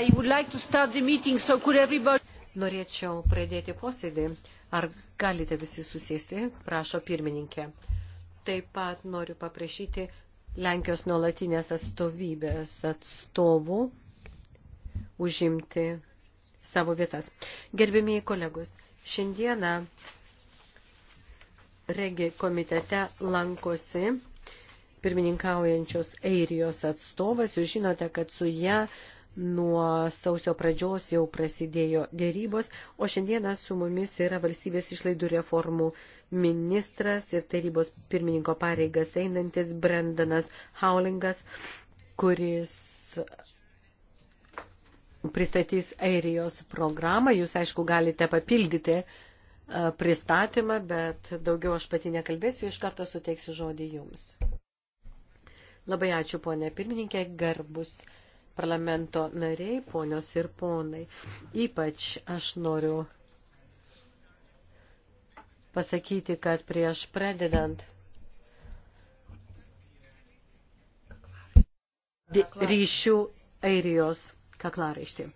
like meeting, so everybody... Norėčiau pradėti posėdį. Ar galite visi susėsti, prašo pirmininkė. Taip pat noriu paprašyti Lenkijos nuolatinės atstovybės atstovų užimti savo vietas. Gerbimieji kolegos, šiandieną regi komitete lankosi pirmininkaujančios Airijos atstovas. Jūs žinote, kad su ją Nuo sausio pradžios jau prasidėjo dėrybos, o šiandieną su mumis yra valstybės išlaidų reformų ministras ir tarybos pirmininko pareigas einantis Brendanas Haulingas, kuris pristatys Airijos programą. Jūs, aišku, galite papildyti e, pristatymą, bet daugiau aš pati nekalbėsiu, iš karto suteiksiu žodį jums. Labai ačiū, ponė pirmininkė, garbus parlamento nariai, ponios ir ponai. Ypač aš noriu pasakyti, kad prieš pradedant ryšių Airijos kaklaraištį.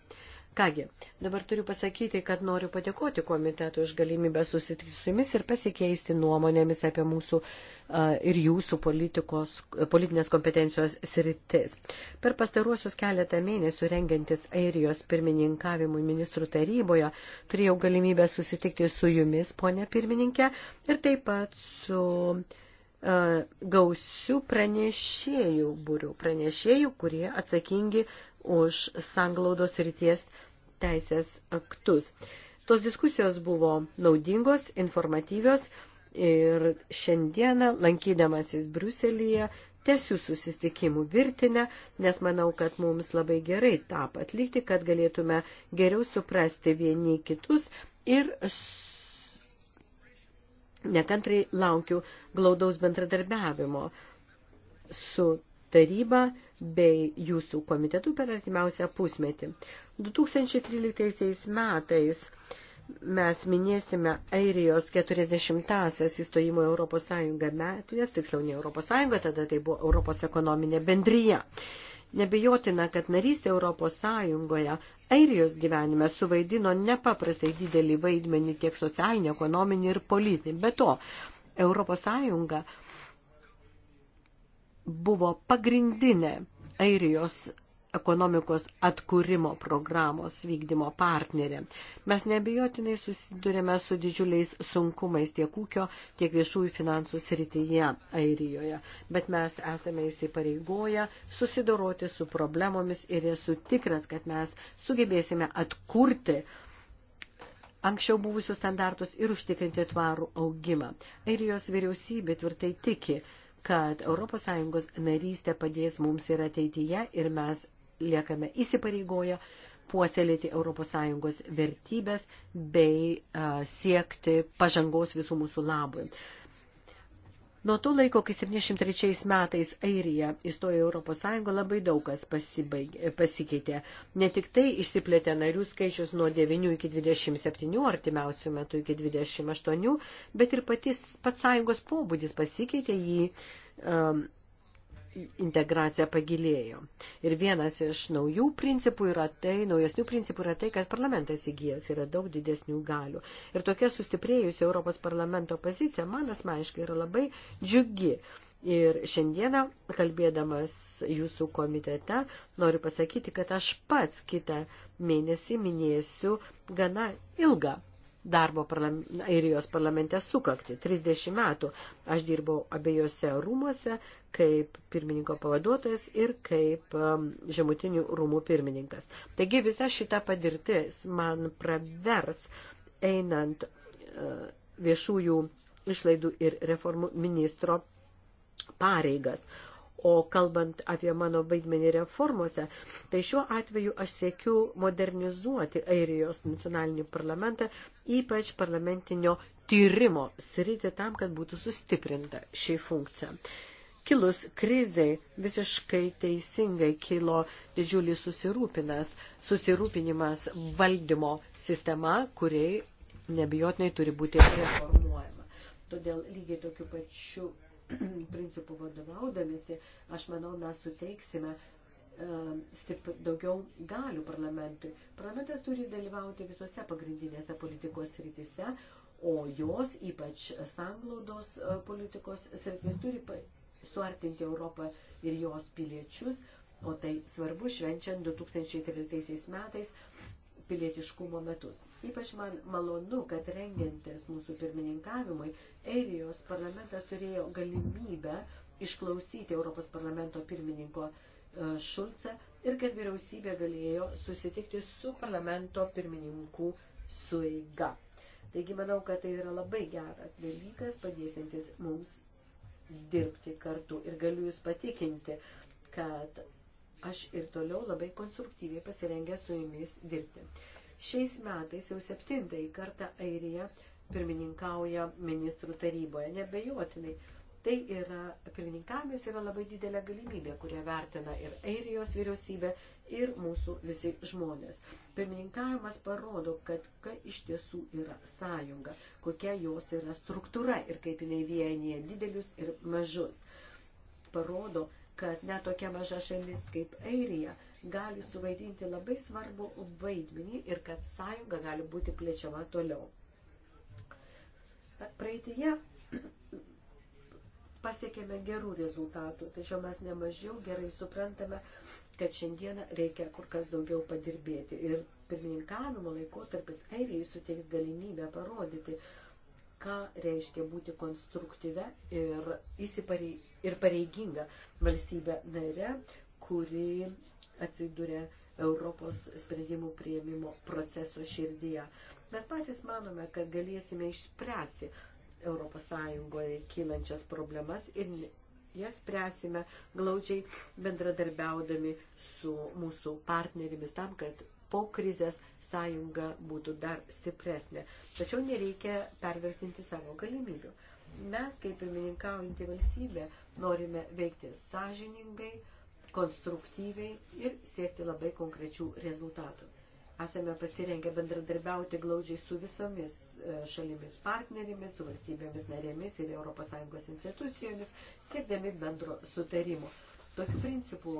Kągi, dabar turiu pasakyti, kad noriu padėkoti komitetui už galimybę susitikti su jumis ir pasikeisti nuomonėmis apie mūsų uh, ir jūsų politikos, politinės kompetencijos sritis. Per pastaruosius keletą mėnesių rengiantis Airijos pirmininkavimui ministrų taryboje turėjau galimybę susitikti su jumis, ponė pirmininkė, ir taip pat su uh, gausių pranešėjų būrių, pranešėjų, kurie atsakingi už sanglaudos ryties uh, teisės aktus. Tos diskusijos buvo naudingos, informatyvios ir šiandieną, lankydamasis Briuselyje, tesiu susitikimų virtinę, nes manau, kad mums labai gerai tą atlikti, kad galėtume geriau suprasti vieni kitus ir nekantrai laukiu glaudaus bendradarbiavimo su taryba bei jūsų komitetu per artimiausią pusmetį. 2013 metais mes minėsime Airijos 40-asias įstojimo Europos Sąjungą metinės, tiksliau ne Europos Sąjunga, tada tai buvo Europos ekonominė bendryja. Nebejotina, kad narystė Europos Sąjungoje Airijos gyvenime suvaidino nepaprastai didelį vaidmenį tiek socialinį, ekonominį ir politinį. Be to, Europos Sąjunga buvo pagrindinė Airijos ekonomikos atkūrimo programos vykdymo partnerė. Mes nebejotinai susidurėme su didžiuliais sunkumais tiek ūkio, tiek viešųjų finansų srityje Airijoje, bet mes esame įsipareigoję susidoroti su problemomis ir esu tikras, kad mes sugebėsime atkurti anksčiau buvusius standartus ir užtikrinti tvarų augimą. Airijos vyriausybė tvirtai tiki, kad ES narystė padės mums ir ateityje ir mes liekame įsipareigoję puoselėti ES vertybės bei a, siekti pažangos visų mūsų labui. Nuo to laiko, kai 73 metais Airija įstojo Europos Sąjungo, labai daug kas pasibaigė, pasikeitė. Ne tik tai išsiplėtė narių skaičius nuo 9 iki 27, artimiausių metų iki 28, bet ir patys, pats Sąjungos pobūdis pasikeitė, jį um, integracija pagilėjo. Ir vienas iš naujų principų yra tai, naujesnių principų yra tai, kad parlamentas įgyjęs yra daug didesnių galių. Ir tokia sustiprėjusi Europos parlamento pozicija man asmeniškai yra labai džiugi. Ir šiandieną, kalbėdamas jūsų komitete, noriu pasakyti, kad aš pats kitą mėnesį minėsiu gana ilgą darbo parlament, Airijos parlamente sukakti 30 metų. Aš dirbau abiejose rūmose kaip pirmininko pavaduotojas ir kaip um, žemutinių rūmų pirmininkas. Taigi visa šita padirtis man pravers einant uh, viešųjų išlaidų ir reformų ministro pareigas. O kalbant apie mano vaidmenį reformose, tai šiuo atveju aš siekiu modernizuoti Airijos nacionalinį parlamentą ypač parlamentinio tyrimo sritį tam, kad būtų sustiprinta šį funkciją. Kilus krizai visiškai teisingai kilo didžiulis susirūpinimas valdymo sistema, kuriai nebijotinai turi būti reformuojama. Todėl lygiai tokiu pačiu principu vadovaudamėsi, aš manau, mes suteiksime E, stip, daugiau galių parlamentui. Parlamentas turi dalyvauti visose pagrindinėse politikos srityse, o jos, ypač sanglaudos e, politikos sritis, turi suartinti Europą ir jos piliečius, o tai svarbu švenčiant 2013 metais pilietiškumo metus. Ypač man malonu, kad rengiantis mūsų pirmininkavimui, Airijos parlamentas turėjo galimybę išklausyti Europos parlamento pirmininko uh, E, Šulcą ir kad vyriausybė galėjo susitikti su parlamento pirmininkų suiga. Taigi manau, kad tai yra labai geras dalykas, padėsintis mums dirbti kartu. Ir galiu Jūs patikinti, kad aš ir toliau labai konstruktyviai pasirengę su Jumis dirbti. Šiais metais jau septintąjį kartą Airija pirmininkauja ministrų taryboje. Nebejotinai Tai yra, pirmininkavimas yra labai didelė galimybė, kurią vertina ir Airijos vyriausybė, ir mūsų visi žmonės. Pirmininkavimas parodo, kad ką iš tiesų yra sąjunga, kokia jos yra struktūra ir kaip jinai vienyje didelius ir mažus. Parodo, kad net tokia maža šalis kaip Airija gali suvaidinti labai svarbu vaidmenį ir kad sąjunga gali būti plėčiama toliau. Praeitie pasiekėme gerų rezultatų, tačiau mes nemažiau gerai suprantame, kad šiandieną reikia kur kas daugiau padirbėti. Ir pirmininkavimo laikotarpis airiai suteiks galimybę parodyti, ką reiškia būti konstruktyvę ir, įsiparei, ir pareiginga valstybė nare, kuri atsiduria Europos sprendimų prieimimo proceso širdyje. Mes patys manome, kad galėsime išspręsti ES kylančias problemas ir jas spręsime glaudžiai bendradarbiaudami su mūsų partnerimis tam, kad po krizės sąjunga būtų dar stipresnė. Tačiau nereikia pervertinti savo galimybių. Mes, kaip pirmininkaujantį valstybę, norime veikti sąžiningai, konstruktyviai ir siekti labai konkrečių rezultatų esame pasirengę bendradarbiauti glaudžiai su visomis e, šalimis partnerėmis, su valstybėmis narėmis ir ES institucijomis, siekdami bendro sutarimo. Tokiu principu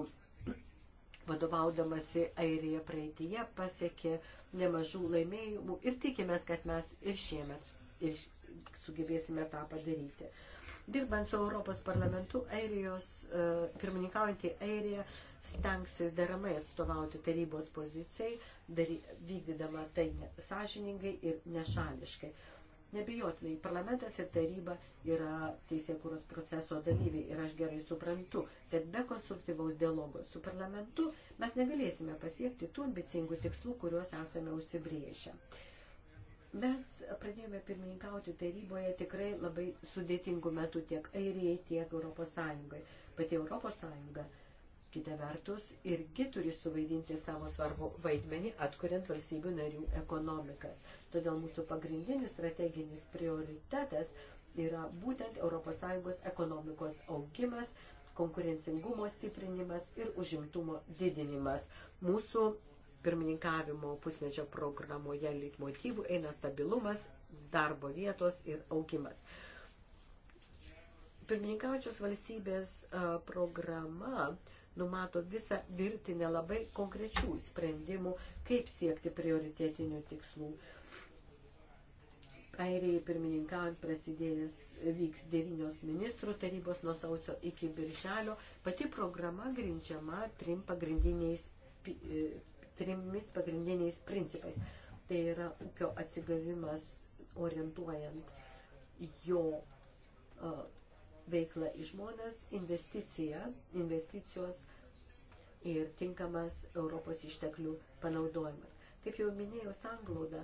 vadovaudamasi Airija praeitie pasiekė nemažų laimėjimų ir tikimės, kad mes ir šiemet ir sugebėsime tą padaryti. Dirbant su Europos parlamentu, Airijos, e, pirmininkaujantį Airiją stengsis deramai atstovauti tarybos pozicijai dary, vykdydama tai sąžiningai ir nešališkai. Nebijotinai, parlamentas ir taryba yra teisėkūros proceso dalyviai ir aš gerai suprantu, kad be konstruktyvaus dialogo su parlamentu mes negalėsime pasiekti tų ambicingų tikslų, kuriuos esame užsibrėžę. Mes pradėjome pirmininkauti taryboje tikrai labai sudėtingų metų tiek Airijai, tiek Europos Sąjungai. Pati Europos Sąjunga kita vertus irgi turi suvaidinti savo svarbu vaidmenį, atkuriant valstybių narių ekonomikas. Todėl mūsų pagrindinis strateginis prioritetas yra būtent ES ekonomikos augimas, konkurencingumo stiprinimas ir užimtumo didinimas. Mūsų pirmininkavimo pusmečio programoje leitmotyvų eina stabilumas, darbo vietos ir augimas. Pirmininkaujančios valstybės programa uh, numato visą virtinę labai konkrečių sprendimų, kaip siekti prioritetinių tikslų. Airijai pirmininkaujant prasidėjęs vyks devynios ministrų tarybos nuo sausio iki birželio. Pati programa grindžiama trim pagrindiniais, e, trimis pagrindiniais principais. Tai yra ūkio atsigavimas orientuojant jo veikla į žmonės, investicija, investicijos ir tinkamas Europos išteklių panaudojimas. Kaip jau minėjau, sanglauda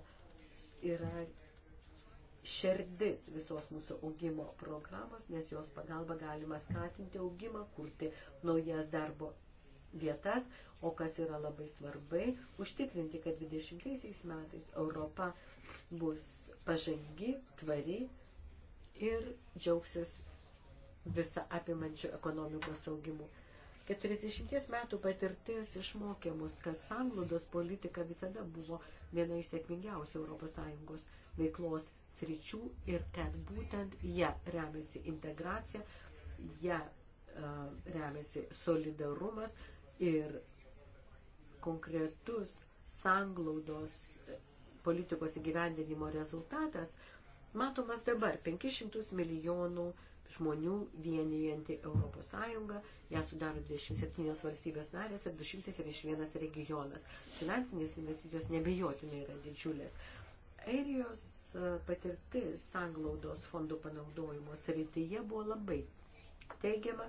yra šerdis visos mūsų augimo programos, nes jos pagalba galima skatinti augimą, kurti naujas darbo vietas, o kas yra labai svarbai, užtikrinti, kad 20 metais Europa bus pažangi, tvari ir džiaugsis visą apimančių ekonomikos augimų. 40 metų patirtis išmokė mus, kad sanglaudos politika visada buvo viena iš sėkmingiausių ES veiklos sričių ir kad būtent jie remiasi integracija, jie remiasi solidarumas ir konkretus sanglaudos politikos įgyvendinimo rezultatas matomas dabar 500 milijonų eurų žmonių vienijanti Europos Sąjunga, ją sudaro 27 valstybės narės ir 271 regionas. Finansinės investicijos nebejotinai yra didžiulės. Airijos e, patirtis sanglaudos fondų panaudojimo srityje buvo labai teigiama.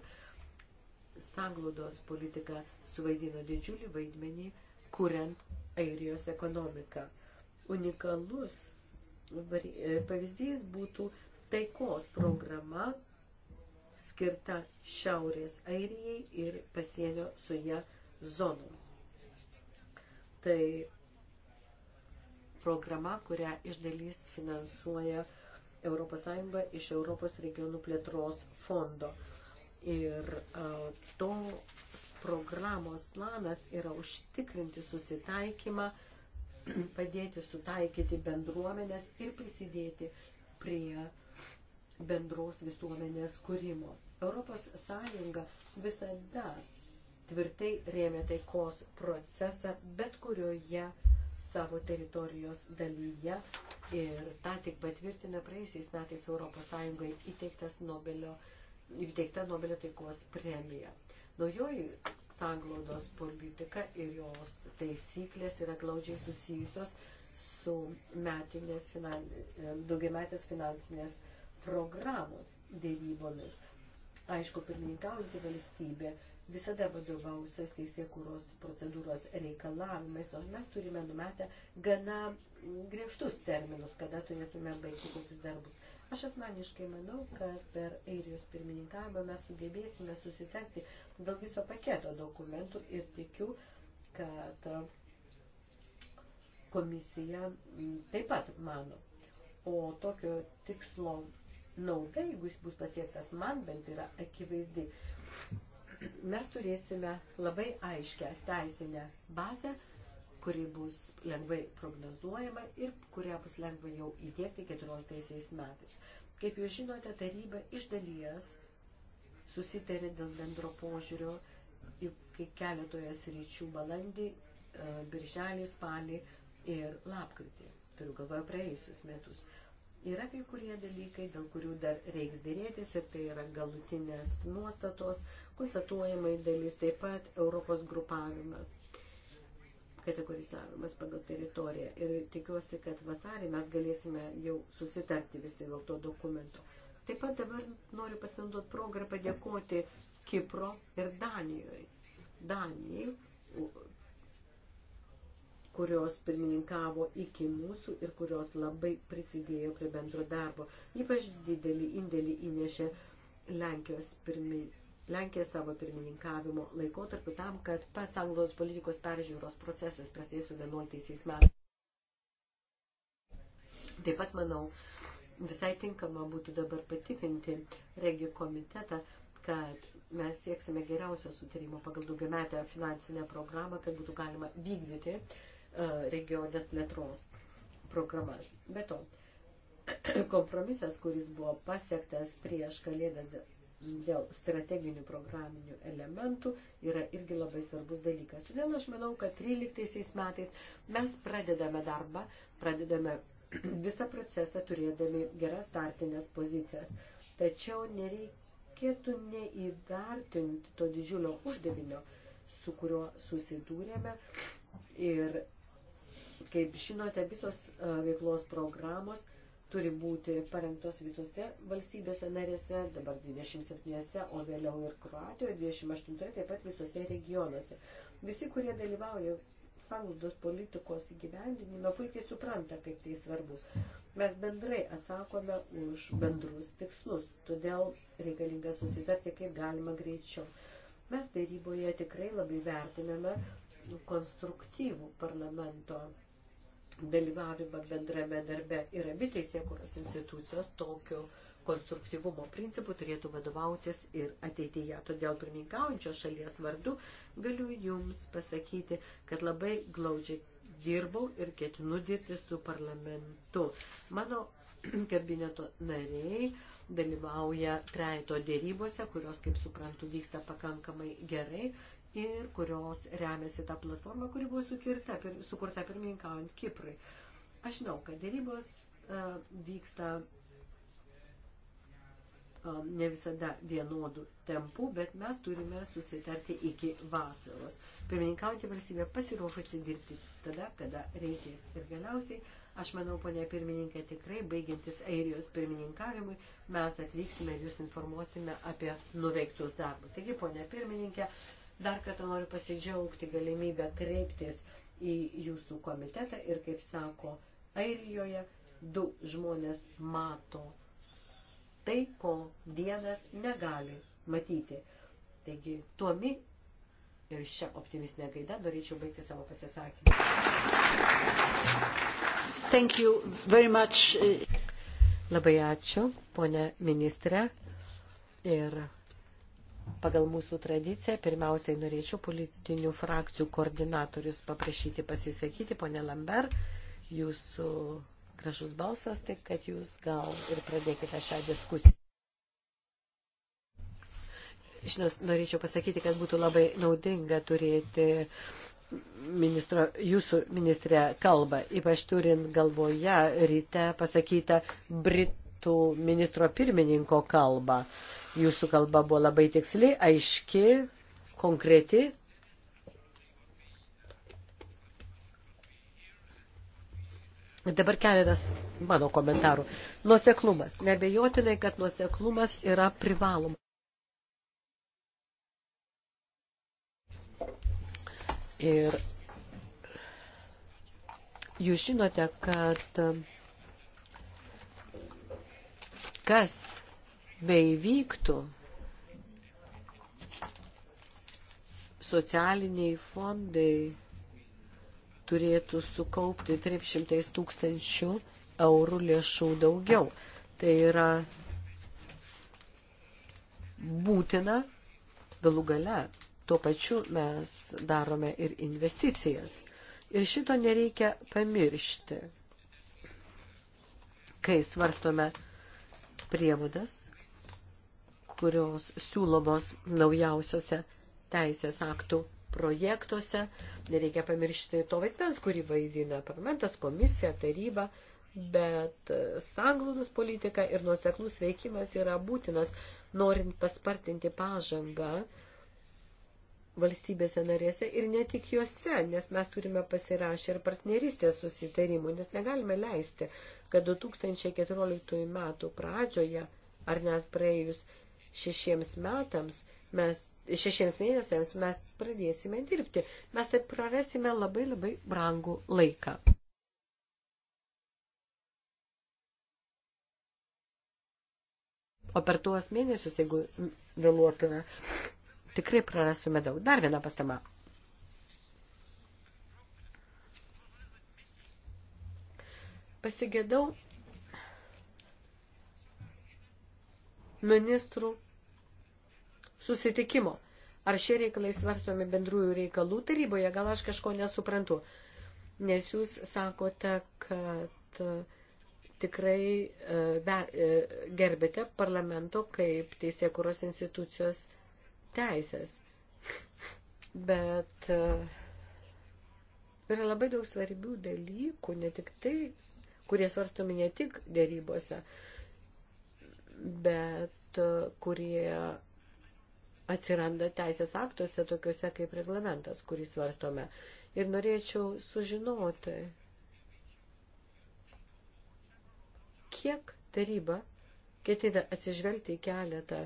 Sanglaudos politika suvaidino didžiulį vaidmenį, kuriant Airijos ekonomiką. Unikalus e, pavyzdys būtų taikos programa, skirta Šiaurės Airijai ir pasienio su ją zonoms. Tai programa, kurią iš dalys finansuoja ES iš Europos regionų plėtros fondo. Ir uh, tos programos planas yra užtikrinti susitaikymą, padėti sutaikyti bendruomenės ir prisidėti prie bendros visuomenės kūrimo. Europos Sąjunga visada tvirtai rėmė taikos procesą bet kurioje savo teritorijos dalyje ir tą tik patvirtina praėjusiais metais Europos Sąjungai įteiktas Nobelio, įteikta Nobelio taikos premija. Naujoji sanglaudos politika ir jos taisyklės yra glaudžiai susijusios su metinės, finan, daugiametės finansinės programos dėrybomis. Aišku, pirmininkaujantį valstybę visada vadovausias teisėkūros procedūros reikalavimais, o mes turime numetę gana griežtus terminus, kada turėtume baigti kokius darbus. Aš asmeniškai manau, kad per airijos pirmininkavimą mes sugebėsime susitarti dėl viso paketo dokumentų ir tikiu, kad komisija taip pat mano. O tokio tikslo nauda, jeigu jis bus pasiektas, man bent yra akivaizdi. Mes turėsime labai aiškę teisinę bazę, kuri bus lengvai prognozuojama ir kurią bus lengva jau įdėkti 14 metais. Kaip jūs žinote, taryba iš dalies susitarė dėl bendro požiūrio į keletoje sričių balandį, e, birželį, spalį ir lapkritį. Turiu galvoje praėjusius metus. Yra kai kurie dalykai, dėl kurių dar reiks dėrėtis ir tai yra galutinės nuostatos, konstatuojamai dalis taip pat Europos grupavimas, kategorizavimas pagal teritoriją. Ir tikiuosi, kad vasarį mes galėsime jau susitarti vis tai dėl to dokumento. Taip pat dabar noriu pasinaudoti progą ir padėkoti Kipro ir Danijoje. Danijai kurios pirmininkavo iki mūsų ir kurios labai prisidėjo prie bendro darbo. Ypač didelį indėlį įnešė Lenkijos pirmi, Lenkija savo pirmininkavimo laikotarpiu tam, kad pats anglos politikos peržiūros procesas prasidės 11 metais. Taip pat manau, visai tinkama būtų dabar patikinti regijų komitetą, kad mes sieksime geriausio sutarimo pagal daugiametę finansinę programą, kad būtų galima vykdyti uh, E, regionės plėtros programas. Be to, kompromisas, kuris buvo pasiektas prieš kalėdas dėl strateginių programinių elementų, yra irgi labai svarbus dalykas. Todėl aš manau, kad 13 metais mes pradedame darbą, pradedame visą procesą turėdami geras startinės pozicijas. Tačiau nereikėtų neįvertinti to didžiulio uždavinio, su kuriuo susidūrėme ir Kaip žinote, visos e, veiklos programos turi būti parengtos visose valstybėse narėse, dabar 27, o vėliau ir Kroatijoje 28, taip pat visose regionuose. Visi, kurie dalyvauja sanglaudos politikos įgyvendinime, puikiai supranta, kaip tai svarbu. Mes bendrai atsakome už bendrus tikslus, todėl reikalinga susitarti, kaip galima greičiau. Mes daryboje tikrai labai vertiname konstruktyvų parlamento dalyvavimą bendrame darbe ir abi teisėkuros institucijos tokio konstruktyvumo principų turėtų vadovautis ir ateityje. Todėl pirmininkaujančios šalies vardu galiu Jums pasakyti, kad labai glaudžiai dirbau ir ketinu dirbti su parlamentu. Mano kabineto nariai dalyvauja treito dėrybose, kurios, kaip suprantu, vyksta pakankamai gerai ir kurios remiasi tą platformą, kuri buvo sukirta, pir, sukurta pirmininkaujant Kiprui. Aš žinau, kad dėrybos uh, vyksta uh, ne visada vienodų tempų, bet mes turime susitarti iki vasaros. Pirmininkaujantį valstybę pasiruošusi dirbti tada, kada reikės. Ir galiausiai Aš manau, ponė pirmininkė, tikrai baigiantis Airijos pirmininkavimui, mes atvyksime ir jūs informuosime apie nuveiktus darbus. Taigi, ponė pirmininkė, Dar kartą noriu pasidžiaugti galimybę kreiptis į jūsų komitetą ir, kaip sako, Airijoje du žmonės mato tai, ko vienas negali matyti. Taigi, tuomi ir šią optimistinę gaidą norėčiau baigti savo pasisakymą. Thank you very much. Labai ačiū, ponė ministrė. Ir pagal mūsų tradiciją pirmiausiai norėčiau politinių frakcijų koordinatorius paprašyti pasisakyti. Pone Lambert, jūsų gražus balsas, tai kad jūs gal ir pradėkite šią diskusiją. Žinot, norėčiau pasakyti, kad būtų labai naudinga turėti ministro, jūsų ministrė kalbą, ypač turint galvoje ryte pasakytą Britų ministro pirmininko kalbą. Uh, Jūsų kalba buvo labai tiksli, aiški, konkreti. Dabar keletas mano komentarų. Nuseklumas. Nebejotinai, kad nuseklumas yra privaloma. Ir jūs žinote, kad kas beivyktų, socialiniai fondai turėtų sukaupti 300 tūkstančių eurų lėšų daugiau. Tai yra būtina galų gale. Tuo pačiu mes darome ir investicijas. Ir šito nereikia pamiršti, kai svarstome prievodas kurios siūlomos naujausiose teisės aktų projektuose. Nereikia pamiršti to vaidmens, kurį vaidina parlamentas, komisija, taryba, bet sanglaudos politika ir nuoseklus veikimas yra būtinas, norint paspartinti pažangą valstybėse narėse ir ne tik juose, nes mes turime pasirašę ir partnerystės susitarimų, nes negalime leisti, kad 2014 metų pradžioje ar net praėjus šešiems metams mes šešiems mėnesiams mes pradėsime dirbti. Mes taip prarasime labai labai brangų laiką. O per tuos mėnesius, jeigu vėluotume, tikrai prarasume daug. Dar viena pastaba. Pasigėdau ministrų susitikimo. Ar šie reikalai svarstomi bendrųjų reikalų taryboje, gal aš kažko nesuprantu. Nes jūs sakote, kad e, tikrai e, e, gerbėte parlamento kaip teisėkuros institucijos teisės. Bet yra labai daug svarbių dalykų, ne tik tai, kurie svarstomi ne tik dėrybose, bet e, kurie atsiranda teisės aktuose, tokiuose kaip reglamentas, kurį svarstome. Ir norėčiau sužinoti, kiek taryba ketina atsižvelgti į keletą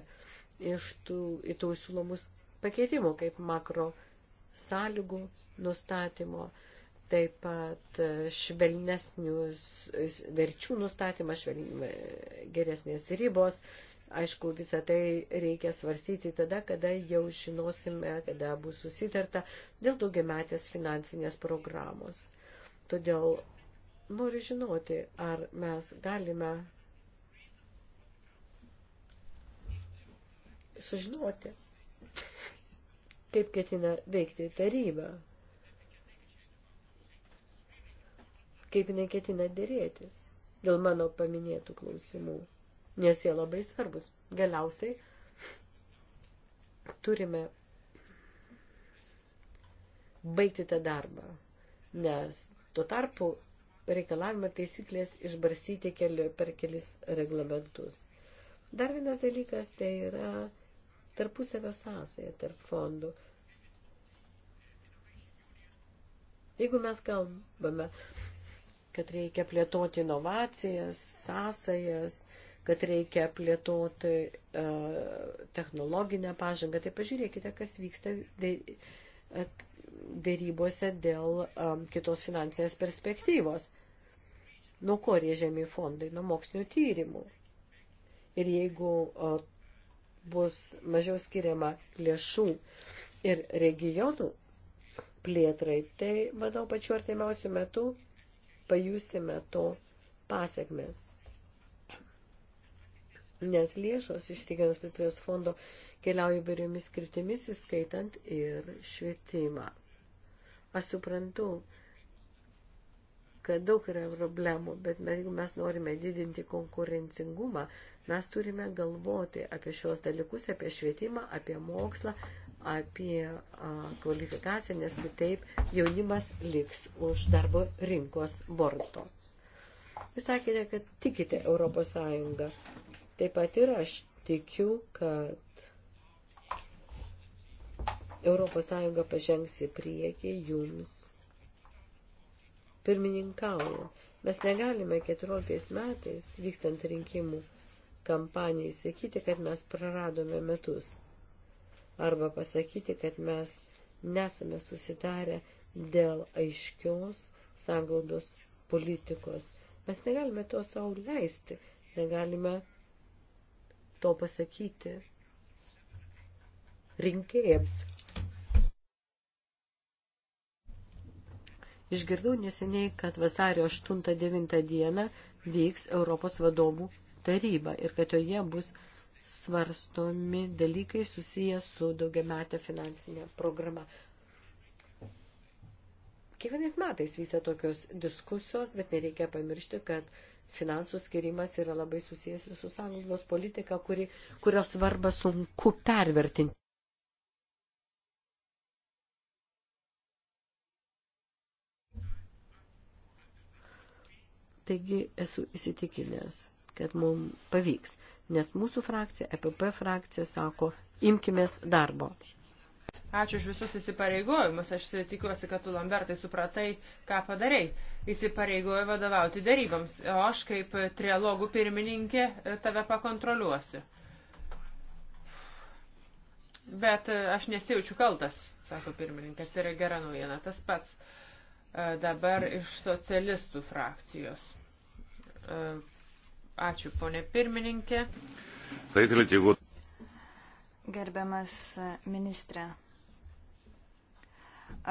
iš tų, į tų siūlomus pakeitimų, kaip makro sąlygų nustatymo. Uh, taip pat švelnesnius verčių nustatymas, švelnė, geresnės ribos. Aišku, visą tai reikia svarsyti tada, kada jau žinosime, kada bus susitarta dėl daugiametės finansinės programos. Todėl noriu žinoti, ar mes galime sužinoti, kaip ketina veikti taryba kaip jinai ketina dėrėtis dėl mano paminėtų klausimų, nes jie labai svarbus. Galiausiai turime baigti tą darbą, nes tuo tarpu reikalavimą taisyklės išbarsyti keli, per kelis reglamentus. Dar vienas dalykas tai yra tarpusavio sąsaja tarp fondų. Jeigu mes kalbame kad reikia plėtoti inovacijas, sąsajas, kad reikia plėtoti uh, technologinę pažangą. Tai pažiūrėkite, kas vyksta e, dėrybose dėl um, kitos finansinės perspektyvos. Nuo ko rėžiami fondai? Nuo mokslinių tyrimų. Ir jeigu uh, bus mažiau skiriama lėšų ir regionų plėtrai, tai, manau, pačiu artimiausiu metu pajusime to pasiekmes. Nes lėšos iš regionos plėtros fondo keliauja įvairiomis skriptimis, įskaitant ir švietimą. Aš suprantu, kad daug yra problemų, bet mes, jeigu mes norime didinti konkurencingumą, mes turime galvoti apie šios dalykus, apie švietimą, apie mokslą, apie kvalifikaciją, nes kitaip jaunimas liks už darbo rinkos borto. Jūs sakėte, kad tikite Europos Sąjungą. Taip pat ir aš tikiu, kad Europos Sąjunga pažengs į priekį jums pirmininkaujant. Mes negalime 14 metais, vykstant rinkimų kampanijai, sakyti, kad mes praradome metus arba pasakyti, kad mes nesame susidarę dėl aiškios sanglaudos politikos. Mes negalime to savo leisti, negalime to pasakyti rinkėjams. Išgirdau neseniai, kad vasario 8-9 dieną vyks Europos vadovų taryba ir kad joje bus svarstomi dalykai susiję su daugiametė finansinė programa. Kiekvienais metais vyksta tokios diskusijos, bet nereikia pamiršti, kad finansų skirimas yra labai susijęs ir su sąnaudos politika, kuri, kurios svarba sunku pervertinti. Taigi esu įsitikinęs, kad mums pavyks nes mūsų frakcija, EPP frakcija sako, imkimės darbo. Ačiū už visus įsipareigojimus. Aš tikiuosi, kad tu, Lambertai, supratai, ką padarai. Įsipareigoju vadovauti daryboms, o aš kaip trialogų pirmininkė tave pakontroliuosiu. Bet aš nesijaučiu kaltas, sako pirmininkas, tai yra gera naujiena. Tas pats e, dabar iš socialistų frakcijos e, Ačiū, ponė pirmininkė. Tai tai Gerbiamas ministrė,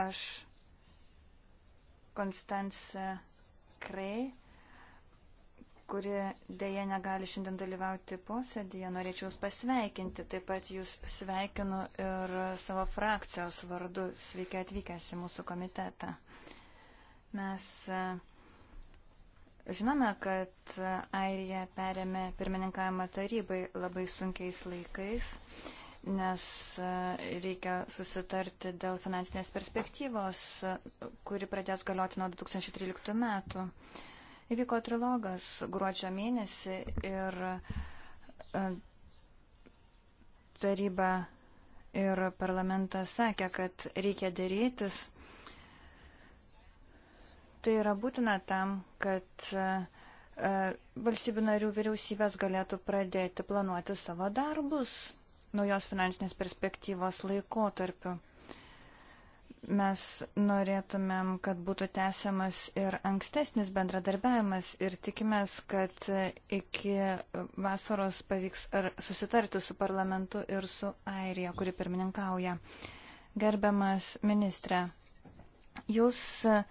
aš Konstance Krei, kuri dėja negali šiandien dalyvauti posėdėje, norėčiau jūs pasveikinti. Taip pat jūs sveikinu ir savo frakcijos vardu. Sveiki atvykęs į mūsų komitetą. Mes uh, Žinome, kad Airija perėmė pirmininkavimą tarybai labai sunkiais laikais, nes e, reikia susitarti dėl finansinės perspektyvos, kuri pradės galioti nuo 2013 metų. Įvyko trilogas gruodžio mėnesį ir e, taryba ir parlamentas sakė, kad reikia dėrėtis Tai yra būtina tam, kad e, e, valstybių narių vyriausybės galėtų pradėti planuoti savo darbus naujos finansinės perspektyvos laikotarpiu. Mes norėtumėm, kad būtų tęsiamas ir ankstesnis bendradarbiavimas ir tikimės, kad iki vasaros pavyks ar susitarti su parlamentu ir su Airija, kuri pirmininkauja. Gerbiamas ministre, jūs uh,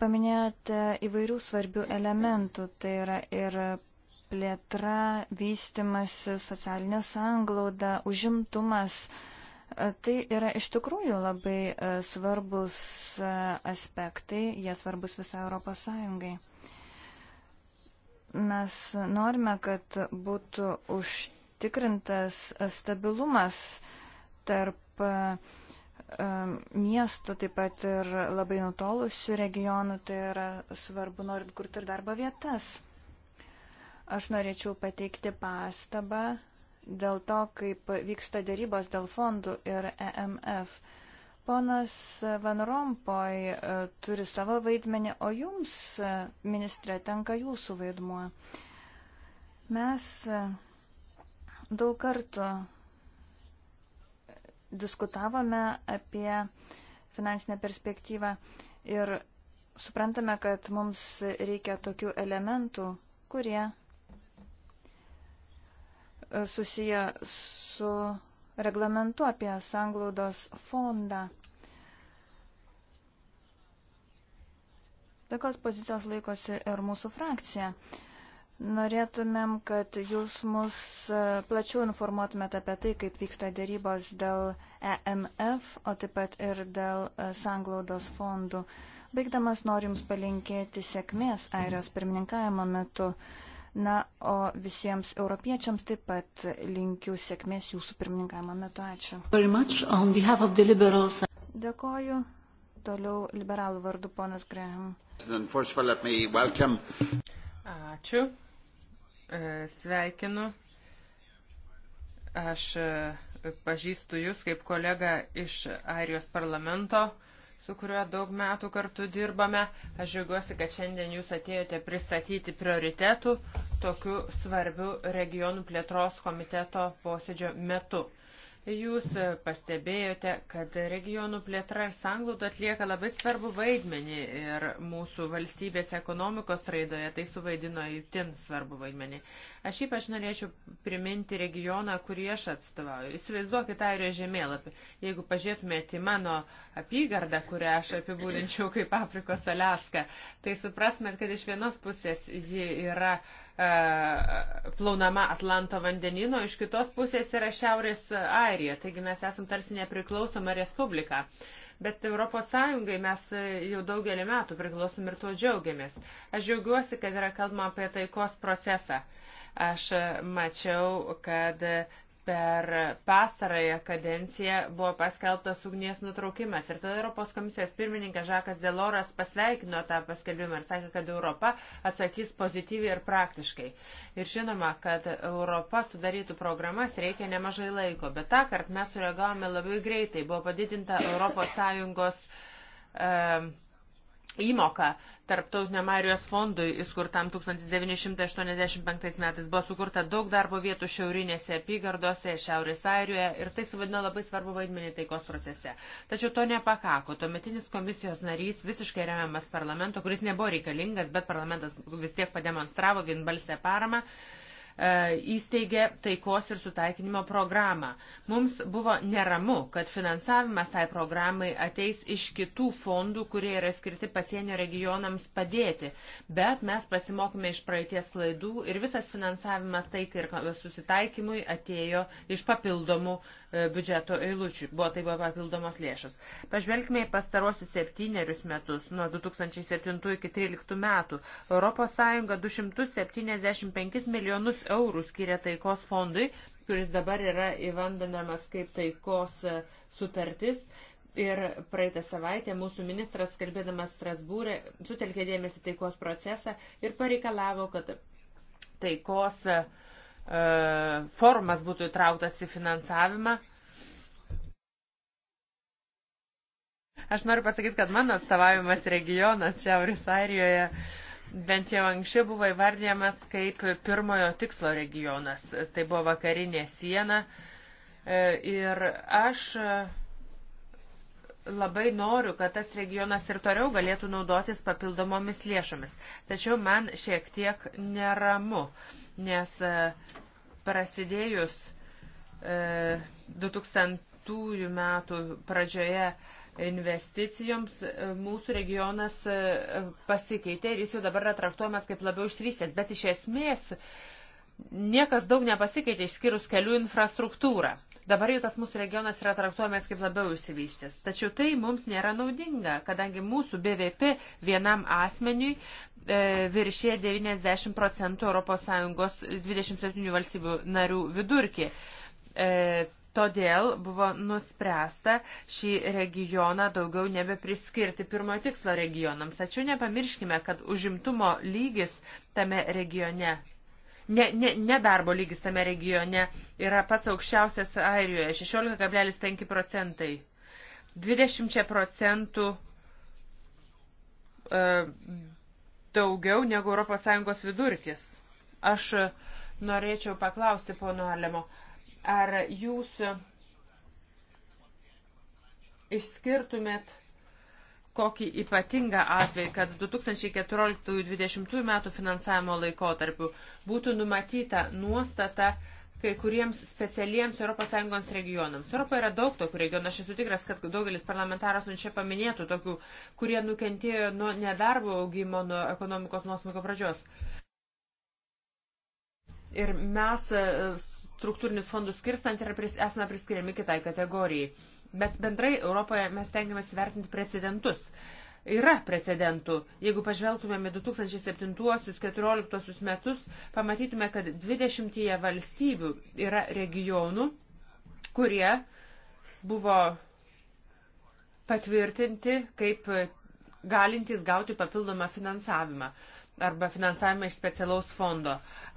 Paminėjote įvairių svarbių elementų, tai yra ir plėtra, vystimasi, socialinė sanglauda, užimtumas. Tai yra iš tikrųjų labai e, svarbus e, aspektai, jie svarbus visai Europos Sąjungai. Mes norime, kad būtų užtikrintas stabilumas tarp uh, miestų, taip pat ir labai nutolusių regionų, tai yra svarbu norint kurti ir darbo vietas. Aš norėčiau pateikti pastabą dėl to, kaip vyksta dėrybos dėl fondų ir EMF. Ponas Van Rompoj e, turi savo vaidmenį, o jums, e, ministrė, tenka jūsų vaidmuo. Mes e, daug kartų diskutavome apie finansinę perspektyvą ir suprantame, kad mums reikia tokių elementų, kurie susiję su reglamentu apie sanglaudos fondą. Tokios pozicijos laikosi ir mūsų frakcija. Norėtumėm, kad jūs mus e, plačiau informuotumėt apie tai, kaip vyksta dėrybos dėl EMF, o taip pat ir dėl e, sanglaudos fondų. Baigdamas noriu Jums palinkėti sėkmės Airijos pirmininkavimo metu. Na, o visiems europiečiams taip pat linkiu sėkmės Jūsų pirmininkavimo metu. Ačiū. Dėkoju. Toliau liberalų vardu ponas Graham. Ačiū. E, sveikinu. Aš e, pažįstu Jūs kaip kolega iš Airijos parlamento, su kuriuo daug metų kartu dirbame. Aš žiūriuosi, kad šiandien Jūs atėjote pristatyti prioritetų tokių svarbių regionų plėtros komiteto posėdžio metu. Jūs pastebėjote, kad regionų plėtra ir sanglauda atlieka labai svarbu vaidmenį ir mūsų valstybės ekonomikos raidoje tai suvaidino įtin svarbu vaidmenį. Aš ypač norėčiau priminti regioną, kurį aš atstovauju. Įsivaizduokit Airijos žemėlapį. Jeigu pažiūrėtumėte į mano apygardą, kurią aš apibūdinčiau kaip Afrikos Aleska, tai suprasmet, kad iš vienos pusės ji yra uh, E, plaunama Atlanto vandenino, iš kitos pusės yra Šiaurės Airija, taigi mes esam tarsi nepriklausoma respublika. Bet ES mes jau daugelį metų priklausom ir tuo džiaugiamės. Aš džiaugiuosi, kad yra kalbama apie taikos procesą. Aš mačiau, kad Per pastarąją kadenciją buvo paskelbtas ugnies nutraukimas ir tada Europos komisijos pirmininkas Žakas Deloras pasveikino tą paskelbimą ir sakė, kad Europa atsakys pozityviai ir praktiškai. Ir žinoma, kad Europa sudarytų programas reikia nemažai laiko, bet tą kartą mes sureagavome labai greitai. Buvo padidinta Europos Sąjungos. Uh, e, įmoka Tarptautiniam Marijos fondui, įskurtam 1985 metais, buvo sukurta daug darbo vietų šiaurinėse apygardose, Šiaurės Airijoje ir tai suvadino labai svarbu vaidmenį taikos procese. Tačiau to nepakako. Tuometinis komisijos narys, visiškai remiamas parlamento, kuris nebuvo reikalingas, bet parlamentas vis tiek pademonstravo vienbalsę paramą, uh, E, įsteigė taikos ir sutaikinimo programą. Mums buvo neramu, kad finansavimas tai programai ateis iš kitų fondų, kurie yra skirti pasienio regionams padėti, bet mes pasimokime iš praeities klaidų ir visas finansavimas taikai ir susitaikymui atėjo iš papildomų e, biudžeto eilučių. Buvo tai buvo papildomos lėšos. Pažvelgime į pastarosius septynerius metus, nuo 2007 iki 2013 metų. ES 275 milijonus eurų skiria taikos fondui, kuris dabar yra įvandinamas kaip taikos e, sutartis. Ir praeitą savaitę mūsų ministras, kalbėdamas Strasbūrė, sutelkė dėmesį taikos procesą ir pareikalavo, kad taikos e, e, formas būtų įtrauktas į finansavimą. Aš noriu pasakyti, kad mano atstovavimas regionas Šiaurės Airijoje bent jau anksčiau buvo įvardyjamas kaip pirmojo tikslo regionas. Tai buvo vakarinė siena. E, ir aš e, labai noriu, kad tas regionas ir toliau galėtų naudotis papildomomis lėšomis. Tačiau man šiek tiek neramu, nes e, prasidėjus 2000 metų pradžioje investicijoms e, mūsų regionas e, pasikeitė ir jis jau dabar yra traktuojamas kaip labiau išsivystęs. Bet iš esmės niekas daug nepasikeitė išskyrus kelių infrastruktūrą. Dabar jau tas mūsų regionas yra traktuojamas kaip labiau išsivystęs. Tačiau tai mums nėra naudinga, kadangi mūsų BVP vienam asmeniui e, viršė 90 procentų ES 27 valstybių narių vidurkį. E, Todėl buvo nuspręsta šį regioną daugiau nebepriskirti pirmojo tikslo regionams. Tačiau nepamirškime, kad užimtumo lygis tame regione, nedarbo ne, ne, ne lygis tame regione yra pats aukščiausias Airijoje - 16,5 procentai. 20 procentų e, daugiau negu ES vidurkis. Aš norėčiau paklausti pono Alemo, ar jūs išskirtumėt kokį ypatingą atvejį, kad 2014-2020 metų finansavimo laikotarpiu būtų numatyta nuostata kai kuriems specialiems ES regionams. Europoje yra daug tokių regionų, aš esu tikras, kad daugelis parlamentaras čia paminėtų tokių, kurie nukentėjo nuo nedarbo augimo, nuo ekonomikos nuosmukio pradžios. Ir mes struktūrinius fondus skirstant pris, esame priskiriami kitai kategorijai. Bet bendrai Europoje mes tengiamės vertinti precedentus. Yra precedentų. Jeigu pažvelgtumėme 2007-2014 metus, pamatytume, kad 20 valstybių yra regionų, kurie buvo patvirtinti kaip galintys gauti papildomą finansavimą arba finansavimą iš specialaus fondo.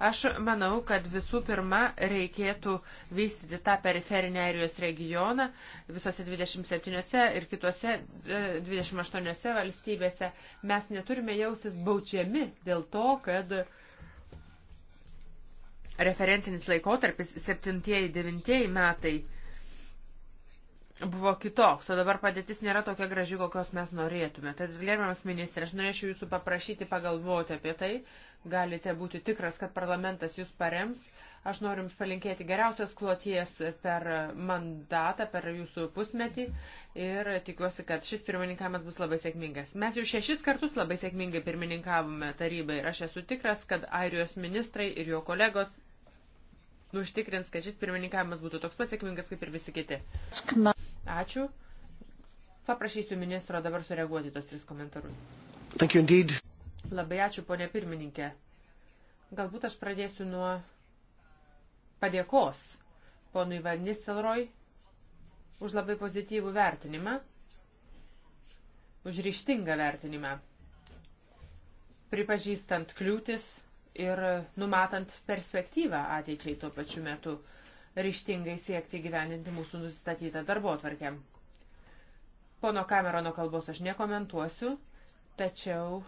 Aš manau, kad visų pirma reikėtų vystyti tą periferinę Airijos regioną visose 27 ir kitose 28 e, valstybėse. Mes neturime jausis baučiami dėl to, kad referencinis laikotarpis 7-9 metai buvo kitoks, o dabar padėtis nėra tokia graži, kokios mes norėtume. Tad, gerbiamas ministrė, aš norėčiau jūsų paprašyti pagalvoti apie tai. Galite būti tikras, kad parlamentas jūs parems. Aš noriu jums palinkėti geriausios kloties per mandatą, per jūsų pusmetį ir tikiuosi, kad šis pirmininkavimas bus labai sėkmingas. Mes jau šešis kartus labai sėkmingai pirmininkavome tarybai ir aš esu tikras, kad airijos ministrai ir jo kolegos užtikrins, kad šis pirmininkavimas būtų toks pasiekmingas kaip ir visi kiti. Ačiū. Paprašysiu ministro dabar sureaguoti tos tris komentarus. Thank you indeed. Labai ačiū, ponė pirmininkė. Galbūt aš pradėsiu nuo padėkos ponui Van Nistelroj už labai pozityvų vertinimą, už ryštingą vertinimą, pripažįstant kliūtis ir numatant perspektyvą ateičiai tuo pačiu metu ryštingai siekti gyveninti mūsų nusistatytą darbo atvarkę. Pono Kamerono kalbos aš nekomentuosiu, tačiau e,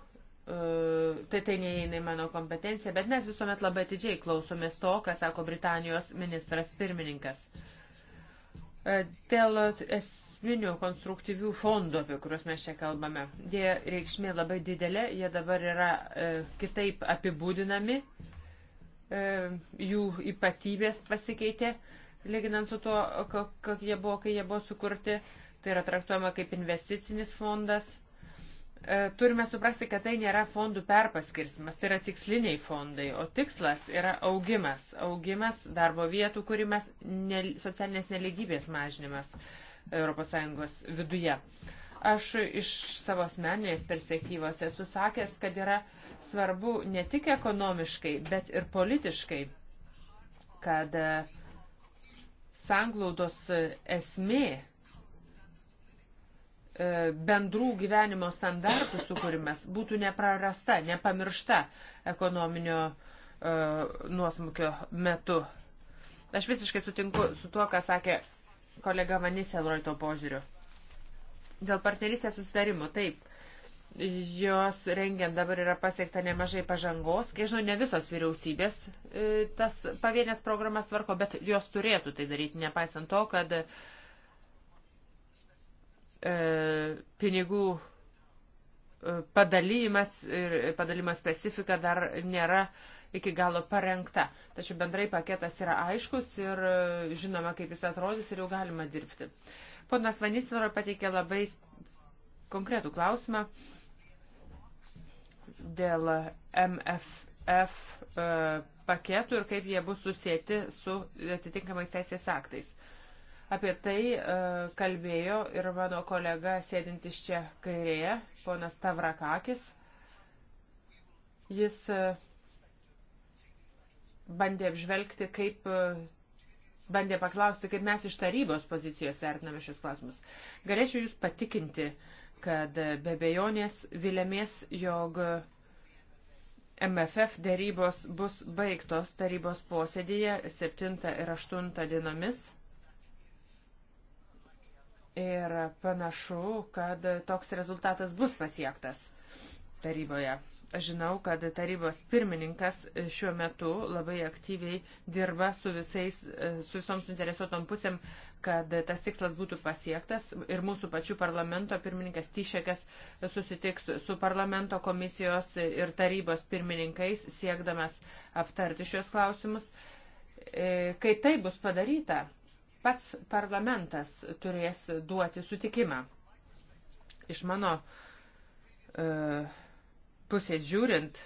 tai tai neįeina į mano kompetenciją, bet mes visuomet labai atidžiai klausomės to, ką sako Britanijos ministras pirmininkas. E, dėl esminių konstruktyvių fondų, apie kuriuos mes čia kalbame. Jie reikšmė labai didelė, jie dabar yra e, kitaip apibūdinami, e, jų ypatybės pasikeitė, lyginant su tuo, kokie buvo, kai jie buvo sukurti. Tai yra traktuojama kaip investicinis fondas. E, turime suprasti, kad tai nėra fondų perpaskirsimas, tai yra tiksliniai fondai, o tikslas yra augimas. Augimas, darbo vietų kūrimas, ne, socialinės neligybės mažinimas. E, ES viduje. Aš iš savo asmeninės perspektyvos esu sakęs, kad yra svarbu ne tik ekonomiškai, bet ir politiškai, kad e, sanglaudos e, esmė e, bendrų gyvenimo standartų sukūrimas būtų neprarasta, nepamiršta ekonominio nuosmukio metu. Aš visiškai sutinku su tuo, ką sakė kolega Vaniselroj to požiūriu. Dėl partnerystės susitarimų, taip. Jos rengiant dabar yra pasiekta nemažai pažangos. Kai žinau, ne visos vyriausybės e, tas pavienės programas tvarko, bet jos turėtų tai daryti, nepaisant to, kad e, pinigų e, padalymas ir padalimo specifika dar nėra e, iki galo parengta. Tačiau bendrai paketas yra aiškus ir e, žinoma, kaip jis atrodys ir jau galima dirbti. Ponas Vanisvaro pateikė labai konkretų klausimą dėl MFF e, paketų ir kaip jie bus susijęti su atitinkamais teisės aktais. Apie tai e, kalbėjo ir mano kolega sėdintis čia kairėje, ponas Tavrakakis. Jis bandė apžvelgti, kaip e, bandė paklausti, kaip mes iš tarybos pozicijos vertiname šios klausimus. Galėčiau Jūs patikinti, kad e, be bejonės vilėmės, jog MFF dėrybos bus baigtos tarybos posėdėje 7 ir 8 dienomis. Ir panašu, kad toks rezultatas bus pasiektas taryboje žinau, kad tarybos pirmininkas šiuo metu labai aktyviai dirba su, visais, su visom suinteresuotom pusėm, kad tas tikslas būtų pasiektas. Ir mūsų pačių parlamento pirmininkas Tyšekas susitiks su parlamento komisijos ir tarybos pirmininkais, siekdamas aptarti šios klausimus. E, kai tai bus padaryta, pats parlamentas turės duoti sutikimą. Iš mano uh, pusės žiūrint,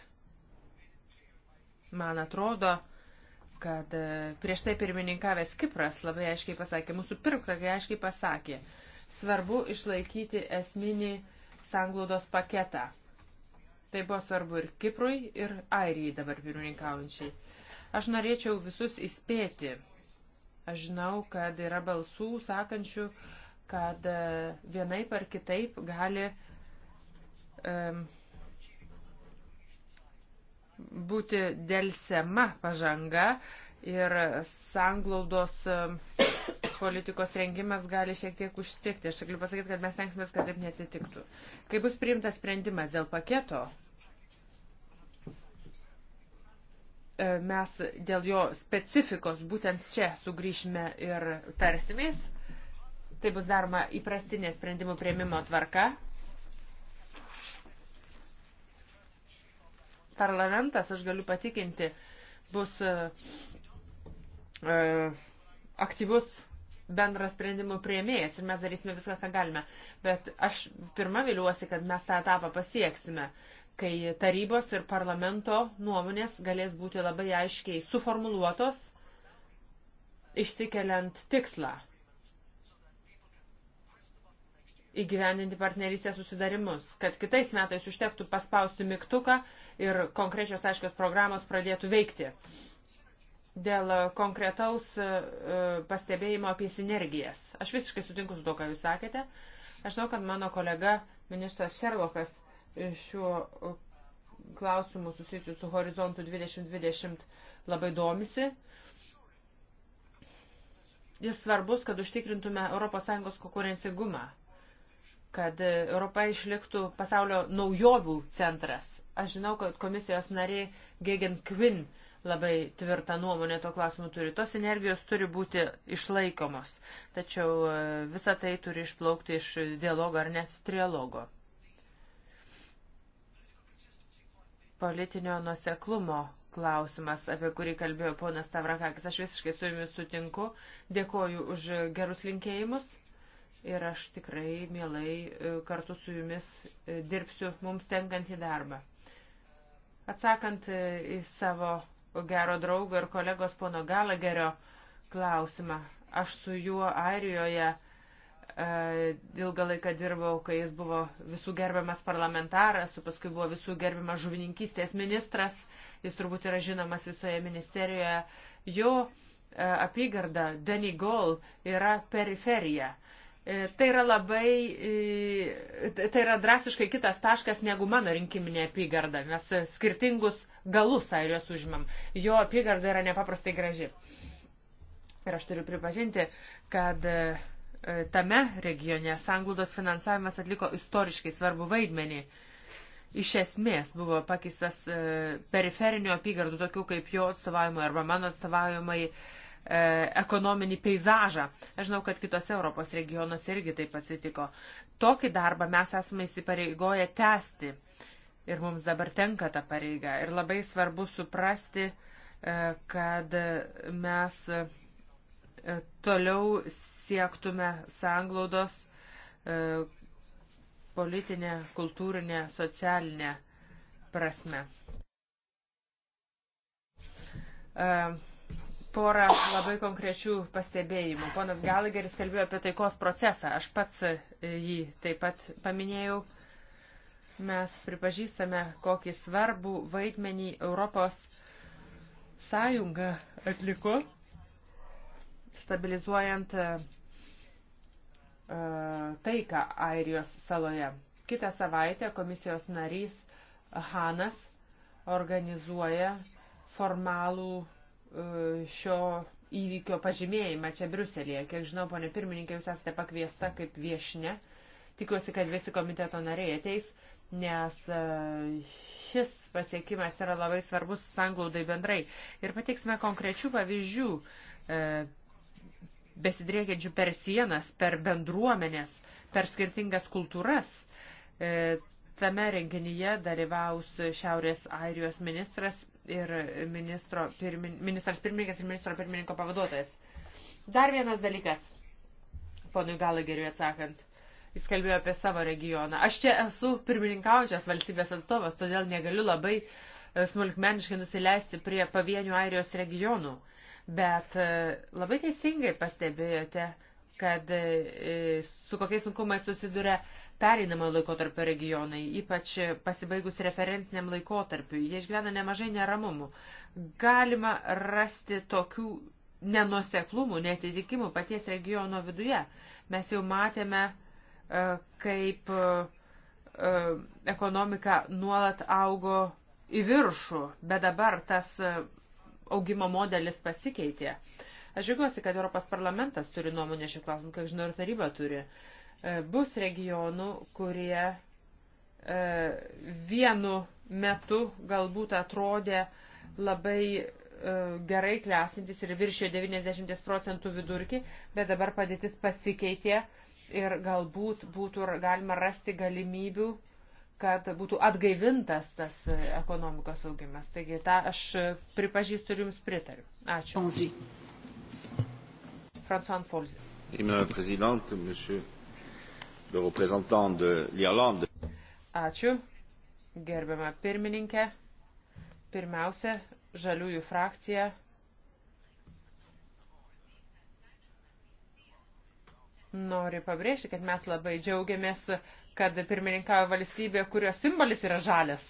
man atrodo, kad e, prieš tai pirmininkavęs Kipras labai aiškiai pasakė, mūsų pirktakai aiškiai pasakė, svarbu išlaikyti esminį sanglaudos paketą. Tai buvo svarbu ir Kiprui, ir Airijai dabar pirmininkaujančiai. Aš norėčiau visus įspėti. Aš žinau, kad yra balsų sakančių, kad e, vienaip ar kitaip gali um, būti dėlsiama pažanga ir sanglaudos politikos rengimas gali šiek tiek užstikti. Aš galiu pasakyti, kad mes tenksime, kad taip nesitiktų. Kai bus priimtas sprendimas dėl paketo, e, mes dėl jo specifikos būtent čia sugrįšime ir tarsimės. Tai bus daroma įprastinė sprendimų prieimimo tvarka. parlamentas, aš galiu patikinti, bus e, e, aktyvus bendras sprendimų prieimėjas ir mes darysime viską, ką galime. Bet aš pirmą viliuosi, kad mes tą etapą pasieksime, kai tarybos ir parlamento nuomonės galės būti labai aiškiai suformuluotos, išsikeliant tikslą įgyvendinti partnerystės susidarimus, kad kitais metais užtektų paspausti mygtuką ir konkrečios aiškios programos pradėtų veikti. Dėl konkretaus e, e, pastebėjimo apie sinergijas. Aš visiškai sutinku su to, ką jūs sakėte. Aš žinau, kad mano kolega ministras Šerlokas šiuo klausimu susijusiu su horizontu 2020 labai domisi jis svarbus, kad užtikrintume ES konkurencingumą kad Europa išliktų pasaulio naujovių centras. Aš žinau, kad komisijos nariai Gegen Quinn labai tvirtą nuomonę to klausimu turi. Tos energijos turi būti išlaikomos, tačiau e, visa tai turi išplaukti iš dialogo ar net trialogo. Politinio nuseklumo klausimas, apie kurį kalbėjo ponas Tavrakakis. Aš visiškai su jumis sutinku. Dėkoju už gerus linkėjimus ir aš tikrai mielai e, kartu su jumis e, dirbsiu mums tenkantį darbą. Atsakant e, į savo gero draugo ir kolegos pono Galagerio klausimą, aš su juo Airijoje ilgą laiką dirbau, kai jis buvo visų gerbiamas parlamentaras, o paskui buvo visų gerbiamas žuvininkystės ministras, jis turbūt yra žinomas visoje ministerijoje. Jo apygarda Denigol yra periferija. Uh, E, tai yra labai, e, tai yra drastiškai kitas taškas negu mano rinkiminė apygarda. Mes skirtingus galus airijos užimam. Jo apygarda yra nepaprastai graži. Ir aš turiu pripažinti, kad e, tame regione sanglaudos finansavimas atliko istoriškai svarbu vaidmenį. Iš esmės buvo pakeistas periferinių apygardų, tokių kaip jo atstovavimai arba mano atstovavimai, uh, E, ekonominį peizažą. Aš žinau, kad kitose Europos regionuose irgi taip atsitiko. Tokį darbą mes esame įsipareigoję tęsti ir mums dabar tenka ta pareiga. Ir labai svarbu suprasti, e, kad mes e, toliau siektume sanglaudos politinė, kultūrinė, socialinė prasme. Uh, porą labai konkrečių pastebėjimų. Ponas Galageris kalbėjo apie taikos procesą. Aš pats e, jį taip pat paminėjau. Mes pripažįstame, kokį svarbų vaidmenį Europos sąjunga atliko, stabilizuojant uh, taiką Airijos saloje. Kitą savaitę komisijos narys Hanas organizuoja formalų šio įvykio pažymėjimą čia Briuselėje. Kiek žinau, ponė pirmininkė, jūs esate pakviesta kaip viešne. Tikiuosi, kad visi komiteto nariai ateis, nes e, šis pasiekimas yra labai svarbus sanglaudai bendrai. Ir pateiksime konkrečių pavyzdžių e, besidriekiančių per sienas, per bendruomenės, per skirtingas kultūras. E, tame renginyje dalyvaus Šiaurės Airijos ministras ir ministro, pirmin, ministras pirmininkas ir ministro pirmininko pavaduotojas. Dar vienas dalykas, ponui Galageriui atsakant, jis kalbėjo apie savo regioną. Aš čia esu pirmininkaujančios valstybės atstovas, todėl negaliu labai e, smulkmeniškai nusileisti prie pavienių Airijos regionų. Bet e, labai teisingai pastebėjote, kad e, su kokiais sunkumais susiduria pereinamo laikotarpio regionai, ypač pasibaigus referenciniam laikotarpiu. Jie išgyvena nemažai neramumų. Galima rasti tokių nenuseklumų, netitikimų paties regiono viduje. Mes jau matėme, e, kaip e, e, ekonomika nuolat augo į viršų, bet dabar tas augimo modelis pasikeitė. Aš žiūriuosi, kad Europos parlamentas turi nuomonę šį klausimą, kiek žinau, ir taryba turi. Uh, E, bus regionų, kurie e, vienu metu galbūt atrodė labai e, gerai klesintis ir viršė 90 procentų vidurkį, bet dabar padėtis pasikeitė ir galbūt būtų galima rasti galimybių, kad būtų atgaivintas tas ekonomikos augimas. Taigi tą aš pripažįstu ir jums pritariu. Ačiū. François Folzi. Madame la Présidente, Monsieur le représentant de l'Irlande. Ačiū, gerbiama pirmininkė. Pirmiausia, žaliųjų frakcija. Noriu pabrėžti, kad mes labai džiaugiamės, kad pirmininkavo valstybė, kurios simbolis yra žalias.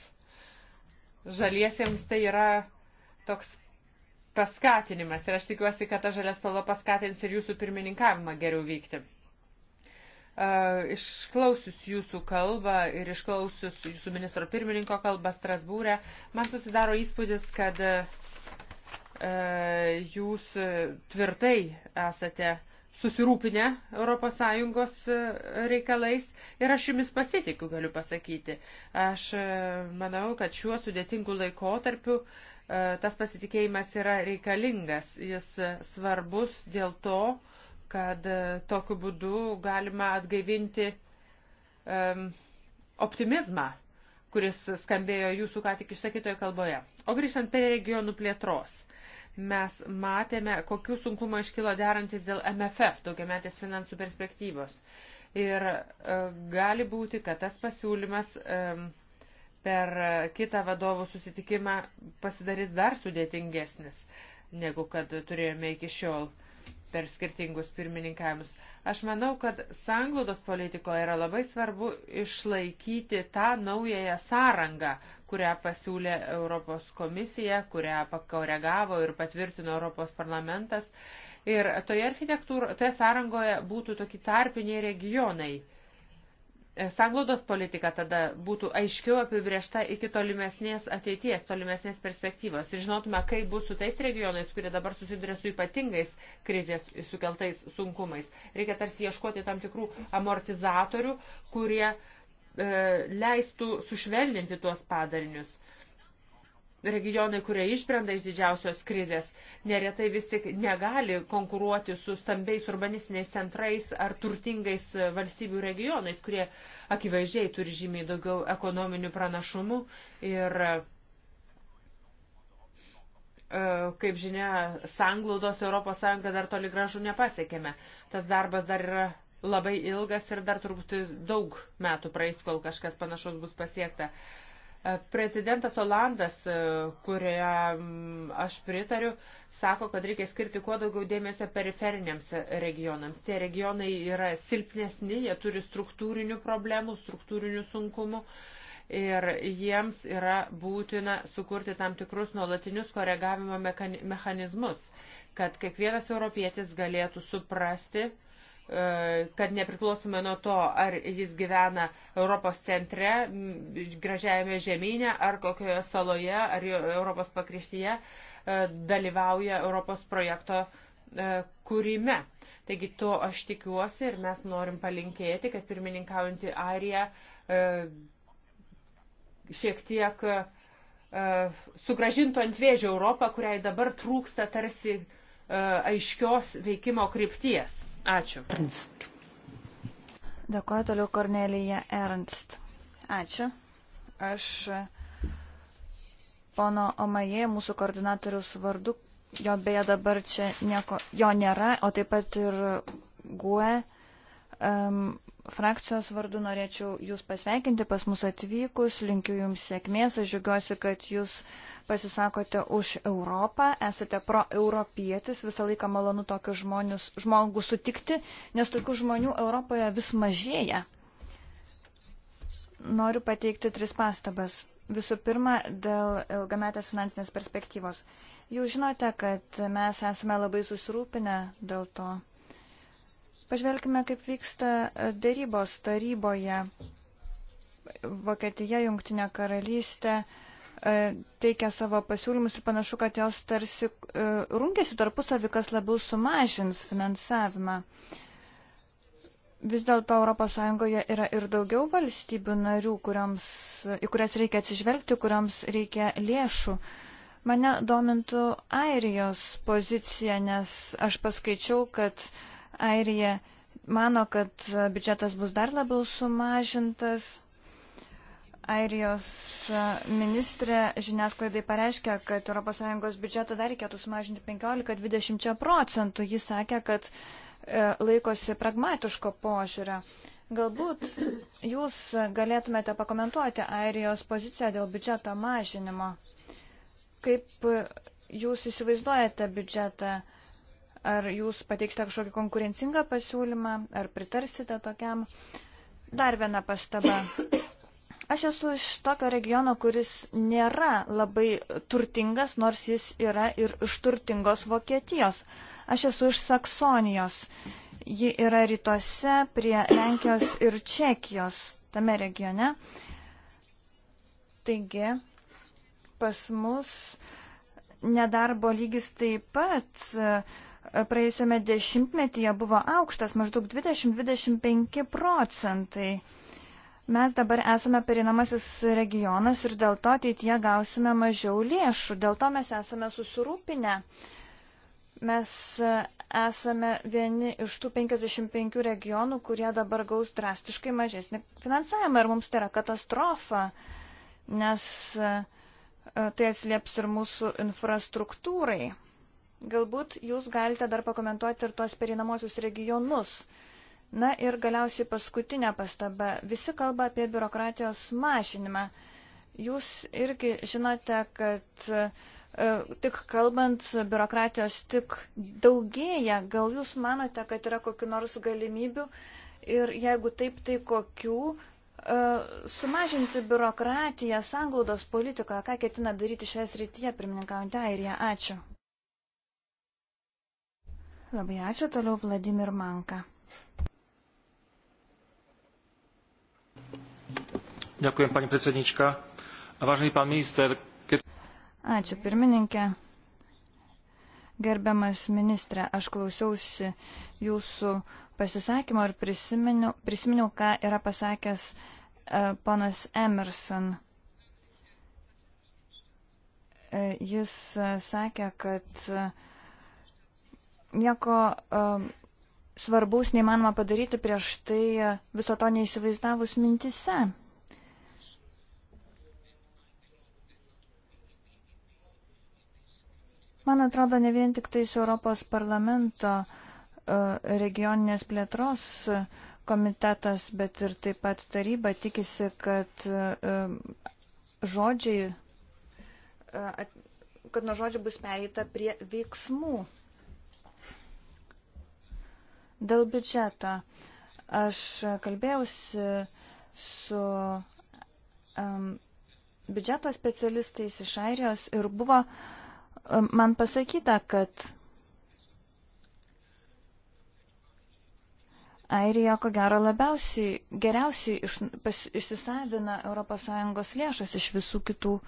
Žaliesiems tai yra toks paskatinimas ir aš tikiuosi, kad ta žalės spalva paskatins ir jūsų pirmininkavimą geriau vykti. Išklausius jūsų kalbą ir išklausius jūsų ministro pirmininko kalbą Strasbūrę, man susidaro įspūdis, kad jūs tvirtai esate susirūpinę ES reikalais ir aš jumis pasitikiu, galiu pasakyti. Aš manau, kad šiuo sudėtingu laikotarpiu tas pasitikėjimas yra reikalingas, jis svarbus dėl to, kad e, tokiu būdu galima atgaivinti um, optimizmą, kuris skambėjo jūsų ką tik išsakytoje kalboje. O grįžtant prie regionų plėtros, mes matėme, kokių sunkumų iškilo derantis dėl MFF, daugiametės finansų perspektyvos. Ir e, gali būti, kad tas pasiūlymas e, per kitą vadovų susitikimą pasidarys dar sudėtingesnis, negu kad turėjome iki šiol. E, per skirtingus pirmininkavimus. Aš manau, kad sanglaudos politikoje yra labai svarbu išlaikyti tą naująją sąrangą, kurią pasiūlė Europos komisija, kurią pakoregavo ir patvirtino Europos parlamentas. Ir toje architektūroje, toje sąrangoje būtų tokie tarpiniai regionai. E, sanglaudos politika tada būtų aiškiau apibriešta iki tolimesnės ateities, tolimesnės perspektyvos. Ir žinotume, kaip bus su tais regionais, kurie dabar susiduria su ypatingais krizės sukeltais sunkumais. Reikia tarsi ieškoti tam tikrų amortizatorių, kurie e, leistų sušvelninti tuos padarinius. Regionai, kurie išbrenda iš didžiausios krizės, neretai vis tik negali konkuruoti su stambiais urbanistiniais centrais ar turtingais e, valstybių regionais, kurie akivaizdžiai turi žymiai daugiau ekonominių pranašumų ir e, e, kaip žinia, sanglaudos ES dar toli gražu nepasiekėme. Tas darbas dar yra labai ilgas ir dar turbūt daug metų praeis, kol kažkas panašaus bus pasiekta. Uh, Prezidentas Olandas, e, kuriam aš pritariu, sako, kad reikia skirti kuo daugiau dėmesio periferiniams regionams. Tie regionai yra silpnesni, jie turi struktūrinių problemų, struktūrinių sunkumų. Ir jiems yra būtina sukurti tam tikrus nuolatinius koregavimo mechanizmus, kad kiekvienas europietis galėtų suprasti, E, kad nepriklausomai nuo to, ar jis gyvena Europos centre, gražiajame žemynė, ar kokioje saloje, ar Europos pakrištyje, e, dalyvauja Europos projekto e, kūrime. Taigi to aš tikiuosi ir mes norim palinkėti, kad pirmininkaujantį Airiją šiek tiek sugražintų ant vėžio Europą, kuriai dabar trūksta tarsi aiškios veikimo krypties. Ačiū. Ernst. Dėkuoju toliau Kornelija Ernst. Ačiū. Aš pono Omaje, mūsų koordinatorius vardu, jo beje dabar čia nieko, jo nėra, o taip pat ir GUE Um, frakcijos vardu norėčiau Jūs pasveikinti pas mus atvykus, linkiu Jums sėkmės, aš žiūriuosi, kad Jūs pasisakote už Europą, esate pro-europietis, visą laiką malonu tokius žmonius, žmogų sutikti, nes tokių žmonių Europoje vis mažėja. Noriu pateikti tris pastabas. Visų pirma, dėl ilgametės finansinės perspektyvos. Jūs žinote, kad mes esame labai susirūpinę dėl to Pažvelkime, kaip vyksta e, dėrybos taryboje. Vokietija, Jungtinė karalystė e, teikia savo pasiūlymus ir panašu, kad jos tarsi e, rungėsi tarpusavį, kas labiau sumažins finansavimą. Vis dėlto ES yra ir daugiau valstybių narių, kurioms, į kurias reikia atsižvelgti, kurioms reikia lėšų. Mane domintų Airijos pozicija, nes aš paskaičiau, kad uh, Airija mano, kad biudžetas bus dar labiau sumažintas. Airijos ministrė žiniasklaidai pareiškė, kad ES biudžetą dar reikėtų sumažinti 15-20 procentų. Jis sakė, kad e, laikosi pragmatiško požiūrio. Galbūt jūs galėtumėte pakomentuoti Airijos poziciją dėl biudžeto mažinimo. Kaip jūs įsivaizduojate biudžetą? Ar jūs pateiksite kažkokį konkurencingą pasiūlymą, ar pritarsite tokiam? Dar viena pastaba. Aš esu iš tokio regiono, kuris nėra labai turtingas, nors jis yra ir iš turtingos Vokietijos. Aš esu iš Saksonijos. Ji yra rytuose prie Lenkijos ir Čekijos tame regione. Taigi, pas mus nedarbo lygis taip pat uh, praėjusiame dešimtmetyje buvo aukštas, maždaug 20-25 procentai. Mes dabar esame perinamasis regionas ir dėl to ateityje gausime mažiau lėšų, dėl to mes esame susirūpinę. Mes esame vieni iš tų 55 regionų, kurie dabar gaus drastiškai mažesnį finansavimą ir mums tai yra katastrofa, nes e, tai atslieps ir mūsų infrastruktūrai. Galbūt jūs galite dar pakomentuoti ir tuos perinamosius regionus. Na ir galiausiai paskutinė pastaba. Visi kalba apie biurokratijos mažinimą. Jūs irgi žinote, kad e, tik kalbant biurokratijos tik daugėja. Gal jūs manote, kad yra kokiu nors galimybių ir jeigu taip, tai kokių e, sumažinti biurokratiją, sanglaudos politiką, ką ketina daryti šioje srityje, pirmininkaujant Airija. Ačiū. Labai ačiū toliau Vladimir Manka. Ďakujem, pani predsednička. Vážený pán minister. Ket... Ačiū, pirmininkė. Gerbiamas ministrė, aš klausiausi jūsų pasisakymo ir prisiminiau, prisiminiau ką yra pasakęs uh, ponas Emerson. Uh, jis uh, sakė, kad uh, nieko um, svarbaus neįmanoma padaryti prieš tai e, viso to neįsivaizdavus mintise. Man atrodo, ne vien tik tais Europos parlamento e, regioninės plėtros komitetas, bet ir taip pat taryba tikisi, kad žodžiai, kad nuo žodžių bus pereita prie veiksmų. Dėl biudžeto. Aš kalbėjausi su um, biudžeto specialistais iš Airijos ir buvo um, man pasakyta, kad Airija ko gero labiausiai, geriausiai iš, pas, išsisavina ES lėšas iš visų kitų,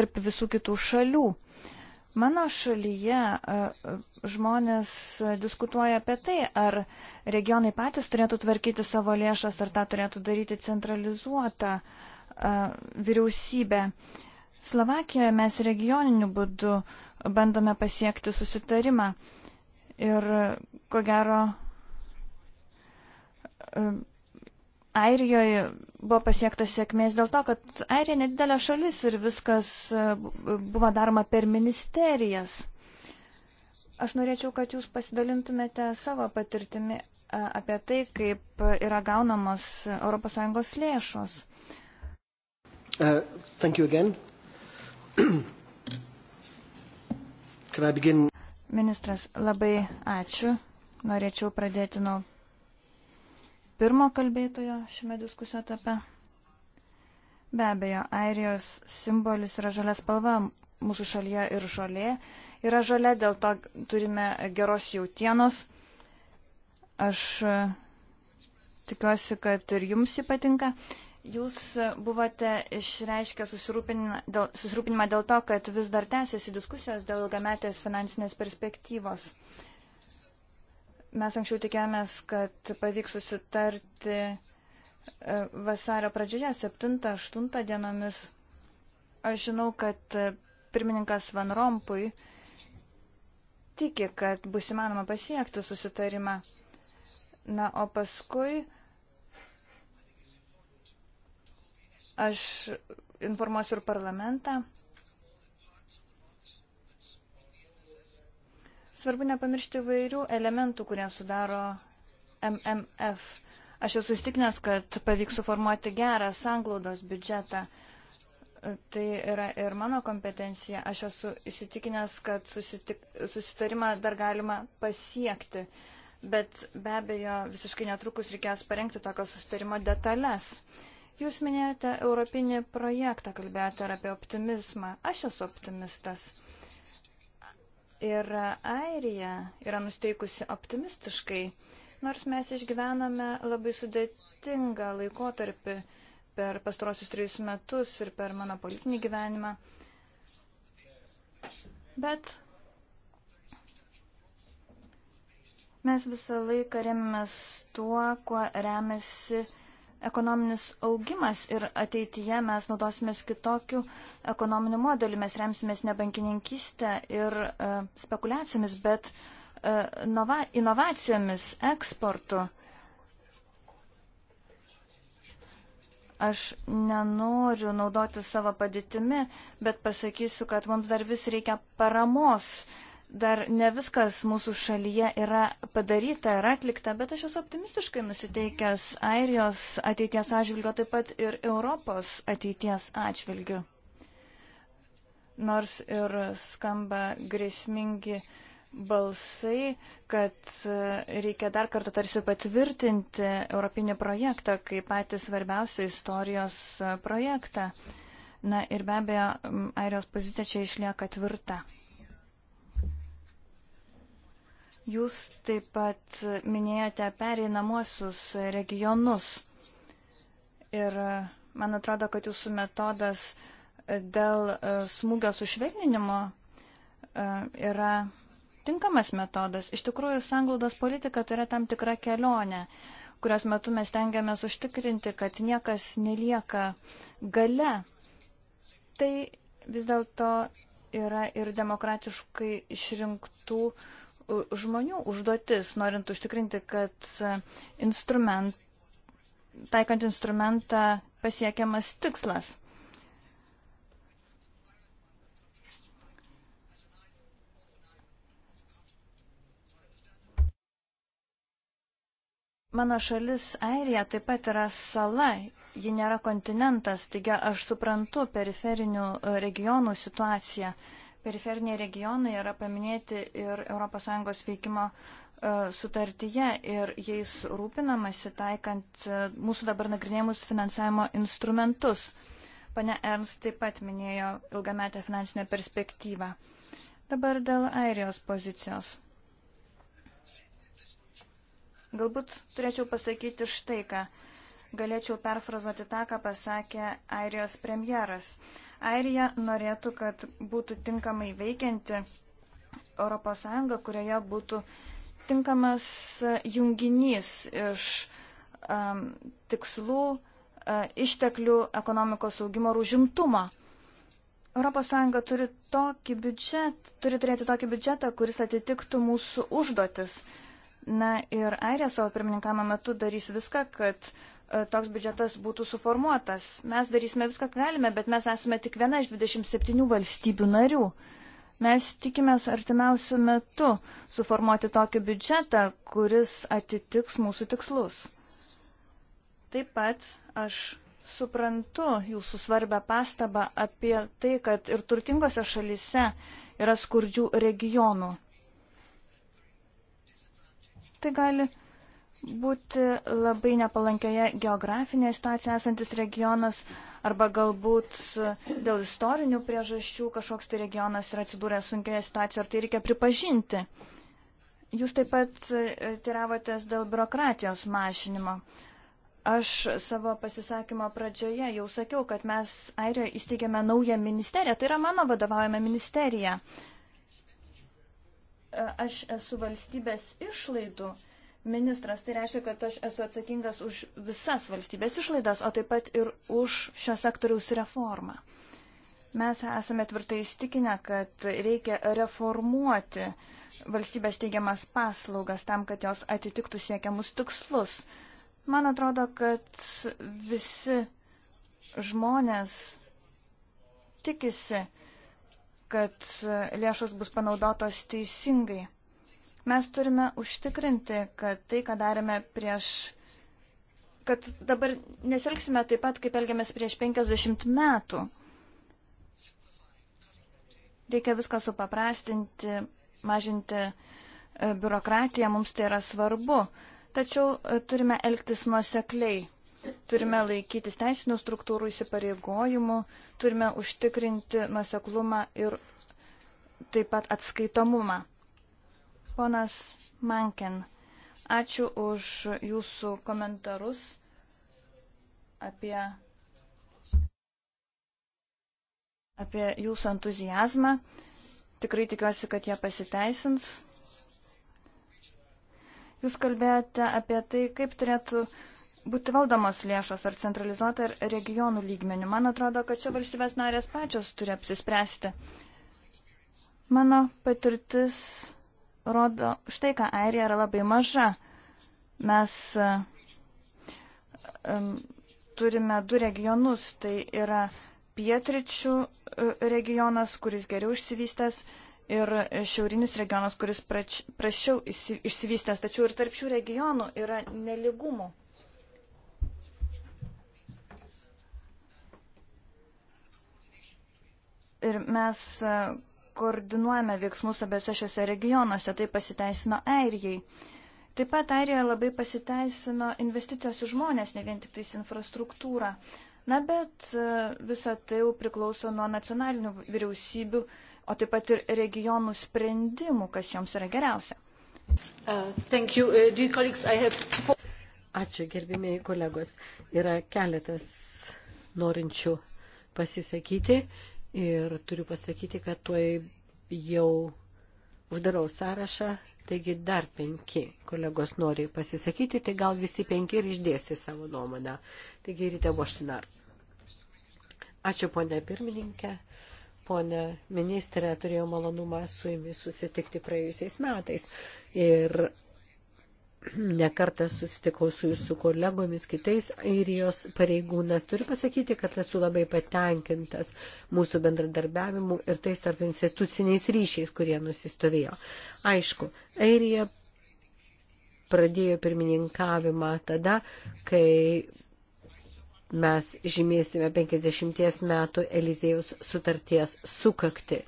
tarp visų kitų šalių. Uh, Mano šalyje e, e, žmonės diskutuoja apie tai, ar regionai patys turėtų tvarkyti savo lėšas, ar tą turėtų daryti centralizuota e, vyriausybė. Slovakijoje mes regioniniu būdu bandome pasiekti susitarimą ir ko gero Airijoje buvo pasiektas sėkmės dėl to, kad Airija nedidelė šalis ir viskas e, buvo daroma per ministerijas. Aš norėčiau, kad jūs pasidalintumėte savo patirtimi e, apie tai, kaip yra gaunamos ES lėšos. Uh, thank you again. Can I begin? Ministras, labai ačiū. Norėčiau pradėti nuo pirmo kalbėtojo šiame diskusijos etape. Be abejo, Airijos simbolis yra žalia spalva, mūsų šalyje ir žolė yra žalia, dėl to turime geros jautienos. Aš e, tikiuosi, kad ir jums jį patinka. Jūs buvote išreiškę susirūpinimą dėl, susirūpinimą dėl to, kad vis dar tęsiasi diskusijos dėl ilgametės finansinės perspektyvos. Uh, Mes anksčiau tikėjomės, kad pavyks susitarti e, vasario pradžioje, 7-8 dienomis. Aš žinau, kad e, pirmininkas Van Rompui tiki, kad bus įmanoma pasiekti susitarimą. Na, o paskui aš informuosiu ir parlamentą Svarbu nepamiršti vairių elementų, kurie sudaro MMF. Aš esu įstikinęs, kad pavyks suformuoti gerą sanglaudos biudžetą. Tai yra ir mano kompetencija. Aš esu įsitikinęs, kad susitik, susitarimą dar galima pasiekti, bet be abejo visiškai netrukus reikės parengti tokio susitarimo detalės. Jūs minėjote europinį projektą, kalbėjote ir apie optimizmą. Aš esu optimistas. Ir Airija yra nusteikusi optimistiškai, nors mes išgyvename labai sudėtingą laikotarpį per pastarosius trejus metus ir per mano politinį gyvenimą. Bet mes visą laiką remiamės tuo, kuo remiasi ekonominis augimas ir ateityje mes naudosimės kitokių ekonominių modelių, mes remsimės ne bankininkystę ir uh, spekulacijomis, bet uh, nova, inovacijomis, eksportu. Aš nenoriu naudoti savo padėtimi, bet pasakysiu, kad mums dar vis reikia paramos uh, dar ne viskas mūsų šalyje yra padaryta ir atlikta, bet aš esu optimistiškai nusiteikęs Airijos ateities atžvilgio, taip pat ir Europos ateities atžvilgiu. Nors ir skamba grėsmingi balsai, kad reikia dar kartą tarsi patvirtinti Europinį projektą kaip patį svarbiausią istorijos projektą. Na ir be abejo, Airijos pozicija čia išlieka tvirta. Jūs taip pat minėjote pereinamuosius regionus. Ir man atrodo, kad jūsų metodas e, dėl e, smūgio sušvelninimo e, yra tinkamas metodas. Iš tikrųjų, sanglaudos politika tai yra tam tikra kelionė, kurios metu mes tengiamės užtikrinti, kad niekas nelieka gale. Tai vis dėlto yra ir demokratiškai išrinktų uh, žmonių užduotis, norint užtikrinti, kad instrument, taikant instrumentą pasiekiamas tikslas. Mano šalis Airija taip pat yra sala, ji nėra kontinentas, taigi aš suprantu periferinių e, regionų situaciją, periferiniai regionai yra paminėti ir ES veikimo e, sutartyje ir jais rūpinamasi taikant e, mūsų dabar nagrinėjimus finansavimo instrumentus. Pane Ernst taip pat minėjo ilgametę finansinę perspektyvą. Dabar dėl Airijos pozicijos. Galbūt turėčiau pasakyti štai ką. Galėčiau perfrazuoti tą, ką pasakė Airijos premjeras. Uh, Airija norėtų, kad būtų tinkamai veikianti ES, kurioje būtų tinkamas e, junginys iš um, tikslų, uh, išteklių, ekonomikos augimo ir užimtumo. ES turi, tokį biudžet, turi turėti tokį biudžetą, kuris atitiktų mūsų užduotis. Na ir Airija savo pirmininkavimo metu darys viską, kad uh, E, toks biudžetas būtų suformuotas. Mes darysime viską, ką galime, bet mes esame tik viena iš 27 valstybių narių. Mes tikimės artimiausių metų suformuoti tokį biudžetą, kuris atitiks mūsų tikslus. Taip pat aš suprantu jūsų svarbę pastabą apie tai, kad ir turtingose šalise yra skurdžių regionų. Tai gali būti labai nepalankioje geografinėje situacijoje esantis regionas arba galbūt dėl istorinių priežasčių kažkoks tai regionas yra atsidūręs sunkioje situacijoje ir tai reikia pripažinti. Jūs taip pat e, tiravotės dėl biurokratijos mažinimo. Aš savo pasisakymo pradžioje jau sakiau, kad mes Airijoje įsteigėme naują ministeriją, tai yra mano vadovaujama ministerija. E, aš esu valstybės išlaidų ministras. Tai reiškia, kad aš esu atsakingas už visas valstybės išlaidas, o taip pat ir už šio sektoriaus reformą. Mes esame tvirtai įstikinę, kad reikia reformuoti valstybės teigiamas paslaugas tam, kad jos atitiktų siekiamus tikslus. Man atrodo, kad visi žmonės tikisi, kad lėšos bus panaudotos teisingai. Mes turime užtikrinti, kad tai, ką darėme prieš kad dabar nesilgsime taip pat, kaip elgiamės prieš 50 metų. Reikia viską supaprastinti, mažinti e, biurokratiją, mums tai yra svarbu. Tačiau e, turime elgtis nuosekliai. Turime laikytis teisinių struktūrų įsipareigojimų, turime užtikrinti nuoseklumą ir taip pat atskaitomumą. Ponas Manken, ačiū už jūsų komentarus apie, apie jūsų entuzijazmą. Tikrai tikiuosi, kad jie pasiteisins. Jūs kalbėjote apie tai, kaip turėtų būti valdomos lėšos ar centralizuota ar regionų lygmenių. Man atrodo, kad čia valstybės narės pačios turi apsispręsti. Mano patirtis rodo štai, ką Airija yra labai maža. Mes um, turime du regionus, tai yra pietričių e, regionas, kuris geriau išsivystęs ir šiaurinis regionas, kuris prač, prašiau išsivystęs, tačiau ir tarp šių regionų yra neligumų. Ir mes e, koordinuojame veiksmus abiejose šiuose regionuose, tai pasiteisino Airijai. Taip pat Airijoje labai pasiteisino investicijos į žmonės, ne vien tik tais infrastruktūrą. Na, bet e, visa tai jau priklauso nuo nacionalinių vyriausybių, o taip pat ir regionų sprendimų, kas joms yra geriausia. Uh, uh, have... Ačiū, gerbimieji kolegos. Yra keletas norinčių pasisakyti. Ir turiu pasakyti, kad tuoj jau uždarau sąrašą, taigi dar penki kolegos nori pasisakyti, tai gal visi penki ir išdėsti savo nuomonę. Taigi ryte Boštinar. Ačiū, ponė pirmininkė. Pone ministrė, turėjau malonumą su jumis susitikti praėjusiais metais. Ir nekartą susitikau su jūsų kolegomis, kitais airijos pareigūnas. Turiu pasakyti, kad esu labai patenkintas mūsų bendradarbiavimu ir tais tarp instituciniais ryšiais, kurie nusistovėjo. Aišku, airija pradėjo pirmininkavimą tada, kai mes žymėsime 50 metų Elizėjus sutarties sukakti,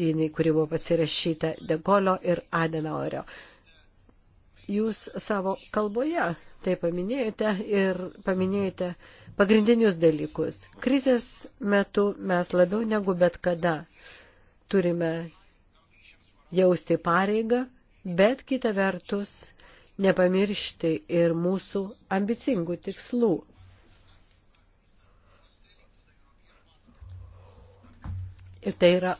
kuri buvo pasirašyta Degolio ir Adenauerio jūs savo kalboje tai paminėjote ir paminėjote pagrindinius dalykus. Krizės metu mes labiau negu bet kada turime jausti pareigą, bet kita vertus nepamiršti ir mūsų ambicingų tikslų. Ir tai yra,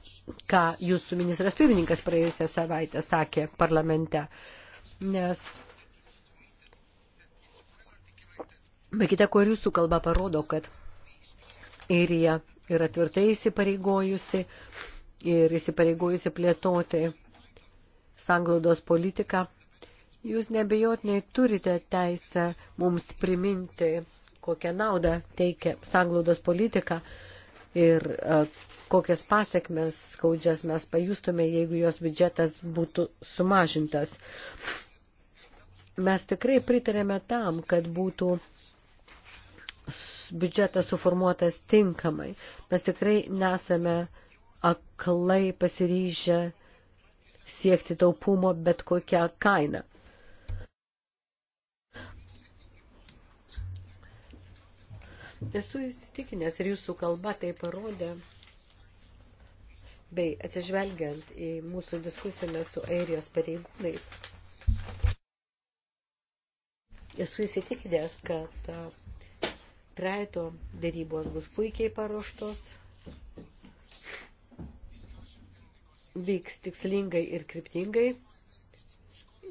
ką jūsų ministras pirmininkas praėjusią savaitę sakė parlamente. Uh, nes Be kita, ko ir jūsų kalba parodo, kad Irija yra tvirtai įsipareigojusi ir įsipareigojusi plėtoti sanglaudos politiką. Jūs nebejotinai turite teisę mums priminti, kokią naudą teikia sanglaudos politika ir e, kokias pasiekmes skaudžias mes pajustume, jeigu jos biudžetas būtų sumažintas. Mes tikrai pritarėme tam, kad būtų biudžetas suformuotas tinkamai. Mes tikrai nesame aklai pasiryžę siekti taupumo bet kokią kainą. Esu įsitikinęs ir jūsų kalba tai parodė, bei atsižvelgiant į mūsų diskusiją su airijos pareigūnais, esu įsitikinęs, kad praeito darybos bus puikiai paruoštos, vyks tikslingai ir kryptingai.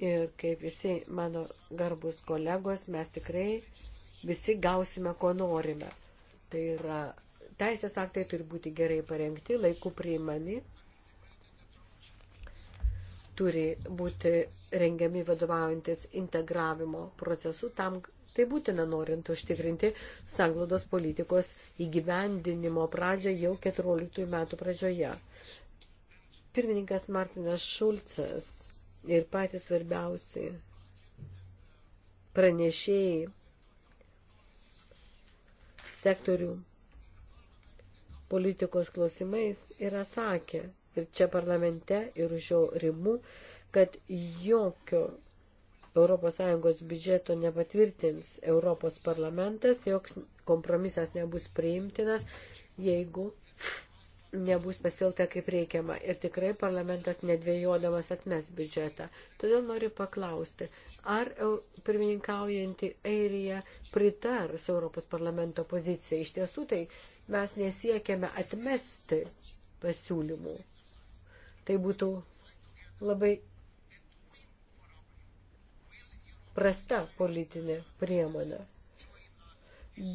Ir kaip visi mano garbus kolegos, mes tikrai visi gausime, ko norime. Tai yra, teisės aktai turi būti gerai parengti, laiku priimami turi būti rengiami vadovaujantis integravimo procesu, tam tai būtina norint užtikrinti sanglodos politikos įgyvendinimo pradžią jau 14 metų pradžioje. Pirmininkas Martinas Šulcas ir patys svarbiausi pranešėjai sektorių politikos klausimais yra sakę, ir čia parlamente, ir už jo ribų, kad jokio ES biudžeto nepatvirtins Europos parlamentas, joks kompromisas nebus priimtinas, jeigu nebus pasilta kaip reikiama. Ir tikrai parlamentas nedvėjodamas atmes biudžetą. Todėl noriu paklausti, ar pirmininkaujanti Airija pritars Europos parlamento pozicijai. Iš tiesų tai mes nesiekėme atmesti pasiūlymų. Tai būtų labai prasta politinė priemonė.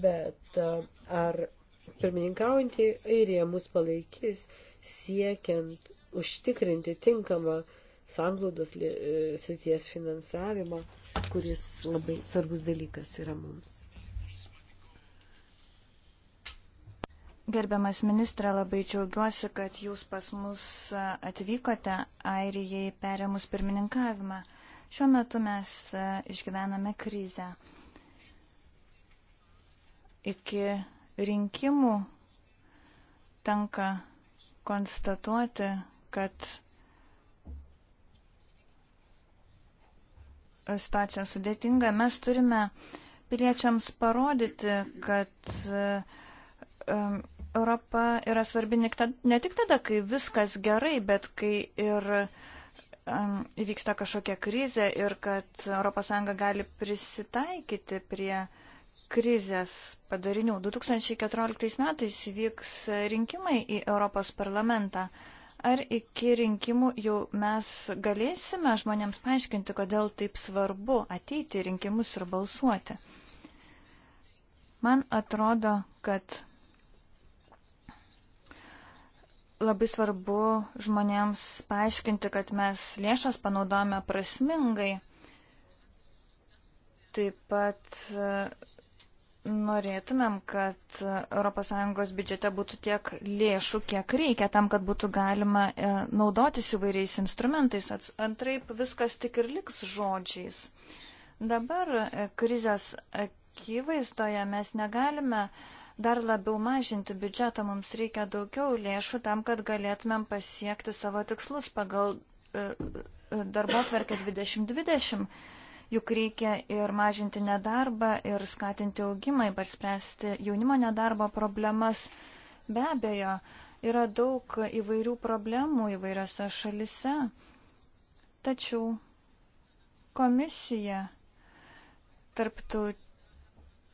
Bet ar pirmininkaujantį Airiją mus palaikys siekiant užtikrinti tinkamą sanglaudos e, srities finansavimą, kuris labai svarbus dalykas yra mums. Gerbiamas ministrė, labai džiaugiuosi, kad jūs pas mus atvykote Airijai perėmus pirmininkavimą. Šiuo metu mes e, išgyvename krizę. Iki rinkimų tenka konstatuoti, kad situacija sudėtinga. Mes turime piliečiams parodyti, kad um, Europa yra svarbi ne tik tada, kai viskas gerai, bet kai ir įvyksta kažkokia krizė ir kad ES gali prisitaikyti prie krizės padarinių. 2014 metais vyks rinkimai į Europos parlamentą. Ar iki rinkimų jau mes galėsime žmonėms paaiškinti, kodėl taip svarbu ateiti į rinkimus ir balsuoti? Man atrodo, kad labai svarbu žmonėms paaiškinti, kad mes lėšas panaudojame prasmingai. Taip pat e, norėtumėm, kad e, ES biudžete būtų tiek lėšų, kiek reikia, tam, kad būtų galima e, naudotis įvairiais instrumentais. Antraip viskas tik ir liks žodžiais. Dabar krizės akivaizdoje mes negalime dar labiau mažinti biudžetą, mums reikia daugiau lėšų tam, kad galėtumėm pasiekti savo tikslus pagal e, e, darbo tvarkę 2020. Juk reikia ir mažinti nedarbą, ir skatinti augimą, ypač spręsti jaunimo nedarbo problemas. Be abejo, yra daug įvairių problemų įvairiose šalise. Tačiau komisija tarptautinė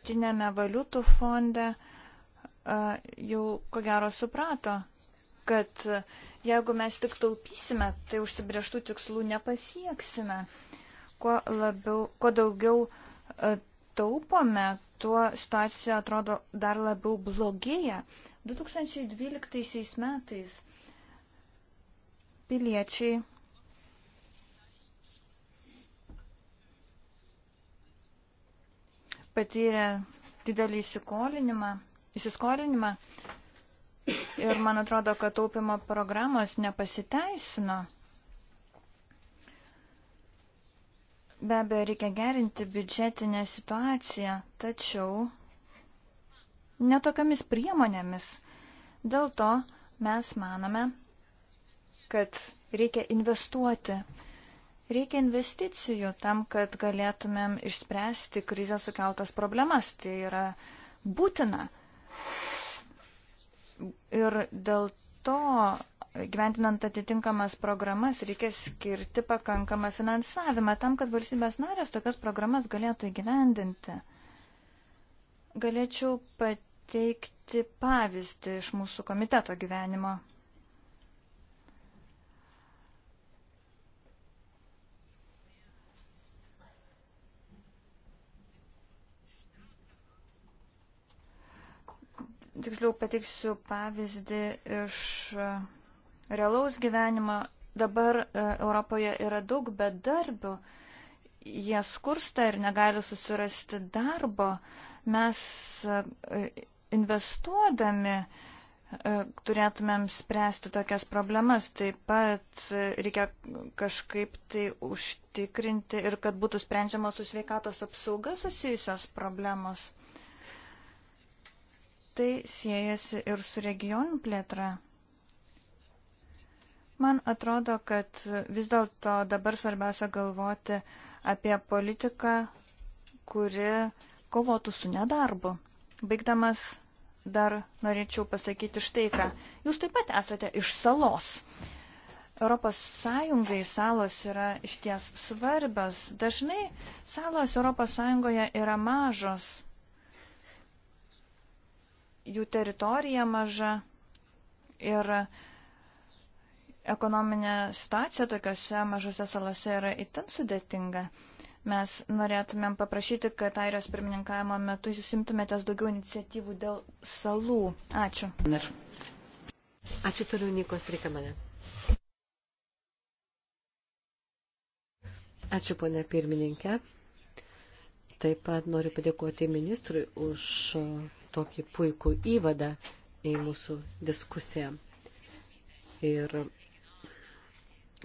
tarptautinėme valiutų fonde jau ko gero suprato, kad jeigu mes tik taupysime, tai užsibrieštų tikslų nepasieksime. Kuo, labiau, kuo daugiau taupome, tuo situacija atrodo dar labiau blogėja. 2012 metais piliečiai patyrė didelį įsikolinimą, įsiskolinimą ir man atrodo, kad taupimo programos nepasiteisino. Be abejo, reikia gerinti biudžetinę situaciją, tačiau netokiamis priemonėmis. Dėl to mes manome, kad reikia investuoti Reikia investicijų tam, kad galėtumėm išspręsti krizę sukeltas problemas. Tai yra būtina. Ir dėl to, gyventinant atitinkamas programas, reikia skirti pakankamą finansavimą tam, kad valstybės narės tokias programas galėtų įgyvendinti. Galėčiau pateikti pavyzdį iš mūsų komiteto gyvenimo. tiksliau pateiksiu pavyzdį iš e, realaus gyvenimo. Dabar e, Europoje yra daug bedarbių, jie skursta ir negali susirasti darbo. Mes e, investuodami turėtumėm spręsti tokias problemas. Taip pat reikia kažkaip tai užtikrinti ir kad būtų sprendžiamos su sveikatos apsauga susijusios problemos tai siejasi ir su regionų plėtra. Man atrodo, kad vis dėlto dabar svarbiausia galvoti apie politiką, kuri kovotų su nedarbu. Baigdamas dar norėčiau pasakyti štai ką. Jūs taip pat esate iš salos. Europos Sąjungai salos yra išties svarbios. Dažnai salos Europos Sąjungoje yra mažos jų teritorija maža ir ekonominė situacija tokiuose mažose salose yra itin sudėtinga. Mes norėtumėm paprašyti, kad airijos pirmininkavimo metu jūs imtumėtės daugiau iniciatyvų dėl salų. Ačiū. Ačiū toliau, Nikos Rikamane. Ačiū, ponė pirmininkė. Taip pat noriu padėkoti ministrui už tokį puikų įvadą į mūsų diskusiją. Ir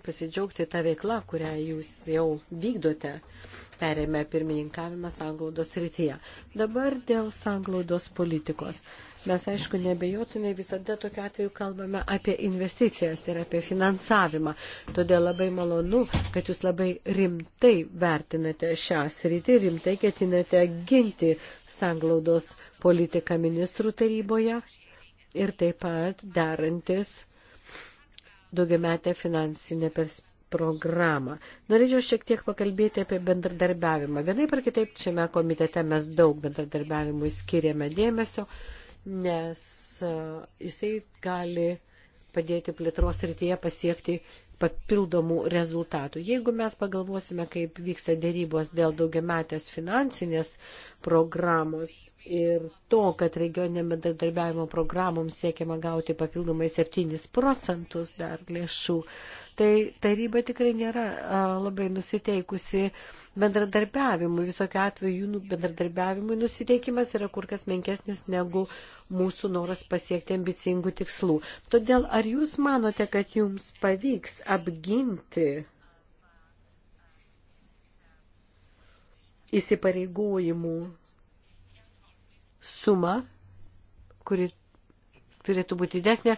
pasidžiaugti tą veiklą, kurią jūs jau vykdote, perėmė pirmininkavimą sanglaudos rytyje. Dabar dėl sanglaudos politikos. Mes, aišku, nebejotinai visada tokiu atveju kalbame apie investicijas ir apie finansavimą. Todėl labai malonu, kad jūs labai rimtai vertinate šią sritį, rimtai ketinate ginti sanglaudos politiką politiką ministrų taryboje ir taip pat darantis daugiametę finansinę programą. Norėčiau šiek tiek pakalbėti apie bendradarbiavimą. Vienaip ar kitaip šiame komitete mes daug bendradarbiavimui skiriame dėmesio, nes jisai gali padėti plėtros rytyje pasiekti papildomų rezultatų. Jeigu mes pagalvosime, kaip vyksta dėrybos dėl daugiametės finansinės programos ir to, kad regioninėme bendradarbiavimo programoms siekiama gauti papildomai 7 procentus dar lėšų, tai taryba tikrai nėra a, labai nusiteikusi bendradarbiavimui. Visokiu atveju jų nu- bendradarbiavimui nusiteikimas yra kur kas menkesnis negu mūsų noras pasiekti ambicingų tikslų. Todėl ar jūs manote, kad jums pavyks apginti įsipareigojimų sumą, kuri turėtų būti didesnė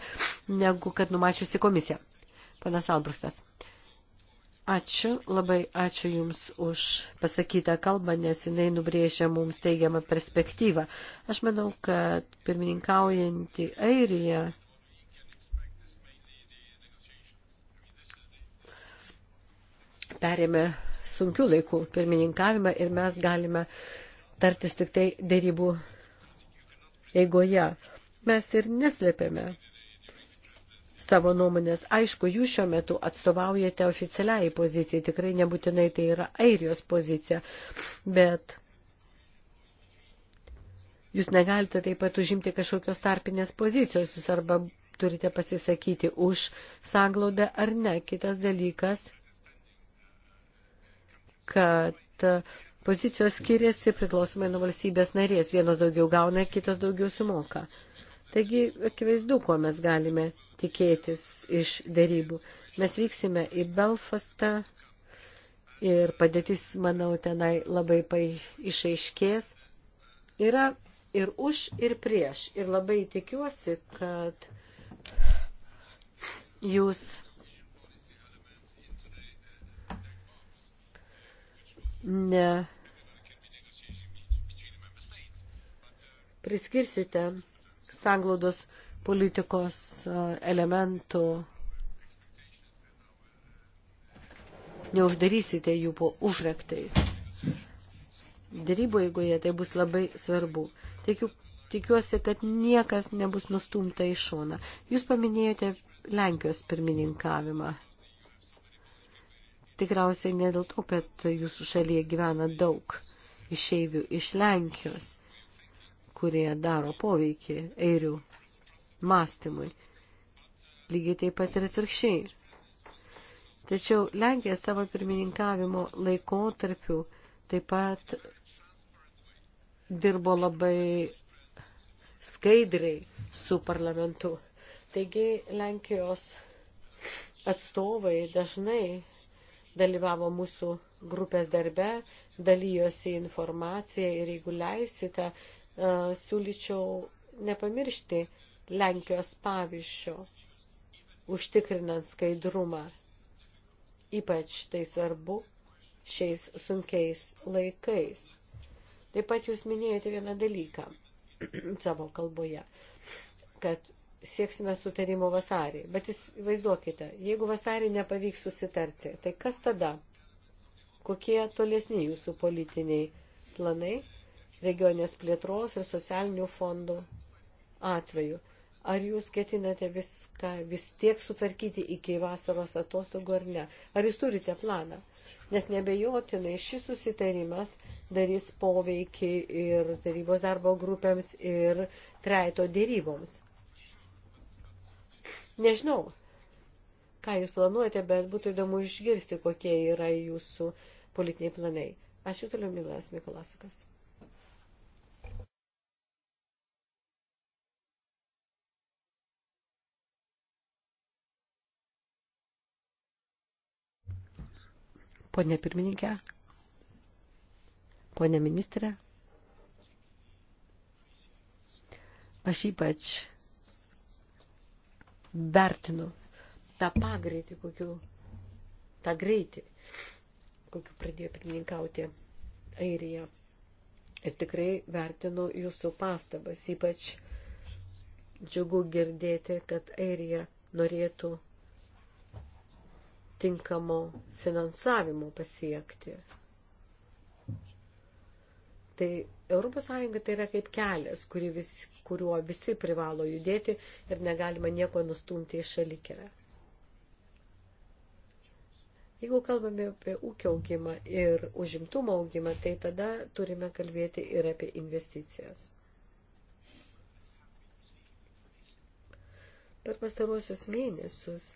negu kad numačiusi komisija. Panas Albrechtas. Ačiū, labai ačiū Jums už pasakytą kalbą, nes jinai nubrėžia mums teigiamą perspektyvą. Aš manau, kad pirmininkaujantį Airiją perėmė sunkių laikų pirmininkavimą ir mes galime tartis tik tai dėrybų eigoje. Mes ir neslėpėme savo nuomonės. Aišku, jūs šiuo metu atstovaujate oficialiai pozicijai, tikrai nebūtinai tai yra airijos pozicija, bet jūs negalite taip pat užimti kažkokios tarpinės pozicijos, jūs arba turite pasisakyti už sanglaudą ar ne. Kitas dalykas, kad pozicijos skiriasi priklausomai nuo valstybės narės. Vienos daugiau gauna, kitos daugiau sumoka. Uh, Taigi, akivaizdu, ko mes galime tikėtis iš dėrybų. Mes vyksime į Belfastą ir padėtis, manau, tenai labai išaiškės. Yra ir už, ir prieš. Ir labai tikiuosi, kad jūs ne priskirsite sanglaudos politikos e, elementų neuždarysite jų po užraktais. Dėrybo eigoje tai bus labai svarbu. Tikiu, tikiuosi, kad niekas nebus nustumta į šoną. Jūs paminėjote Lenkijos pirmininkavimą. Tikriausiai ne dėl to, kad jūsų šalyje gyvena daug išeivių iš Lenkijos, kurie daro poveikį airių mąstymui. Lygiai taip pat ir atvirkščiai. Tačiau Lenkija savo pirmininkavimo laikotarpiu taip pat dirbo labai skaidriai su parlamentu. Taigi Lenkijos atstovai dažnai dalyvavo mūsų grupės darbe, dalyjosi informaciją ir jeigu leisite, E, siūlyčiau nepamiršti Lenkijos pavyzdžio, užtikrinant skaidrumą. Ypač tai svarbu šiais sunkiais laikais. Taip pat jūs minėjote vieną dalyką savo kalboje, kad sieksime sutarimo vasarį. Bet įsivaizduokite, jeigu vasarį nepavyks susitarti, tai kas tada? Kokie tolesni jūsų politiniai planai? regionės plėtros ir socialinių fondų atveju. Ar jūs ketinate viską vis tiek sutvarkyti iki vasaros atostogų ar ne? Ar jūs turite planą? Nes nebejotinai šis susitarimas darys poveikį ir tarybos darbo grupėms ir treito dėryboms. Nežinau, ką jūs planuojate, bet būtų įdomu išgirsti, kokie yra jūsų politiniai planai. Ačiū toliau, Milas Mikolasukas. Pone pirmininkė, pone ministrė, aš ypač vertinu tą pagreitį, kokiu, tą greitį, kokiu pradėjo pirmininkauti Airija. Ir tikrai vertinu jūsų pastabas, ypač džiugu girdėti, kad Airija norėtų tinkamo finansavimo pasiekti. Tai ES tai yra kaip kelias, vis, kuriuo visi privalo judėti ir negalima nieko nustumti į šalikelę. Jeigu kalbame apie ūkio augimą ir užimtumo augimą, tai tada turime kalbėti ir apie investicijas. Per pastaruosius mėnesius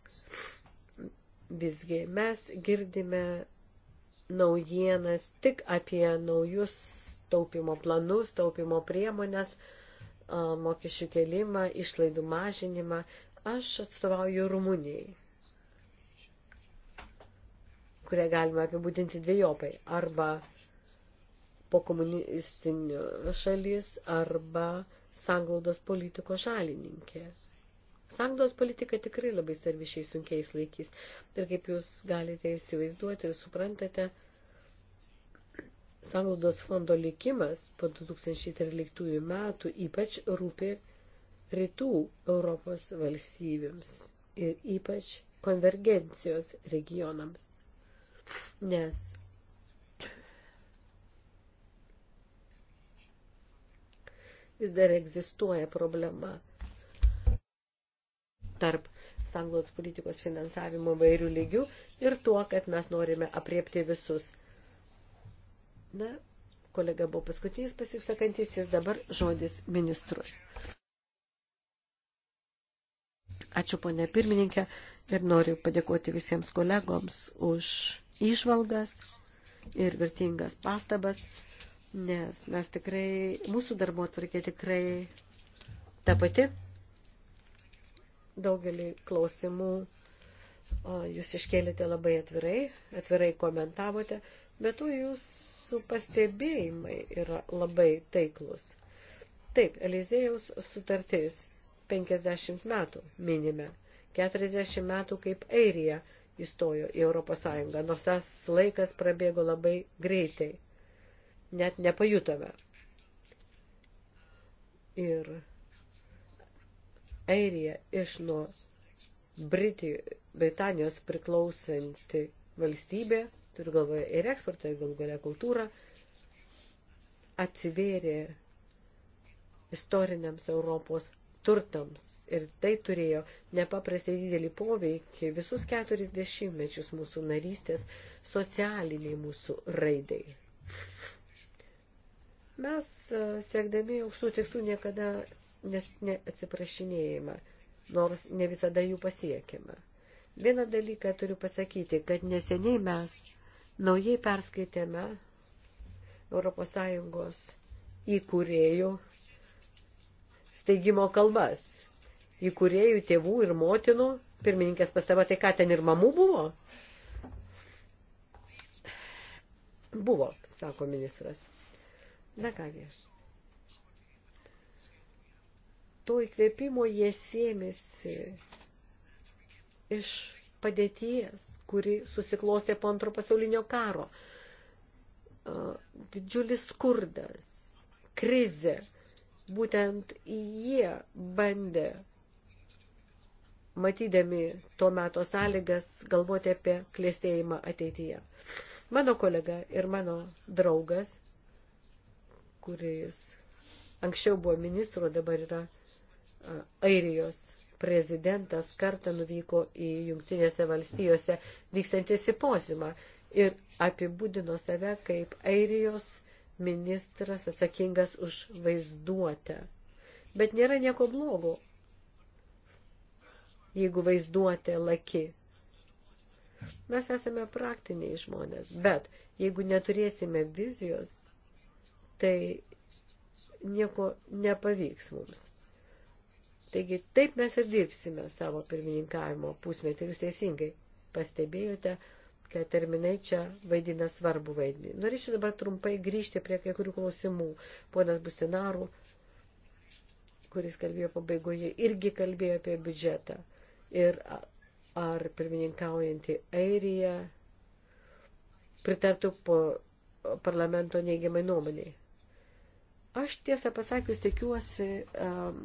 Visgi mes girdime naujienas tik apie naujus taupimo planus, taupimo priemonės, mokesčių kelimą, išlaidų mažinimą. Aš atstovauju Rumunijai, kurią galima apibūdinti dviejopai. Arba po komunistinių šalis, arba sanglaudos politikos šalininkė. Sanglos politika tikrai labai svarbi šiais sunkiais laikys. Ir kaip jūs galite įsivaizduoti ir suprantate, Sanglaudos fondo likimas po 2013 metų ypač rūpi rytų Europos valstybėms ir ypač konvergencijos regionams. Nes vis dar egzistuoja problema tarp sanglos politikos finansavimo vairių lygių ir tuo, kad mes norime apriepti visus. Na, kolega buvo paskutinis pasisakantis, jis dabar žodis ministrui. Ačiū ponė pirmininkė ir noriu padėkoti visiems kolegoms už išvalgas ir vertingas pastabas, nes mes tikrai, mūsų darbo atvarkė tikrai ta pati daugelį klausimų jūs iškėlėte labai atvirai, atvirai komentavote, bet to jūsų pastebėjimai yra labai taiklus. Taip, Elizėjaus sutartis 50 metų minime, 40 metų kaip Airija įstojo į Europos Sąjungą, nors tas laikas prabėgo labai greitai, net nepajutome. Ir Airija iš nuo Britijos, Britanijos priklausanti valstybė, turiu galvoje ir eksportą, ir galų galę kultūrą, atsivėrė istoriniams Europos turtams. Ir tai turėjo nepaprastai didelį poveikį visus keturis dešimtmečius mūsų narystės socialiniai mūsų raidai. Mes, siekdami aukštų tikslų, niekada nes neatsiprašinėjama, nors ne visada jų pasiekima. Vieną dalyką turiu pasakyti, kad neseniai mes naujai perskaitėme ES įkūrėjų steigimo kalbas. Įkūrėjų tėvų ir motinų, pirmininkės pastaba, tai ką ten ir mamų buvo? Buvo, sako ministras. Na kągi, to įkvėpimo jie sėmėsi iš padėties, kuri susiklostė po antro pasaulinio karo. Didžiulis skurdas, krizė, būtent jie bandė, matydami to meto sąlygas, galvoti apie klėstėjimą ateityje. Mano kolega ir mano draugas, kuris anksčiau buvo ministro, dabar yra Airijos prezidentas kartą nuvyko į Junktinėse valstijose vykstantį sipozimą ir apibūdino save kaip Airijos ministras atsakingas už vaizduotę. Bet nėra nieko blogo, jeigu vaizduotė laki. Mes esame praktiniai žmonės, bet jeigu neturėsime vizijos, tai nieko nepavyks mums. Taigi taip mes ir dirbsime savo pirmininkavimo pusmetį. Jūs teisingai pastebėjote, kad terminai čia vaidina svarbu vaidmenį. Norėčiau dabar trumpai grįžti prie kai kurių klausimų. Ponas Businarų, kuris kalbėjo pabaigoje, irgi kalbėjo apie biudžetą. Ir ar pirmininkaujantį Airiją pritartų po parlamento neigiamai nuomoniai. Aš tiesą pasakius tikiuosi um,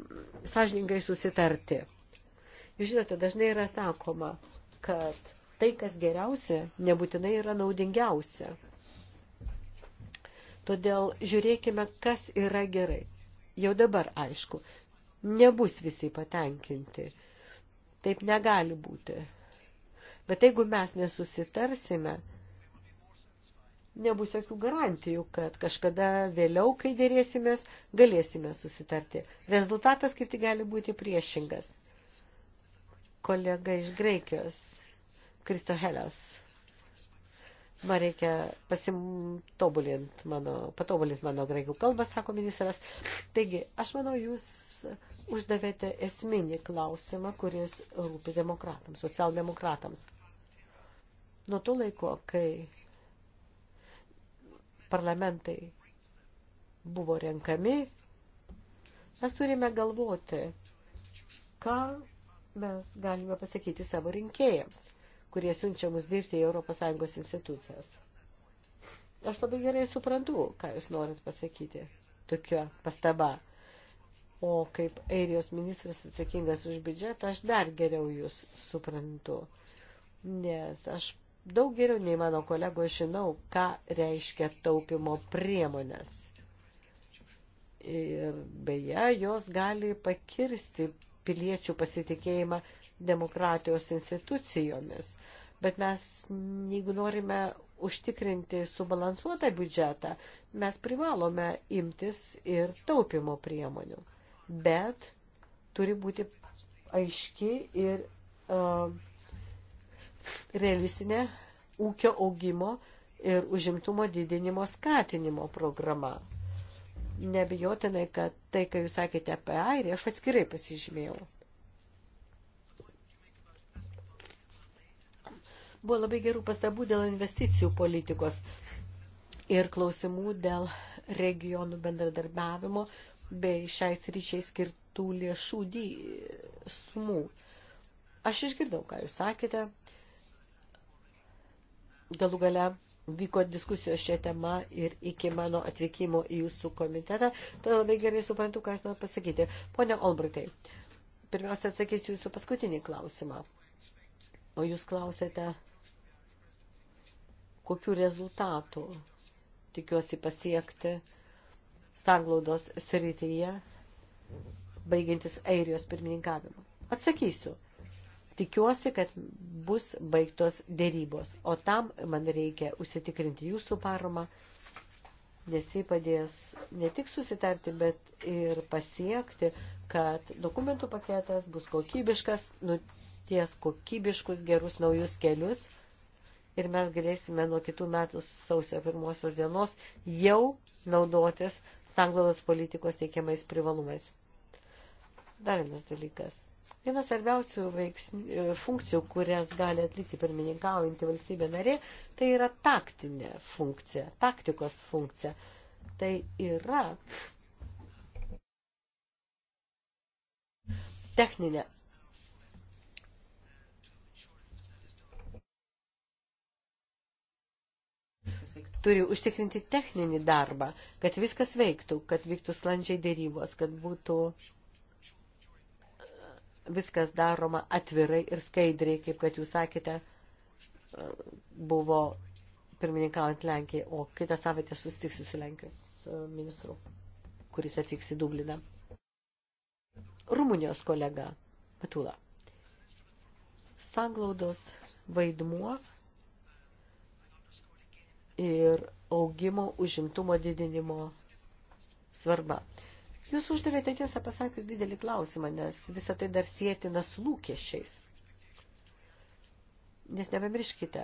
sąžiningai susitarti. Jūs žinote, dažnai yra sakoma, kad tai, kas geriausia, nebūtinai yra naudingiausia. Todėl žiūrėkime, kas yra gerai. Jau dabar aišku, nebus visi patenkinti. Taip negali būti. Bet jeigu mes nesusitarsime, nebus jokių garantijų, kad kažkada vėliau, kai dėrėsimės, galėsime susitarti. Rezultatas kaip tik gali būti priešingas. Kolega iš Graikijos, Kristo Helios. Man reikia pasitobulinti mano, patobulinti mano graikų kalbą, sako ministras. Taigi, aš manau, jūs uždavėte esminį klausimą, kuris rūpi demokratams, socialdemokratams. Nuo to laiko, kai parlamentai buvo renkami, mes turime galvoti, ką mes galime pasakyti savo rinkėjams, kurie siunčia mus dirbti į ES institucijas. Aš labai gerai suprantu, ką jūs norit pasakyti. Tokia pastaba. O kaip Airijos ministras atsakingas už biudžetą, aš dar geriau jūs suprantu. Nes aš daug geriau nei mano kolego žinau, ką reiškia taupimo priemonės. Ir beje, jos gali pakirsti piliečių pasitikėjimą demokratijos institucijomis. Bet mes, jeigu norime užtikrinti subalansuotą biudžetą, mes privalome imtis ir taupimo priemonių. Bet turi būti aiški ir uh, realistinė ūkio augimo ir užimtumo didinimo skatinimo programa. Nebijotinai, kad tai, ką jūs sakėte apie Airiją, aš atskirai pasižymėjau. Buvo labai gerų pastabų dėl investicijų politikos ir klausimų dėl regionų bendradarbiavimo bei šiais ryčiai skirtų lėšų sumų. Aš išgirdau, ką jūs sakėte, galų gale vyko diskusijos šią temą ir iki mano atvykimo į jūsų komitetą. Todėl labai gerai suprantu, ką aš noriu pasakyti. Pone Olbritai, pirmiausia atsakysiu jūsų paskutinį klausimą. O jūs klausėte, kokiu rezultatu tikiuosi pasiekti sanglaudos srityje, baigiantis Airijos pirmininkavimu. Atsakysiu tikiuosi, kad bus baigtos dėrybos, o tam man reikia užsitikrinti jūsų paramą, nes jį padės ne tik susitarti, bet ir pasiekti, kad dokumentų paketas bus kokybiškas, nuties kokybiškus gerus naujus kelius ir mes galėsime nuo kitų metų sausio pirmosios dienos jau naudotis sanglaudos politikos teikiamais privalumais. Dar vienas dalykas – Vienas svarbiausių e, funkcijų, kurias gali atlikti pirmininkaujantį valstybę narė, tai yra taktinė funkcija, taktikos funkcija. Tai yra techninė. Turi užtikrinti techninį darbą, kad viskas veiktų, kad vyktų slandžiai dėrybos, kad būtų uh, viskas daroma atvirai ir skaidriai, kaip kad jūs sakėte, buvo pirmininkaujant Lenkijai, o kitą savaitę susitiksiu su Lenkijos e, ministru, kuris atvyks į Dubliną. Rumunijos kolega Matula. Sanglaudos vaidmuo ir augimo užimtumo didinimo svarba. Jūs uždavėte tiesą pasakius didelį klausimą, nes visą tai dar sėtina su lūkesčiais. Nes nepamirškite,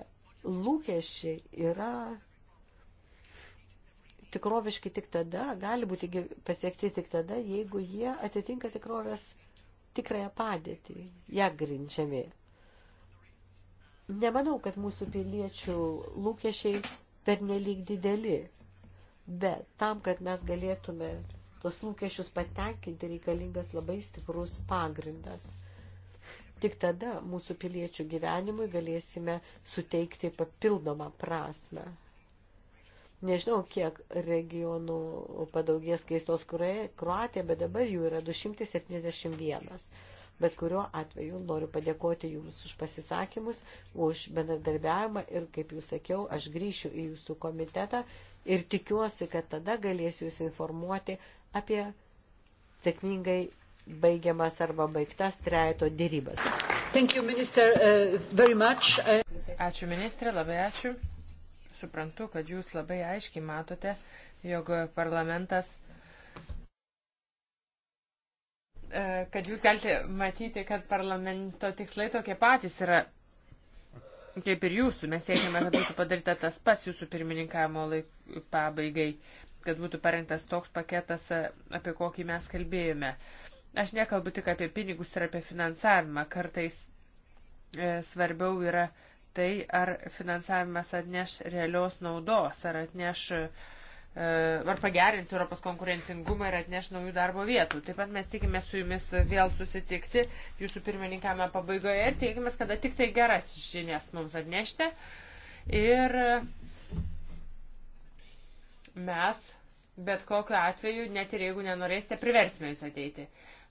lūkesčiai yra tikroviški tik tada, gali būti pasiekti tik tada, jeigu jie atitinka tikrovės tikrąją padėtį, ją grinčiami. Nemanau, kad mūsų piliečių lūkesčiai per nelik dideli, bet tam, kad mes galėtume tuos lūkesčius patenkinti reikalingas labai stiprus pagrindas. Tik tada mūsų piliečių gyvenimui galėsime suteikti papildomą prasme. Nežinau, kiek regionų padaugės keistos Kroatija, bet dabar jų yra 271. Bet kuriuo atveju noriu padėkoti Jums už pasisakymus, už bendradarbiavimą ir, kaip Jūs sakiau, aš grįšiu į Jūsų komitetą ir tikiuosi, kad tada galėsiu Jūs informuoti apie sėkmingai baigiamas arba baigtas trejato dėrybas. You, minister, uh, ačiū ministrė, labai ačiū. Suprantu, kad jūs labai aiškiai matote, jog parlamentas e, kad jūs galite matyti, kad parlamento tikslai tokie patys yra kaip ir jūsų. Mes siekime, kad būtų padaryta tas pats jūsų pirmininkavimo laik, pabaigai kad būtų parengtas toks paketas, e, apie kokį mes kalbėjome. Aš nekalbu tik apie pinigus ir apie finansavimą. Kartais e, svarbiau yra tai, ar finansavimas atneš realios naudos, ar atneš e, ar pagerins Europos konkurencingumą ir atneš naujų darbo vietų. Taip pat mes tikime su jumis vėl susitikti jūsų pirmininkame pabaigoje ir tikimės, kada tik tai geras žinias mums atnešti. Ir mes bet kokiu atveju, net ir jeigu nenorėsite, priversime jūs ateiti.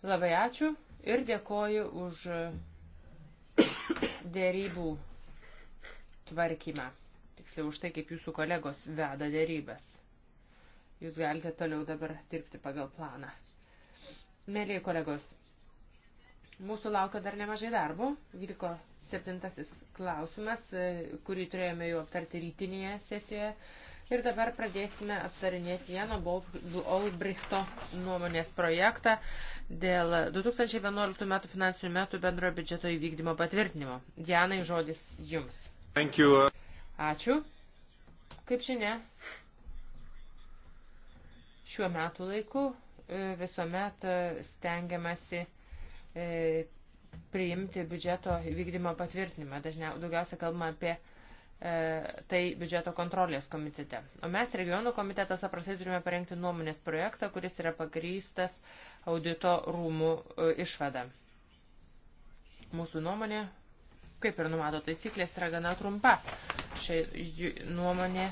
Labai ačiū ir dėkoju už dėrybų tvarkymą. Tiksliau už tai, kaip jūsų kolegos veda dėrybas. Jūs galite toliau dabar dirbti pagal planą. Mėlyje kolegos, mūsų laukia dar nemažai darbo. Vyko septintasis klausimas, kurį turėjome jau aptarti rytinėje sesijoje. Ir dabar pradėsime aptarinėti Jano Olbrichto nuomonės projektą dėl 2011 metų finansinių metų bendrojo biudžeto įvykdymo patvirtinimo. Janai, žodis jums. Thank you. Ačiū. Kaip žinia, šiuo metų laiku e, visuomet e, stengiamasi e, priimti biudžeto įvykdymo patvirtinimą. Dažniausiai daugiausia kalbama apie E, tai biudžeto kontrolės komitete. O mes regionų komitetas aprasai turime parengti nuomonės projektą, kuris yra pagrystas audito rūmų e, išvada. Mūsų nuomonė, kaip ir numato taisyklės, yra gana trumpa. Šia nuomonė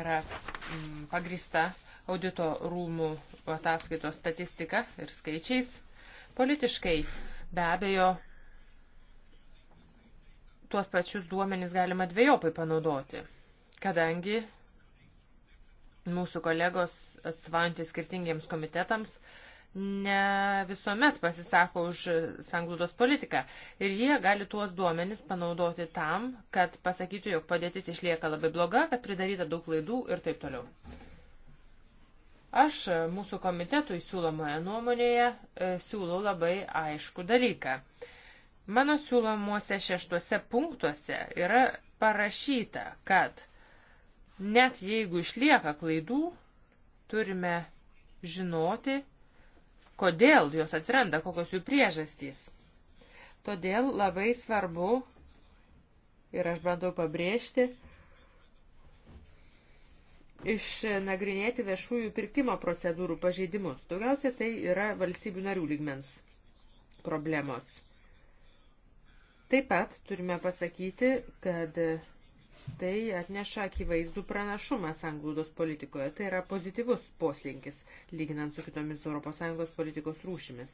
yra mm, pagrįsta audito rūmų ataskaitos statistika ir skaičiais. Politiškai be abejo tuos pačius duomenys galima dviejopai panaudoti, kadangi mūsų kolegos atsvantys skirtingiems komitetams ne visuomet pasisako už sanglūdos politiką. Ir jie gali tuos duomenis panaudoti tam, kad pasakytų, jog padėtis išlieka labai bloga, kad pridaryta daug klaidų ir taip toliau. Aš mūsų komitetui siūlomoje nuomonėje e, siūlau labai aišku dalyką. Mano siūlomuose šeštuose punktuose yra parašyta, kad net jeigu išlieka klaidų, turime žinoti, kodėl jos atsiranda, kokios jų priežastys. Todėl labai svarbu, ir aš bandau pabrėžti, išnagrinėti viešųjų pirkimo procedūrų pažeidimus. Daugiausia tai yra valstybių narių lygmens problemos. Taip pat turime pasakyti, kad tai atneša akivaizdų pranašumą sanglūdos politikoje. Tai yra pozityvus poslinkis, lyginant su kitomis ES politikos rūšimis.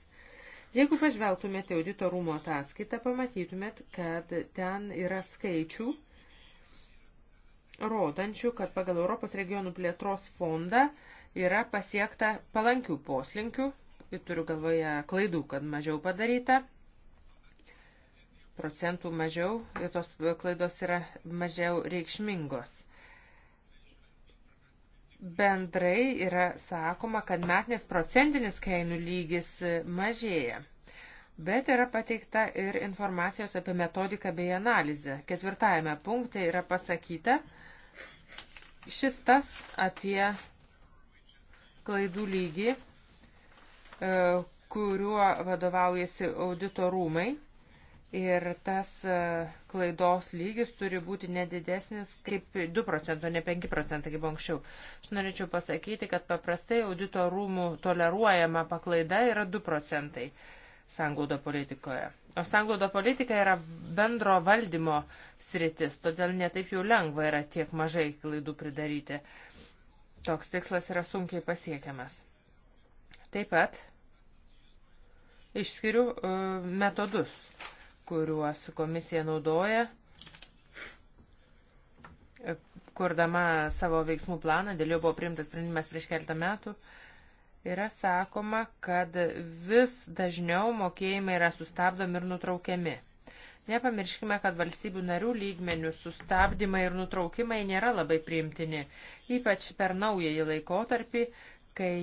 Jeigu pažvelgtumėte audito rūmo ataskaitą, pamatytumėt, kad ten yra skaičių, rodančių, kad pagal Europos regionų plėtros fondą yra pasiekta palankių poslinkių, turiu galvoje klaidų, kad mažiau padaryta, procentų mažiau ir tos klaidos yra mažiau reikšmingos. Bendrai yra sakoma, kad metinės procentinis kainų lygis mažėja. Bet yra pateikta ir informacijos apie metodiką bei analizę. Ketvirtajame punkte yra pasakyta šis tas apie klaidų lygį, e, kuriuo vadovaujasi audito rūmai ir tas e, klaidos lygis turi būti nedidesnis kaip 2 procento, ne 5 procentai, kaip anksčiau. Aš norėčiau pasakyti, kad paprastai audito rūmų toleruojama paklaida yra 2 procentai sanglaudo politikoje. O sanglaudo politika yra bendro valdymo sritis, todėl netaip jau lengva yra tiek mažai klaidų pridaryti. Toks tikslas yra sunkiai pasiekiamas. Taip pat išskiriu e, metodus kuriuos komisija naudoja, kurdama savo veiksmų planą, dėl jo buvo priimtas sprendimas prieš keletą metų, yra sakoma, kad vis dažniau mokėjimai yra sustabdomi ir nutraukiami. Nepamirškime, kad valstybių narių lygmenių sustabdymai ir nutraukimai nėra labai priimtini, ypač per naująjį laikotarpį, kai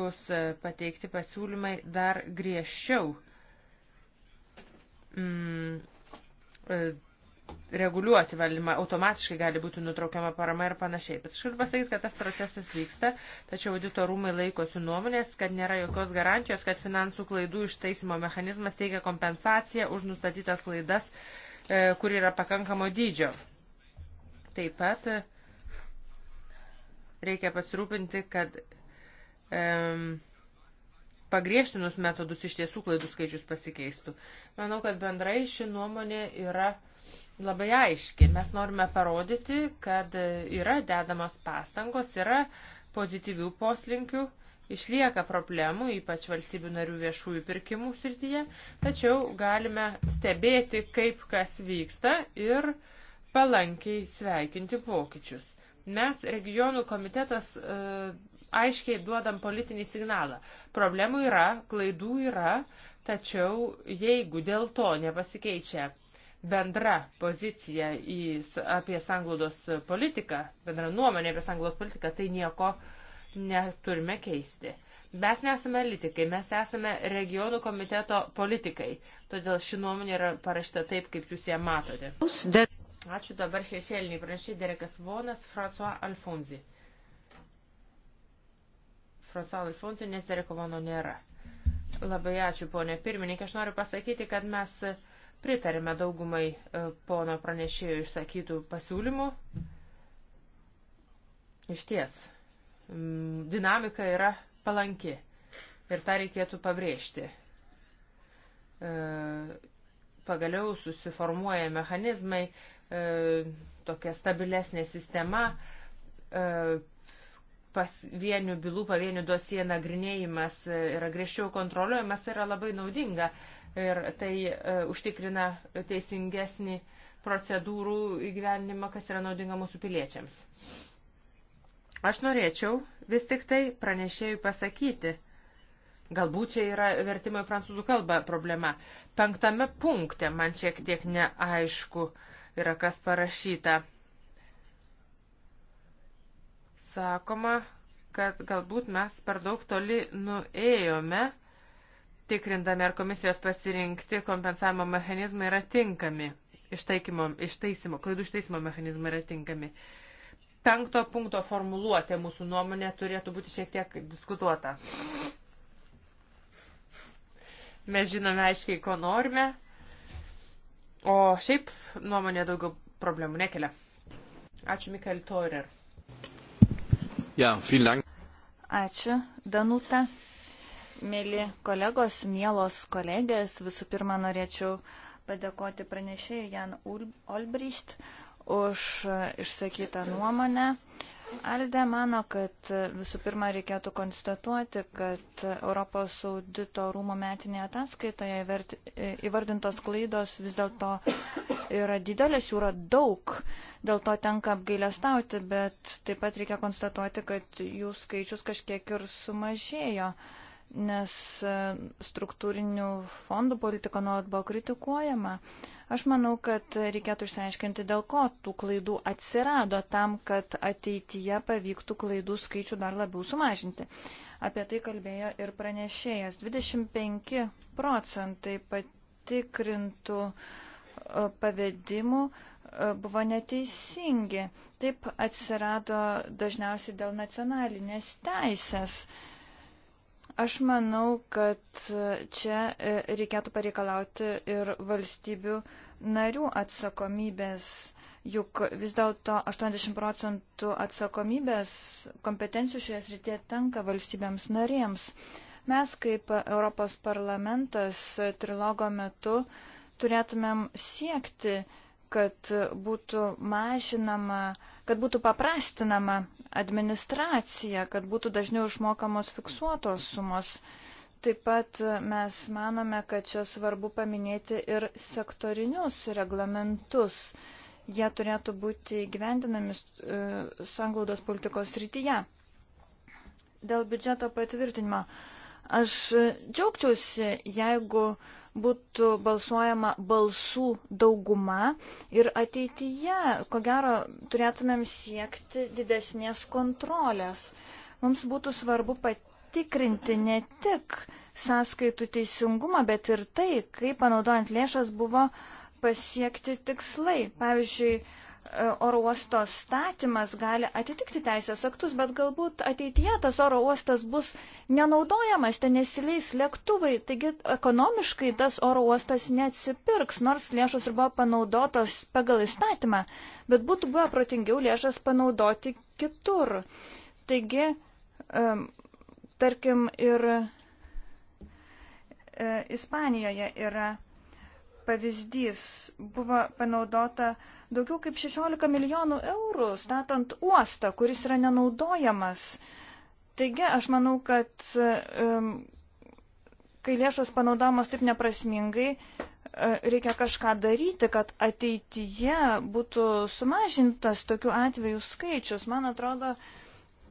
bus pateikti pasiūlymai dar griežčiau mm, e, reguliuoti valdymą, automatiškai gali būti nutraukiama parama ir panašiai. Bet aš galiu pasakyti, kad tas procesas vyksta, tačiau audito rūmai laikosi nuomonės, kad nėra jokios garantijos, kad finansų klaidų išteisimo mechanizmas teikia kompensaciją už nustatytas klaidas, e, kur yra pakankamo dydžio. Taip pat e, reikia pasirūpinti, kad e, pagriežtinus metodus iš tiesų klaidų skaičius pasikeistų. Manau, kad bendrai ši nuomonė yra labai aiški. Mes norime parodyti, kad yra dedamos pastangos, yra pozityvių poslinkių, išlieka problemų, ypač valstybių narių viešųjų pirkimų srityje, tačiau galime stebėti, kaip kas vyksta ir palankiai sveikinti pokyčius. Mes regionų komitetas e, aiškiai duodam politinį signalą. Problemų yra, klaidų yra, tačiau jeigu dėl to nepasikeičia bendra pozicija į, apie sanglaudos politiką, bendra nuomonė apie sanglaudos politiką, tai nieko neturime keisti. Mes nesame analitikai, mes esame regionų komiteto politikai, todėl ši nuomonė yra parašta taip, kaip jūs ją matote. Ačiū dabar šešėliniai pranešiai Derekas Vonas, François Alfonzi. Fransavai Fonsiui, nes Erikovono nėra. Labai ačiū, ponė pirmininkė. Aš noriu pasakyti, kad mes pritarėme daugumai e, pono pranešėjų išsakytų pasiūlymų. Iš ties, dinamika yra palanki ir tą reikėtų pabrėžti. E, pagaliau susiformuoja mechanizmai, e, tokia stabilesnė sistema, pavienių bylų, pavienių dosie nagrinėjimas yra griežčiau kontroliuojamas, tai yra labai naudinga ir tai uh, užtikrina teisingesnį procedūrų įgyvenimą, kas yra naudinga mūsų piliečiams. Aš norėčiau vis tik tai pranešėjui pasakyti, galbūt čia yra vertimo į prancūzų kalbą problema. Penktame punkte man šiek tiek neaišku yra kas parašyta sakoma, kad galbūt mes per daug toli nuėjome, tikrindami, ar komisijos pasirinkti kompensavimo mechanizmai yra tinkami, ištaikymo, ištaisimo, klaidų ištaisimo mechanizmai yra tinkami. Penkto punkto formuluotė mūsų nuomonė turėtų būti šiek tiek diskutuota. Mes žinome aiškiai, ko norime, o šiaip nuomonė daugiau problemų nekelia. Ačiū Mikael Toirer. Ja, Ačiū, Danuta. Mėly kolegos, mielos kolegės, visų pirma norėčiau padėkoti pranešėjai Jan Olbricht už išsakytą nuomonę. Aldė mano, kad visų pirma reikėtų konstatuoti, kad Europos audito rūmo metinėje ataskaitoje įvardintos klaidos vis dėlto yra didelės, jų yra daug, dėl to tenka apgailestauti, bet taip pat reikia konstatuoti, kad jų skaičius kažkiek ir sumažėjo, nes e, struktūrinių fondų politika nuolat buvo kritikuojama. Aš manau, kad reikėtų išsiaiškinti, dėl ko tų klaidų atsirado tam, kad ateityje pavyktų klaidų skaičių dar labiau sumažinti. Apie tai kalbėjo ir pranešėjas. 25 procentai patikrintų uh, E, pavedimų e, buvo neteisingi. Taip atsirado dažniausiai dėl nacionalinės teisės. Aš manau, kad čia e, reikėtų pareikalauti ir valstybių narių atsakomybės juk vis dėlto 80 procentų atsakomybės kompetencijų šioje srityje tenka valstybėms narėms. Mes kaip Europos parlamentas trilogo metu uh, turėtumėm siekti, kad būtų mažinama, kad būtų paprastinama administracija, kad būtų dažniau išmokamos fiksuotos sumos. Taip pat mes manome, kad čia svarbu paminėti ir sektorinius reglamentus. Jie turėtų būti gyvendinami e, sanglaudos politikos rytyje. Dėl biudžeto patvirtinimo. Aš džiaugčiausi, jeigu uh, būtų balsuojama balsų dauguma ir ateityje, ko gero, turėtumėm siekti didesnės kontrolės. Mums būtų svarbu patikrinti ne tik sąskaitų teisingumą, bet ir tai, kaip panaudojant lėšas buvo pasiekti tikslai. Pavyzdžiui, oro uosto statymas gali atitikti teisės aktus, bet galbūt ateityje tas oro uostas bus nenaudojamas, ten nesileis lėktuvai, taigi ekonomiškai tas oro uostas neatsipirks, nors lėšos ir buvo panaudotos pagal įstatymą, bet būtų buvę protingiau lėšas panaudoti kitur. Taigi, um, tarkim, ir e, Ispanijoje yra pavyzdys, buvo panaudota daugiau kaip 16 milijonų eurų statant uostą, kuris yra nenaudojamas. Taigi aš manau, kad um, kai lėšos panaudojamos taip neprasmingai, e, reikia kažką daryti, kad ateityje būtų sumažintas tokių atvejų skaičius. Man atrodo,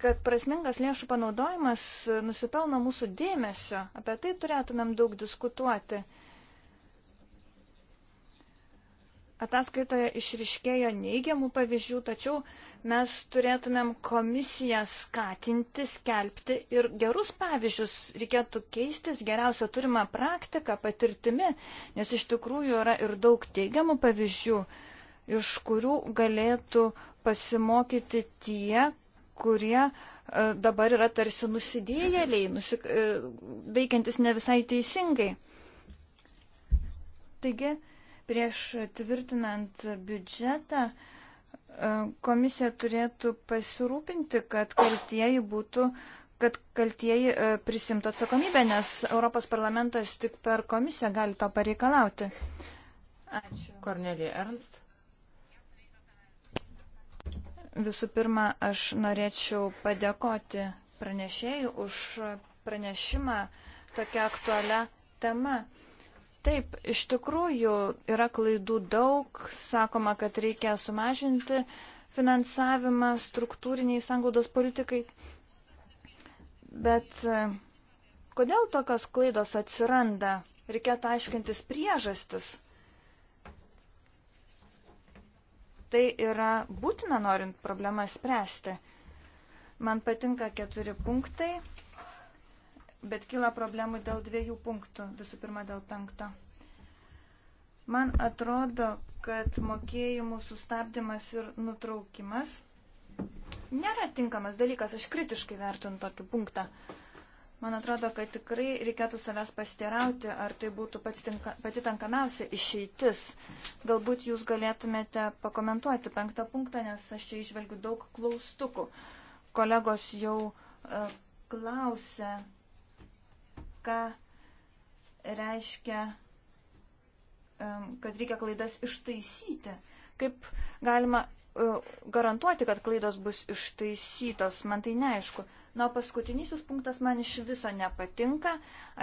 kad prasmingas lėšų panaudojimas nusipelno mūsų dėmesio. Apie tai turėtumėm daug diskutuoti. Uh, Ataskaitoje išriškėjo neigiamų pavyzdžių, tačiau mes turėtumėm komisiją skatinti, skelbti ir gerus pavyzdžius. Reikėtų keistis geriausia turima praktika, patirtimi, nes iš tikrųjų yra ir daug teigiamų pavyzdžių, iš kurių galėtų pasimokyti tie, kurie e, dabar yra tarsi nusidėjėliai, nusik, e, veikiantis ne visai teisingai. Taigi, Prieš tvirtinant biudžetą e, komisija turėtų pasirūpinti, kad kaltieji būtų kad kaltieji e, prisimtų atsakomybę, nes Europos parlamentas tik per komisiją gali to pareikalauti. Ačiū. Kornelija Ernst. Visų pirma, aš norėčiau padėkoti pranešėjų už pranešimą tokia aktualia tema. Taip, iš tikrųjų yra klaidų daug, sakoma, kad reikia sumažinti finansavimą struktūriniai sanglaudos politikai. Bet e, kodėl tokios klaidos atsiranda? Reikėtų aiškintis priežastis. Tai yra būtina norint problemą spręsti. Man patinka keturi punktai bet kyla problemų dėl dviejų punktų. Visų pirma, dėl penkto. Man atrodo, kad mokėjimų sustabdymas ir nutraukimas nėra tinkamas dalykas. Aš kritiškai vertinu tokį punktą. Man atrodo, kad tikrai reikėtų savęs pasiterauti, ar tai būtų tinka, pati tankamiausia išeitis. Galbūt jūs galėtumėte pakomentuoti penktą punktą, nes aš čia išvelgiu daug klaustukų. Kolegos jau uh, klausė ką reiškia, kad reikia klaidas ištaisyti. Kaip galima e, garantuoti, kad klaidos bus ištaisytos, man tai neaišku. Na, paskutinysis punktas man iš viso nepatinka.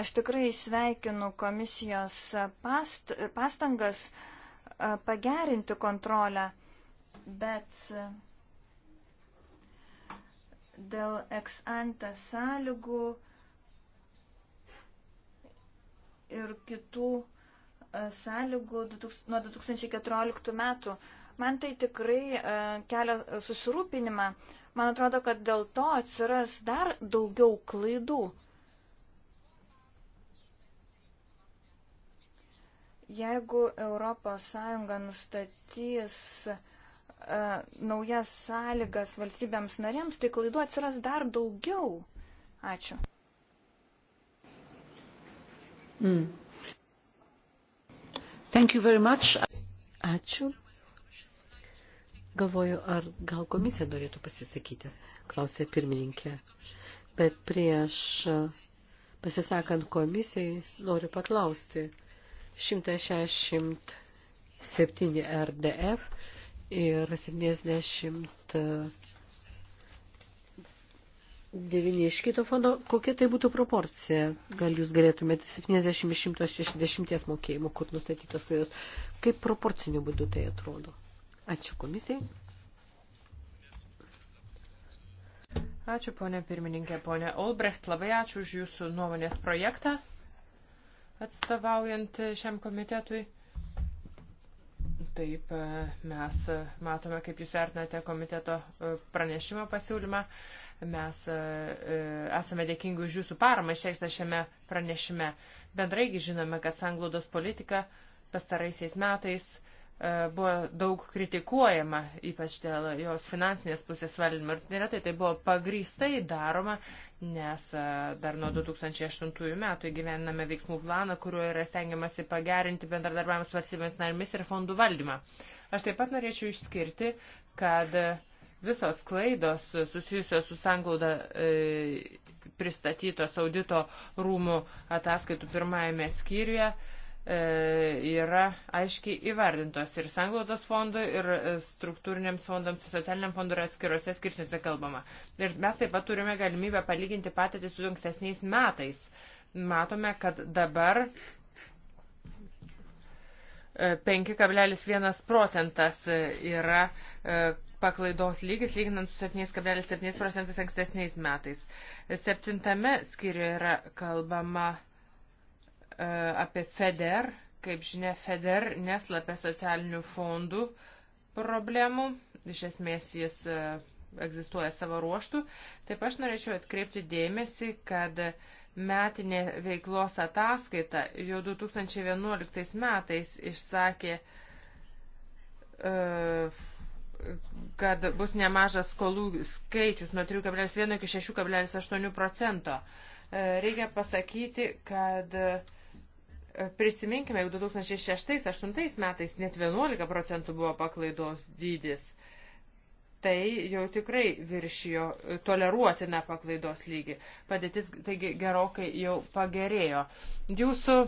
Aš tikrai sveikinu komisijos past, pastangas e, pagerinti kontrolę, bet e, dėl eksantą sąlygų ir kitų e, sąlygų nuo 2014 metų. Man tai tikrai e, kelia susirūpinimą. Man atrodo, kad dėl to atsiras dar daugiau klaidų. Jeigu ES nustatys e, naujas sąlygas valstybėms narėms, tai klaidų atsiras dar daugiau. Ačiū. Mm. Ačiū. Galvoju, ar gal komisija norėtų pasisakyti, klausė pirmininkė. Bet prieš pasisakant komisijai noriu paklausti. 167 RDF ir 70 9 iš kito fondo, kokia tai būtų proporcija? Gal jūs galėtumėte 70 iš 160 mokėjimų, kur nustatytos klaidos? Kaip proporciniu būdu tai atrodo? Ačiū komisijai. Ačiū, ponė pirmininkė, ponė Olbrecht, labai ačiū už jūsų nuomonės projektą atstovaujant šiam komitetui. Taip, e, mes e, matome, kaip jūs vertinate komiteto e, pranešimo pasiūlymą. Mes e, e, esame dėkingi už jūsų paramą išreikštą šiame pranešime. Bendraigi žinome, kad sanglaudos politika pastaraisiais metais e, buvo daug kritikuojama, ypač dėl jos finansinės pusės valdymo. Ir neretai tai buvo pagrįstai daroma, nes dar nuo 2008 metų įgyvename veiksmų planą, kuriuo yra stengiamasi pagerinti bendradarbiavimą su valstybėmis narimis ir fondų valdymą. Aš taip pat norėčiau išskirti, kad uh, Visos klaidos susijusios su sanglauda e, pristatytos audito rūmų ataskaitų pirmajame skyriuje e, yra aiškiai įvardintos ir sanglaudos fondui, ir e, struktūriniams fondams, ir socialiniam fondui yra skiriuose skirčiuose kalbama. Ir mes taip pat turime galimybę palyginti patirtį su ankstesniais metais. Matome, kad dabar 5,1 e, procentas e, yra paklaidos lygis, lyginant su 7,7 procentais ankstesniais metais. Septintame skyriuje yra kalbama e, apie FEDER, kaip žinia, FEDER neslapia socialinių fondų problemų, iš esmės jis e, egzistuoja savo ruoštų. Taip aš norėčiau atkreipti dėmesį, kad metinė veiklos ataskaita jau 2011 metais išsakė uh, e, kad bus nemažas skolų skaičius nuo 3,1 iki 6,8 procento. E, reikia pasakyti, kad e, prisiminkime, jau 2006-2008 metais net 11 procentų buvo paklaidos dydis. Tai jau tikrai viršijo e, toleruotiną paklaidos lygį. Padėtis taigi gerokai jau pagerėjo. Jūsų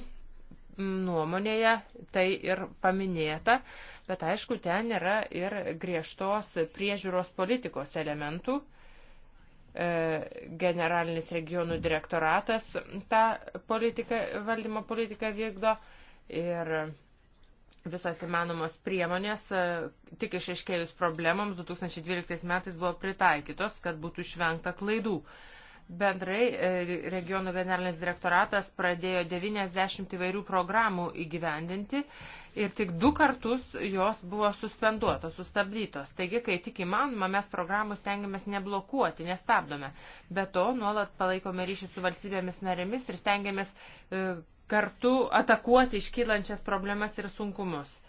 nuomonėje tai ir paminėta, bet aišku, ten yra ir griežtos priežiūros politikos elementų. E, generalinis regionų direktoratas tą politiką, valdymo politiką vykdo ir visos įmanomos priemonės e, tik išaiškėjus problemams 2012 metais buvo pritaikytos, kad būtų išvengta klaidų. Bendrai e, regionų generalinis direktoratas pradėjo 90 įvairių programų įgyvendinti ir tik du kartus jos buvo suspenduotos, sustabdytos. Taigi, kai tik įmanoma, mes programų stengiamės neblokuoti, nestabdome. Be to, nuolat palaikome ryšį su valstybėmis narėmis ir stengiamės e, kartu atakuoti iškylančias problemas ir sunkumus.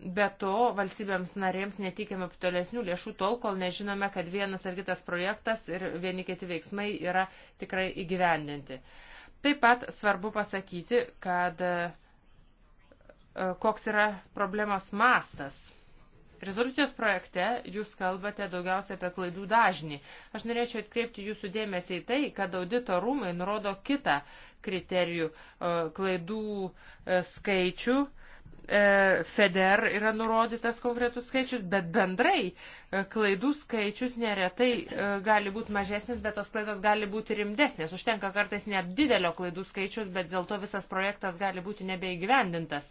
Be to, valstybėms narėms netikėme tolesnių lėšų tol, kol nežinome, kad vienas ar kitas projektas ir vieni kiti veiksmai yra tikrai įgyvendinti. Taip pat svarbu pasakyti, kad e, e, koks yra problemos mastas. Rezoliucijos projekte jūs kalbate daugiausia apie klaidų dažnį. Aš norėčiau atkreipti jūsų dėmesį į tai, kad audito rūmai nurodo kitą kriterijų e, klaidų skaičių E, FEDER yra nurodytas konkretus skaičius, bet bendrai e, klaidų skaičius neretai e, gali būti mažesnis, bet tos klaidos gali būti rimdesnės. Užtenka kartais net didelio klaidų skaičius, bet dėl to visas projektas gali būti nebeįgyvendintas.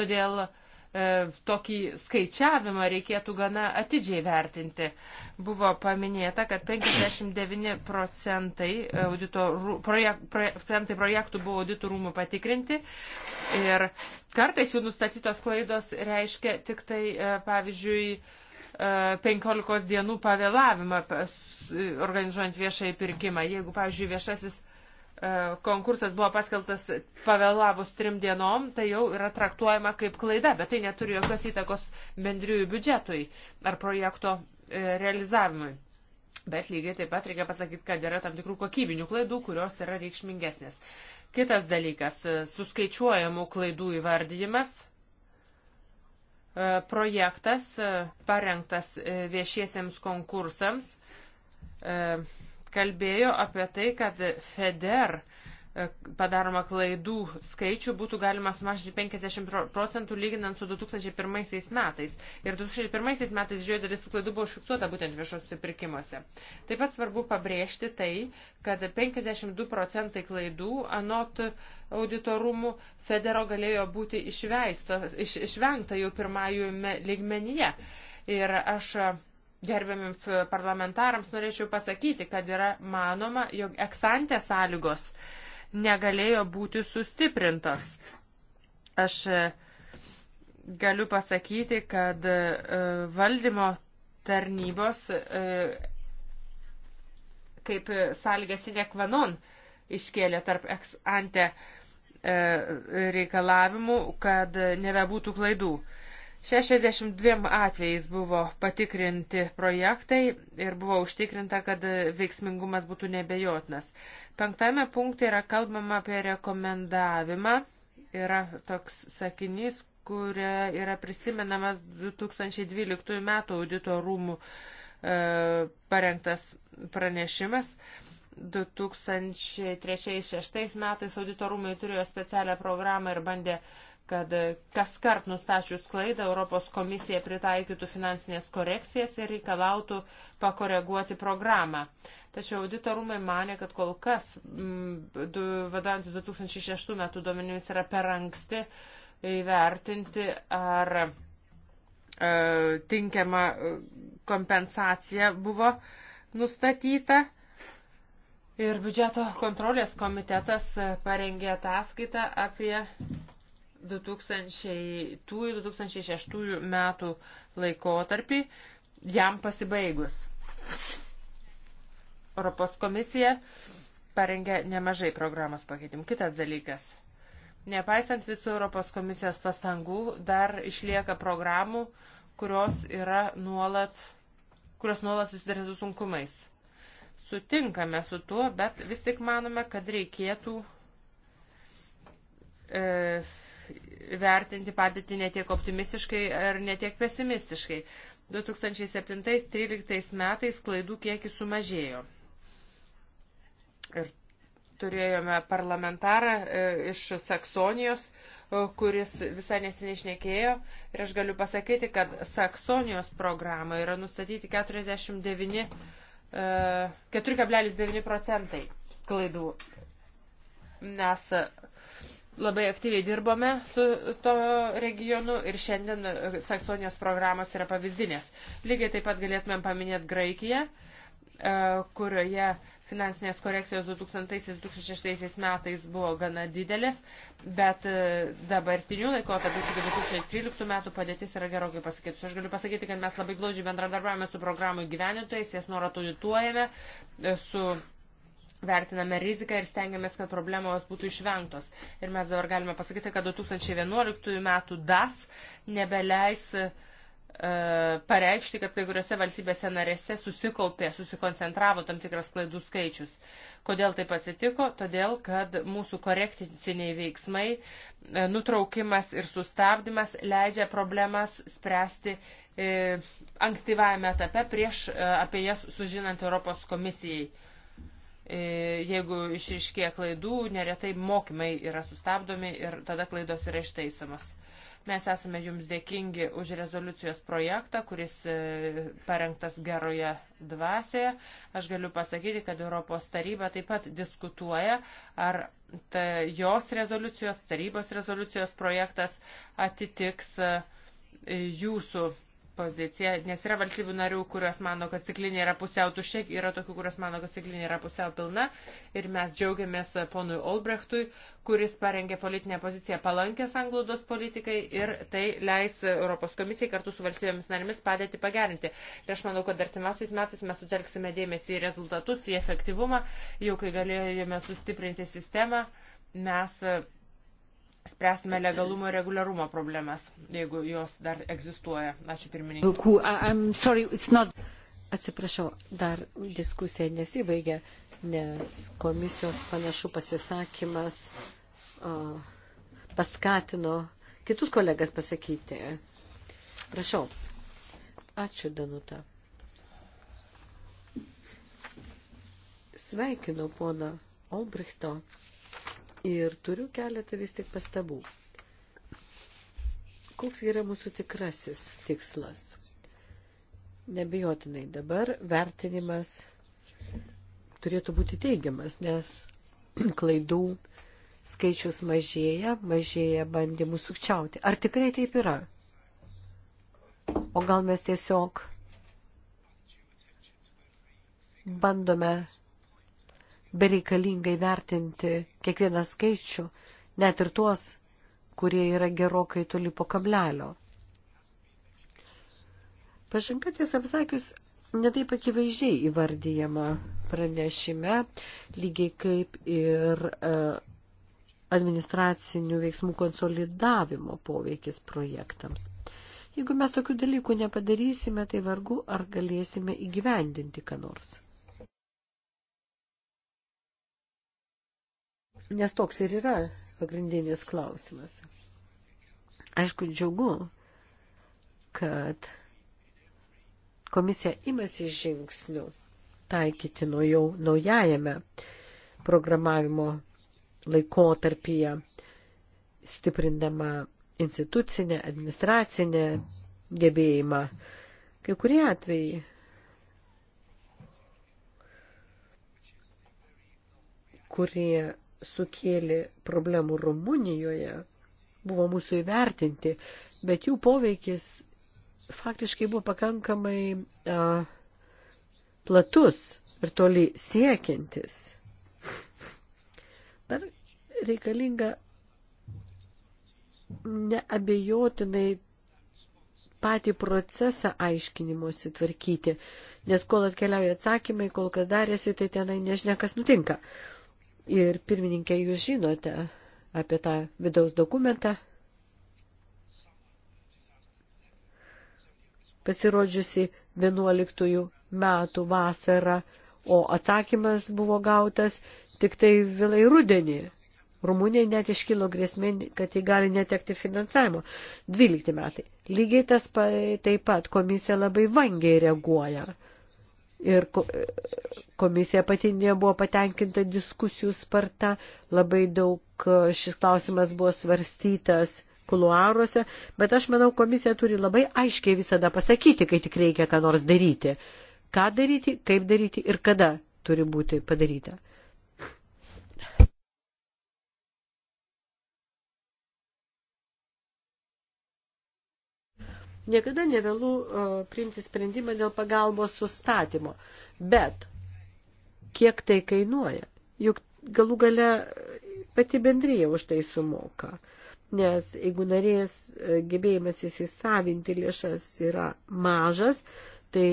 Todėl uh, E, tokį skaičiavimą reikėtų gana atidžiai vertinti. Buvo paminėta, kad 59 procentai, audito, projek, procentai projektų buvo auditų rūmų patikrinti ir kartais jų nustatytos klaidos reiškia tik tai, e, pavyzdžiui, 15 e, dienų pavėlavimą organizuojant viešai pirkimą. Jeigu, pavyzdžiui, viešasis E, konkursas buvo paskelbtas pavėlavus trim dienom, tai jau yra traktuojama kaip klaida, bet tai neturi jokios įtakos bendriųjų biudžetui ar projekto e, realizavimui. Bet lygiai taip pat reikia pasakyti, kad yra tam tikrų kokybinių klaidų, kurios yra reikšmingesnės. Kitas dalykas - e, suskaičiuojamų klaidų įvardyjimas. Projektas parengtas viešiesiems konkursams kalbėjo apie tai, kad FEDER e, padaroma klaidų skaičių būtų galima sumažinti 50 procentų lyginant su 2001 metais. Ir 2001 metais didžioji dalis tų klaidų buvo užfiksuota būtent viešosiuose pirkimuose. Taip pat svarbu pabrėžti tai, kad 52 procentai klaidų anot auditorumų Federo galėjo būti išveisto, iš, išvengta jau pirmajame lygmenyje. Ir aš gerbiamiams parlamentarams norėčiau pasakyti, kad yra manoma, jog eksantė sąlygos negalėjo būti sustiprintos. Aš e, galiu pasakyti, kad e, valdymo tarnybos e, kaip sąlygas inekvanon iškėlė tarp eksante reikalavimų, kad nebebūtų klaidų. 62 atvejais buvo patikrinti projektai ir buvo užtikrinta, kad veiksmingumas būtų nebejotinas. Penktame punkte yra kalbama apie rekomendavimą. Yra toks sakinys, kuria yra prisimenamas 2012 m. audito rūmų e, parengtas pranešimas. 2003-2006 metais auditorumai turėjo specialią programą ir bandė kad e, kas kart nustačius klaidą Europos komisija pritaikytų finansinės korekcijas ir reikalautų pakoreguoti programą. Tačiau auditorumai mane, kad kol kas, vadovantis 2006 metų duomenimis, yra per anksti įvertinti, ar e, tinkama e, kompensacija buvo nustatyta. Ir biudžeto kontrolės komitetas e, parengė ataskaitą apie 2000-2006 metų laikotarpį jam pasibaigus. Europos komisija parengė nemažai programos pakeitimų. Kitas dalykas. Nepaisant visų Europos komisijos pastangų, dar išlieka programų, kurios yra nuolat, kurios nuolat susiduria su sunkumais. Sutinkame su tuo, bet vis tik manome, kad reikėtų e, vertinti padėtį netiek optimistiškai ar netiek pesimistiškai. 2007-2013 metais klaidų kiekis sumažėjo. Ir turėjome parlamentarą e, iš Saksonijos, e, kuris visai nesinišnekėjo. Ir aš galiu pasakyti, kad Saksonijos programą yra nustatyti 49, 4,9 e, procentai klaidų. Mes labai aktyviai dirbome su to regionu ir šiandien e, Saksonijos programos yra pavyzdinės. Lygiai taip pat galėtumėm paminėti Graikiją, e, kurioje finansinės korekcijos 2000-2006 metais buvo gana didelės, bet e, dabartinių laikotarpių iki 2013 metų padėtis yra gerokai pasikeitus. Aš galiu pasakyti, kad mes labai glaudžiai bendradarbiavame su programų gyvenintojais, jas nuoratudituojame, su vertiname riziką ir stengiamės, kad problemos būtų išvengtos. Ir mes dabar galime pasakyti, kad 2011 metų DAS nebeleis e, pareikšti, kad kai kuriuose valstybėse narėse susikaupė, susikoncentravo tam tikras klaidų skaičius. Kodėl taip atsitiko? Todėl, kad mūsų korekticiniai veiksmai, e, nutraukimas ir sustabdymas leidžia problemas spręsti e, ankstyvajame etape prieš e, apie jas sužinant Europos komisijai. E, jeigu išiškė klaidų, neretai mokymai yra sustabdomi ir tada klaidos yra ištaisamos. Mes esame jums dėkingi už rezoliucijos projektą, kuris e, parengtas geroje dvasioje. Aš galiu pasakyti, kad Europos taryba taip pat diskutuoja, ar ta, jos rezoliucijos, tarybos rezoliucijos projektas atitiks e, jūsų poziciją, nes yra valstybių narių, kurios mano, kad ciklinė yra pusiau tuščia, yra tokių, kurios mano, kad ciklinė yra pusiau pilna. Ir mes džiaugiamės e, ponui Olbrechtui, kuris parengė politinę poziciją palankę sanglaudos politikai ir tai leis Europos komisijai kartu su valstybėmis narimis padėti pagerinti. Ir tai aš manau, kad artimiausiais metais mes sutelksime dėmesį į rezultatus, į efektyvumą, jau kai galėjome sustiprinti sistemą, mes e, spręsime legalumo ir reguliarumo problemas, jeigu jos dar egzistuoja. Ačiū pirmininkai. Atsiprašau, dar diskusija nesibaigia, nes komisijos panašų pasisakymas uh, paskatino kitus kolegas pasakyti. Prašau. Ačiū, Danuta. Sveikinu poną Olbrichto Ir turiu keletą vis tik pastabų. Koks yra mūsų tikrasis tikslas? Nebijotinai dabar vertinimas turėtų būti teigiamas, nes klaidų skaičius mažėja, mažėja bandymų sukčiauti. Ar tikrai taip yra? O gal mes tiesiog bandome bereikalingai vertinti kiekvieną skaičių, net ir tuos, kurie yra gerokai toli po kablelio. Pažanga tiesą pasakius, netaip akivaizdžiai įvardyjama pranešime, lygiai kaip ir e, administracinių veiksmų konsolidavimo poveikis projektams. Jeigu mes tokių dalykų nepadarysime, tai vargu ar galėsime įgyvendinti ką nors. nes toks ir yra pagrindinis klausimas. Aišku, džiugu, kad komisija imasi žingsnių taikytino nu jau naujajame programavimo laikotarpyje, stiprindama institucinę, administracinę gebėjimą. Kai kurie atvejai kurie sukėlė problemų Rumunijoje, buvo mūsų įvertinti, bet jų poveikis faktiškai buvo pakankamai a, platus ir toli siekiantis. Dar reikalinga neabejotinai patį procesą aiškinimuose tvarkyti, nes kol atkeliauja atsakymai, kol kas darėsi, tai tenai nežinia, kas nutinka. Uh, Ir pirmininkė, jūs žinote apie tą vidaus dokumentą, pasirodžiusi 11 metų vasarą, o atsakymas buvo gautas tik tai vėlai rudenį. Rumunijai net iškilo grėsmė, kad jį gali netekti finansavimo. 12 metai. Lygiai tas pa, taip pat komisija labai vangiai reaguoja ir komisija pati nebuvo patenkinta diskusijų sparta, labai daug e, šis klausimas buvo svarstytas kuluaruose, bet aš manau, komisija turi labai aiškiai visada pasakyti, kai tik reikia ką nors daryti. Ką daryti, kaip daryti ir kada turi būti padaryta. Niekada nevėlų e, priimti sprendimą dėl pagalbos sustatymo. Bet kiek tai kainuoja? Juk galų gale pati bendryja už tai sumoka. Nes jeigu narės e, gebėjimas įsisavinti lėšas yra mažas, tai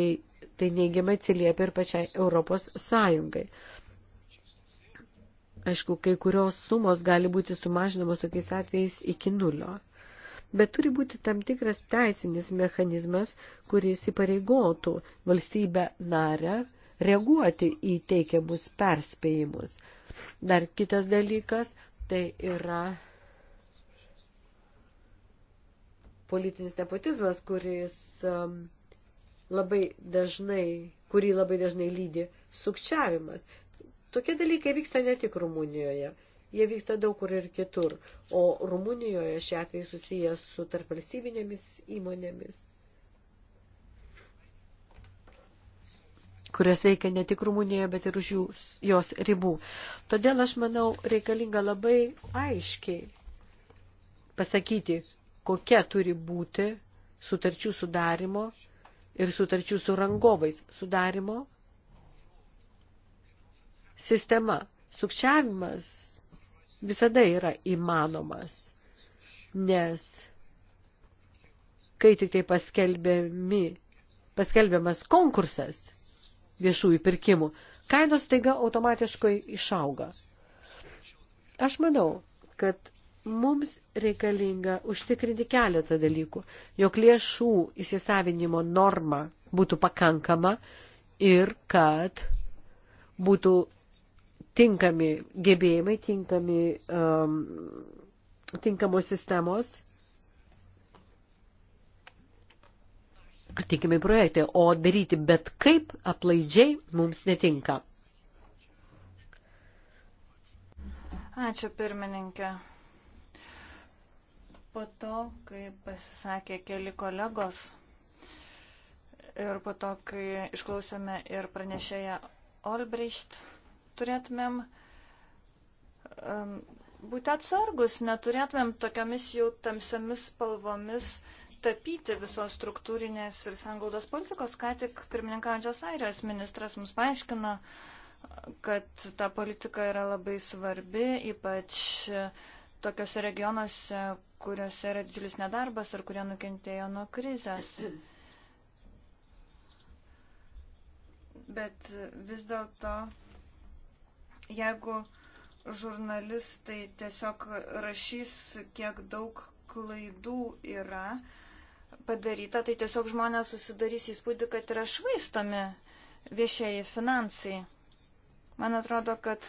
tai neigiamai atsiliepia ir pačiai Europos Sąjungai. Aišku, kai kurios sumos gali būti sumažinamos tokiais atvejais iki nulio bet turi būti tam tikras teisinis mechanizmas, kuris įpareigotų valstybę narę reaguoti į teikiamus perspėjimus. Dar kitas dalykas tai yra politinis nepotizmas, kuris um, labai dažnai, kurį labai dažnai lydi sukčiavimas. Tokie dalykai vyksta ne tik Rumunijoje. Jie vyksta daug kur ir kitur. O Rumunijoje šie atvejai susijęs su tarpvalstybinėmis įmonėmis, kurias veikia ne tik Rumunijoje, bet ir už jūs, jos ribų. Todėl aš manau reikalinga labai aiškiai pasakyti, kokia turi būti sutarčių sudarimo ir sutarčių su rangovais sudarimo sistema. Sukčiavimas visada yra įmanomas, nes kai tik tai paskelbiami, paskelbiamas konkursas viešųjų pirkimų, kainos taiga automatiškai išauga. Aš manau, kad mums reikalinga užtikrinti keletą dalykų, jog lėšų įsisavinimo norma būtų pakankama ir kad būtų tinkami gebėjimai, tinkami, um, tinkamos sistemos, tikimi projektai, o daryti bet kaip aplaidžiai mums netinka. Ačiū pirmininkė. Po to, kai pasisakė keli kolegos ir po to, kai išklausėme ir pranešėją Olbricht, turėtumėm um, būti atsargus, neturėtumėm tokiamis jau tamsiamis spalvomis tapyti visos struktūrinės ir sanglaudos politikos. Ką tik pirmininkaujančios airijos ministras mums paaiškino, kad ta politika yra labai svarbi, ypač tokiuose regionuose, kuriuose yra didžiulis nedarbas ar kurie nukentėjo nuo krizės. Bet vis dėlto Jeigu žurnalistai tiesiog rašys, kiek daug klaidų yra padaryta, tai tiesiog žmonės susidarys įspūdį, kad yra švaistomi viešieji finansai. Man atrodo, kad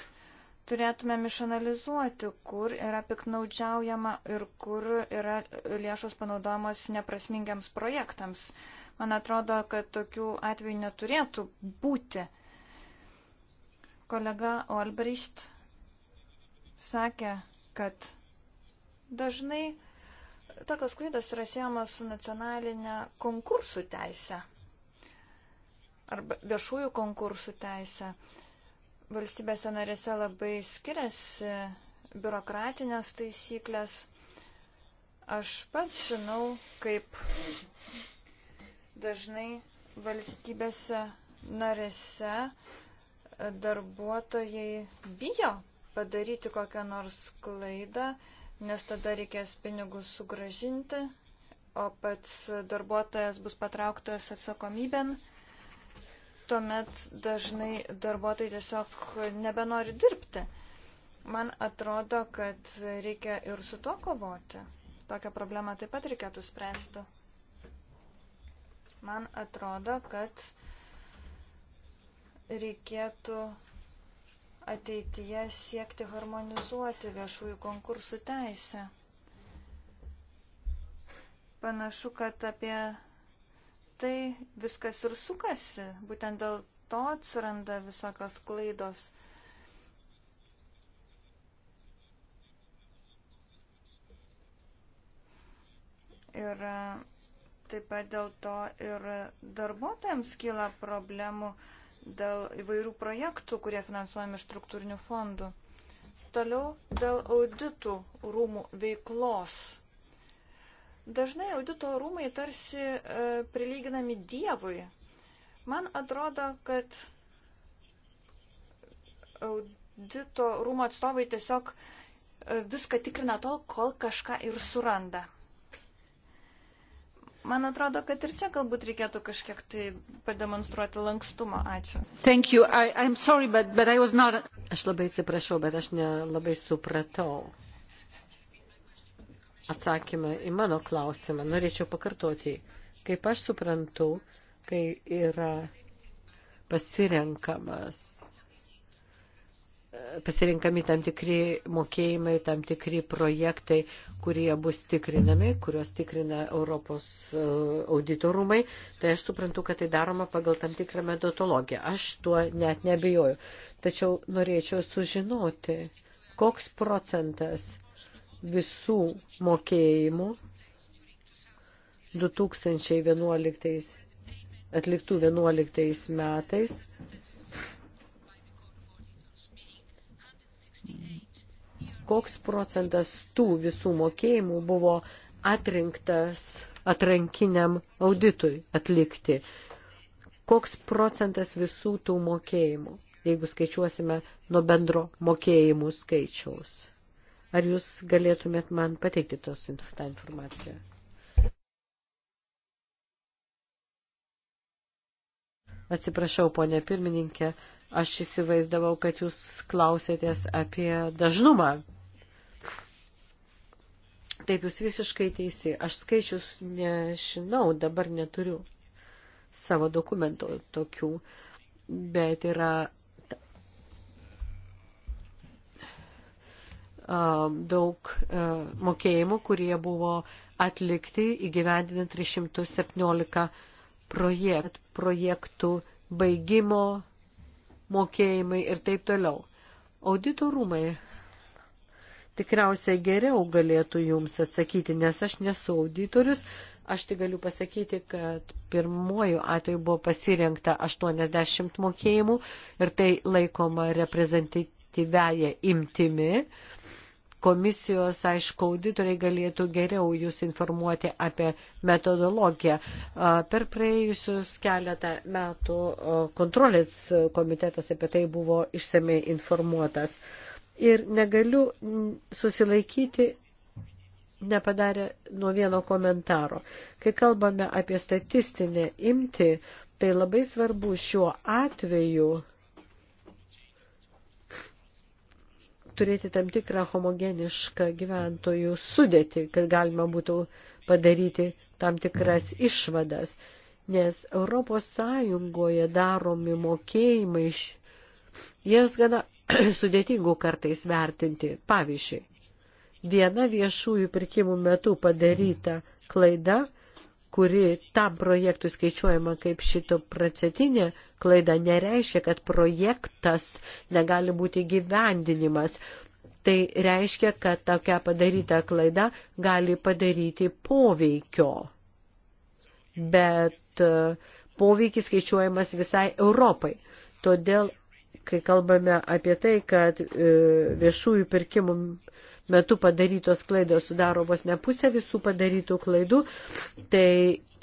turėtumėm išanalizuoti, kur yra piknaudžiaujama ir kur yra lėšos panaudojamos neprasmingiams projektams. Man atrodo, kad tokių atvejų neturėtų būti. Kolega Olbricht sakė, kad dažnai tokios klaidos yra siejamos su nacionalinė konkursų teisė arba viešųjų konkursų teisė. Valstybėse narėse labai skiriasi biurokratinės taisyklės. Aš pats žinau, kaip dažnai valstybėse narėse uh, darbuotojai bijo padaryti kokią nors klaidą, nes tada reikės pinigus sugražinti, o pats darbuotojas bus patrauktas atsakomybėn. Tuomet dažnai darbuotojai tiesiog nebenori dirbti. Man atrodo, kad reikia ir su tuo kovoti. Tokią problemą taip pat reikėtų spręsti. Man atrodo, kad reikėtų ateityje siekti harmonizuoti viešųjų konkursų teisę. Panašu, kad apie tai viskas ir sukasi. Būtent dėl to atsiranda visokios klaidos. Ir taip pat dėl to ir darbuotojams kyla problemų dėl įvairių projektų, kurie finansuojami iš struktūrinių fondų. Toliau dėl auditų rūmų veiklos. Dažnai audito rūmai tarsi e, prilyginami Dievui. Man atrodo, kad audito rūmų atstovai tiesiog e, viską tikrina tol, kol kažką ir suranda. Man atrodo, kad ir čia galbūt reikėtų kažkiek tai pademonstruoti lankstumą. Ačiū. Thank you. I, I'm sorry, but, but I was not... Aš labai atsiprašau, bet aš nelabai supratau atsakymą į mano klausimą. Norėčiau pakartoti. Kaip aš suprantu, kai yra pasirenkamas pasirinkami tam tikri mokėjimai, tam tikri projektai, kurie bus tikrinami, kuriuos tikrina Europos e, auditorumai, tai aš suprantu, kad tai daroma pagal tam tikrą metodologiją. Aš tuo net nebejoju. Tačiau norėčiau sužinoti, koks procentas visų mokėjimų 2011 atliktų 11 metais koks procentas tų visų mokėjimų buvo atrinktas atrankiniam auditui atlikti, koks procentas visų tų mokėjimų, jeigu skaičiuosime nuo bendro mokėjimų skaičiaus. Ar jūs galėtumėt man pateikti tos, tą informaciją? Atsiprašau, ponė pirmininkė, aš įsivaizdavau, kad jūs klausėtės apie dažnumą. Taip, jūs visiškai teisi. Aš skaičius nežinau, dabar neturiu savo dokumentų tokių, bet yra daug mokėjimų, kurie buvo atlikti įgyvendinant 317 projekt, projektų baigimo mokėjimai ir taip toliau. Audito rūmai tikriausiai geriau galėtų jums atsakyti, nes aš nesu auditorius. Aš tik galiu pasakyti, kad pirmojų atveju buvo pasirinkta 80 mokėjimų ir tai laikoma reprezentatyvėje imtimi. Komisijos, aišku, auditoriai galėtų geriau jūs informuoti apie metodologiją. Per praėjusius keletą metų kontrolės komitetas apie tai buvo išsamei informuotas ir negaliu susilaikyti nepadarė nuo vieno komentaro. Kai kalbame apie statistinę imti, tai labai svarbu šiuo atveju turėti tam tikrą homogenišką gyventojų sudėtį, kad galima būtų padaryti tam tikras išvadas. Nes Europos Sąjungoje daromi mokėjimai iš Jas gana sudėtingų kartais vertinti. Pavyzdžiui, viena viešųjų pirkimų metu padaryta klaida, kuri tam projektui skaičiuojama kaip šito procentinė klaida, nereiškia, kad projektas negali būti gyvendinimas. Tai reiškia, kad tokia padaryta klaida gali padaryti poveikio. Bet e, poveikis skaičiuojamas visai Europai. Todėl kai kalbame apie tai, kad e, viešųjų pirkimų metu padarytos klaidos sudaro vos ne pusę visų padarytų klaidų, tai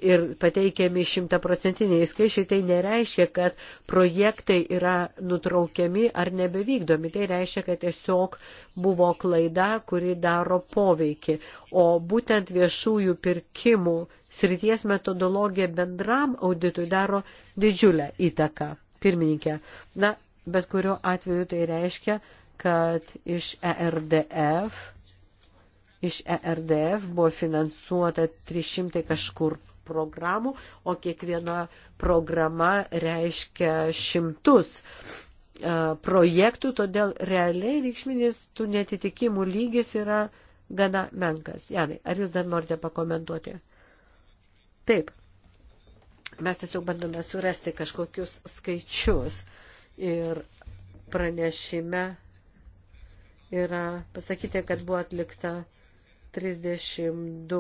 ir pateikiami šimtaprocentiniai skaičiai, tai nereiškia, kad projektai yra nutraukiami ar nebevykdomi. Tai reiškia, kad tiesiog buvo klaida, kuri daro poveikį. O būtent viešųjų pirkimų srities metodologija bendram auditui daro didžiulę įtaką. Pirmininkė, na, bet kuriuo atveju tai reiškia, kad iš ERDF, iš ERDF buvo finansuota 300 kažkur programų, o kiekviena programa reiškia šimtus e, projektų, todėl realiai reikšminis tų netitikimų lygis yra gana menkas. Janai, ar jūs dar norite pakomentuoti? Taip. Mes tiesiog bandome surasti kažkokius skaičius. Uh, Ir pranešime yra pasakyti, kad buvo atlikta 32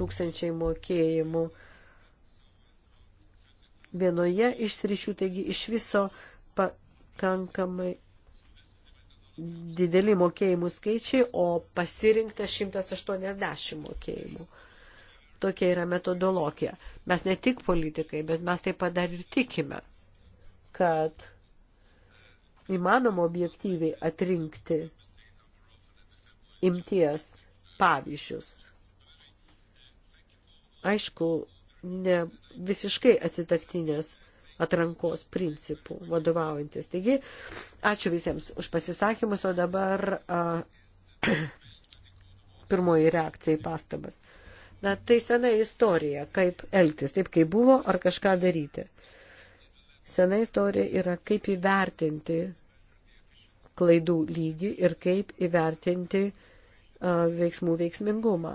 tūkstančiai mokėjimų vienoje iš sričių, taigi iš viso pakankamai dideli mokėjimų skaičiai, o pasirinkta 180 mokėjimų. Tokia yra metodologija. Mes ne tik politikai, bet mes taip pat dar ir tikime, kad įmanoma objektyviai atrinkti imties pavyzdžius. Aišku, ne visiškai atsitaktinės atrankos principų vadovaujantis. Taigi, ačiū visiems už pasisakymus, o dabar a, pirmoji reakcija į pastabas. Na, tai sena istorija, kaip elgtis, taip kaip buvo, ar kažką daryti. Sena istorija yra kaip įvertinti klaidų lygį ir kaip įvertinti uh, veiksmų veiksmingumą.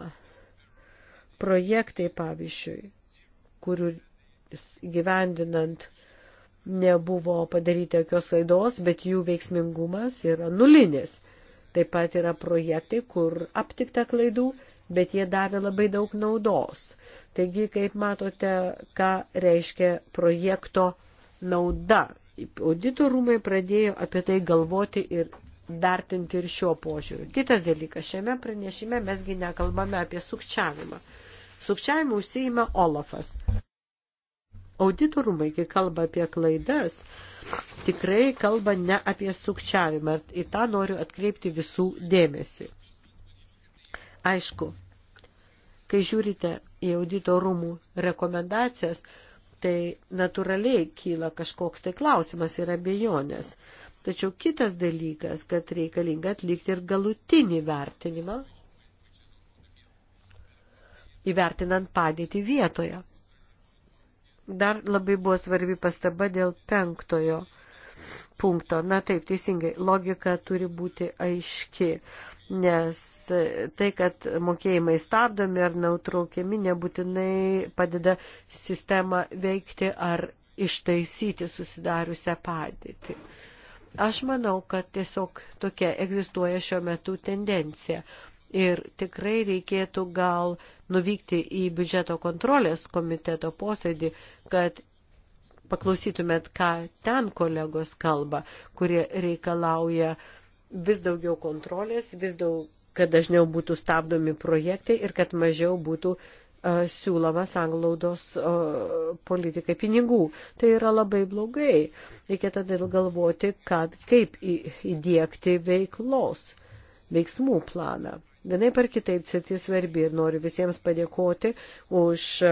Projektai, pavyzdžiui, kurių gyvendinant nebuvo padaryti jokios klaidos, bet jų veiksmingumas yra nulinis. Taip pat yra projektai, kur aptikta klaidų, bet jie davė labai daug naudos. Taigi, kaip matote, ką reiškia projekto nauda. Audito rūmai pradėjo apie tai galvoti ir vertinti ir šio požiūriu. Kitas dalykas, šiame pranešime mesgi nekalbame apie sukčiavimą. Sukčiavimą užsijima Olafas. Auditorumai, kai kalba apie klaidas, tikrai kalba ne apie sukčiavimą. Į tą noriu atkreipti visų dėmesį. Aišku, kai žiūrite į auditorumų rekomendacijas, tai natūraliai kyla kažkoks tai klausimas ir abejonės. Tačiau kitas dalykas, kad reikalinga atlikti ir galutinį vertinimą, įvertinant padėtį vietoje. Dar labai buvo svarbi pastaba dėl penktojo punkto. Na taip, teisingai, logika turi būti aiški nes tai, kad mokėjimai stabdomi ar nautraukiami, nebūtinai padeda sistemą veikti ar ištaisyti susidariusią padėtį. Aš manau, kad tiesiog tokia egzistuoja šiuo metu tendencija. Ir tikrai reikėtų gal nuvykti į biudžeto kontrolės komiteto posėdį, kad paklausytumėt, ką ten kolegos kalba, kurie reikalauja uh, vis daugiau kontrolės, vis daug, kad dažniau būtų stabdomi projektai ir kad mažiau būtų uh, siūloma sanglaudos uh, e, politikai pinigų. Tai yra labai blogai. Reikia tada galvoti, kad, kaip į, įdėkti veiklos, veiksmų planą. Vienai par kitaip citi svarbi ir noriu visiems padėkoti už e,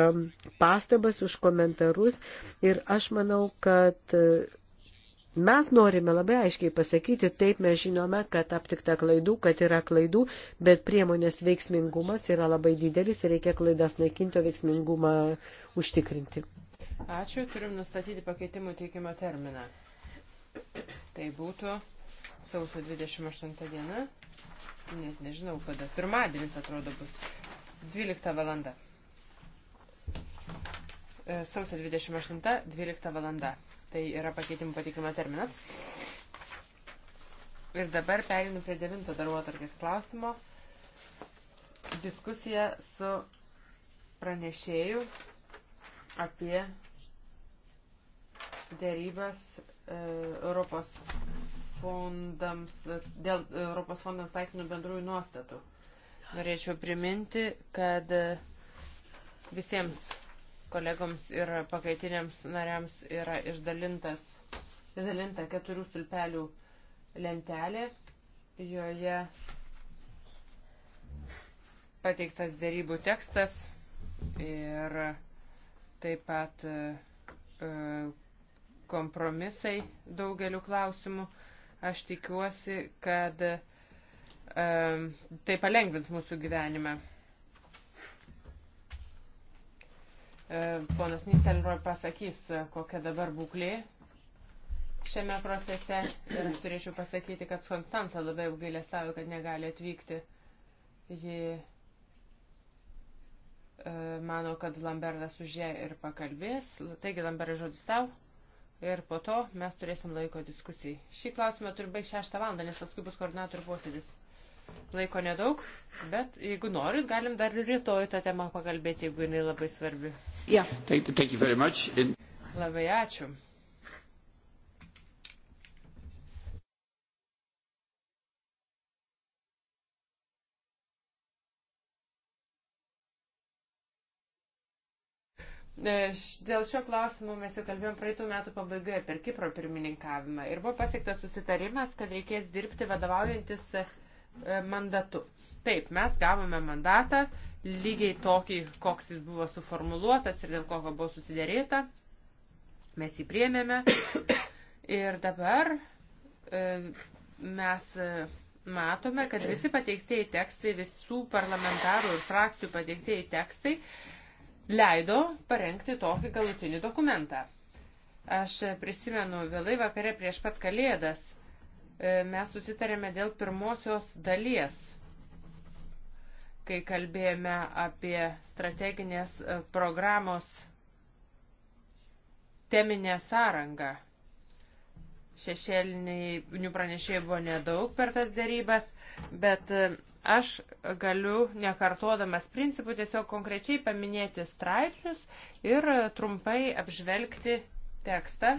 pastabas, už komentarus ir aš manau, kad uh, Mes norime labai aiškiai pasakyti, taip mes žinome, kad aptikta klaidų, kad yra klaidų, bet priemonės veiksmingumas yra labai didelis ir reikia klaidas naikinti, o veiksmingumą užtikrinti. Ačiū, turim nustatyti pakeitimų teikimo terminą. Tai būtų sausio 28 diena, net nežinau kada, pirmadienis atrodo bus 12 valanda. E, sausio 28-12 valanda. Tai yra pakeitimų patikimo terminas. Ir dabar perinu prie devinto darbuotarkės klausimo. Diskusija su pranešėju apie dėrybas e, Europos fondams, dėl Europos fondams taikinų bendrųjų nuostatų. Norėčiau priminti, kad visiems kolegoms ir pakaitiniams nariams yra išdalintas, išdalinta keturių stulpelių lentelė. Joje pateiktas dėrybų tekstas ir taip pat e, kompromisai daugeliu klausimų. Aš tikiuosi, kad e, tai palengvins mūsų gyvenimą. E, ponas Niselroj pasakys, e, kokia dabar būklė šiame procese. Ir aš turėčiau pasakyti, kad Konstanca labai apgailę savo, kad negali atvykti. Ji e, mano, kad Lambertas už ją ir pakalbės. Taigi, Lambertas žodis tau. Ir po to mes turėsim laiko diskusijai. Šį klausimą turiu baigti 6 valandą, nes paskui bus koordinatorių posėdis. Laiko nedaug, bet jeigu norit, galim dar rytoj tą temą pakalbėti, jeigu jinai labai svarbi. Yeah. Thank, thank you very much. In... Labai ačiū. E, dėl šio klausimo mes jau kalbėjom praeitų metų pabaigoje per Kipro pirmininkavimą ir buvo pasiektas susitarimas, kad reikės dirbti vadovaujantis E, mandatu. Taip, mes gavome mandatą lygiai tokį, koks jis buvo suformuluotas ir dėl kokio buvo susidėrėta. Mes jį priemėme ir dabar e, mes e, matome, kad visi pateiktieji tekstai, visų parlamentarų ir frakcijų pateiktieji tekstai leido parengti tokį galutinį dokumentą. Aš prisimenu, vėlai vakare prieš pat kalėdas E, mes susitarėme dėl pirmosios dalies, kai kalbėjome apie strateginės e, programos teminę sąrangą. Šešėlinių pranešėjų buvo nedaug per tas dėrybas, bet e, aš galiu, nekartodamas principų, tiesiog konkrečiai paminėti straipsnius ir trumpai apžvelgti tekstą,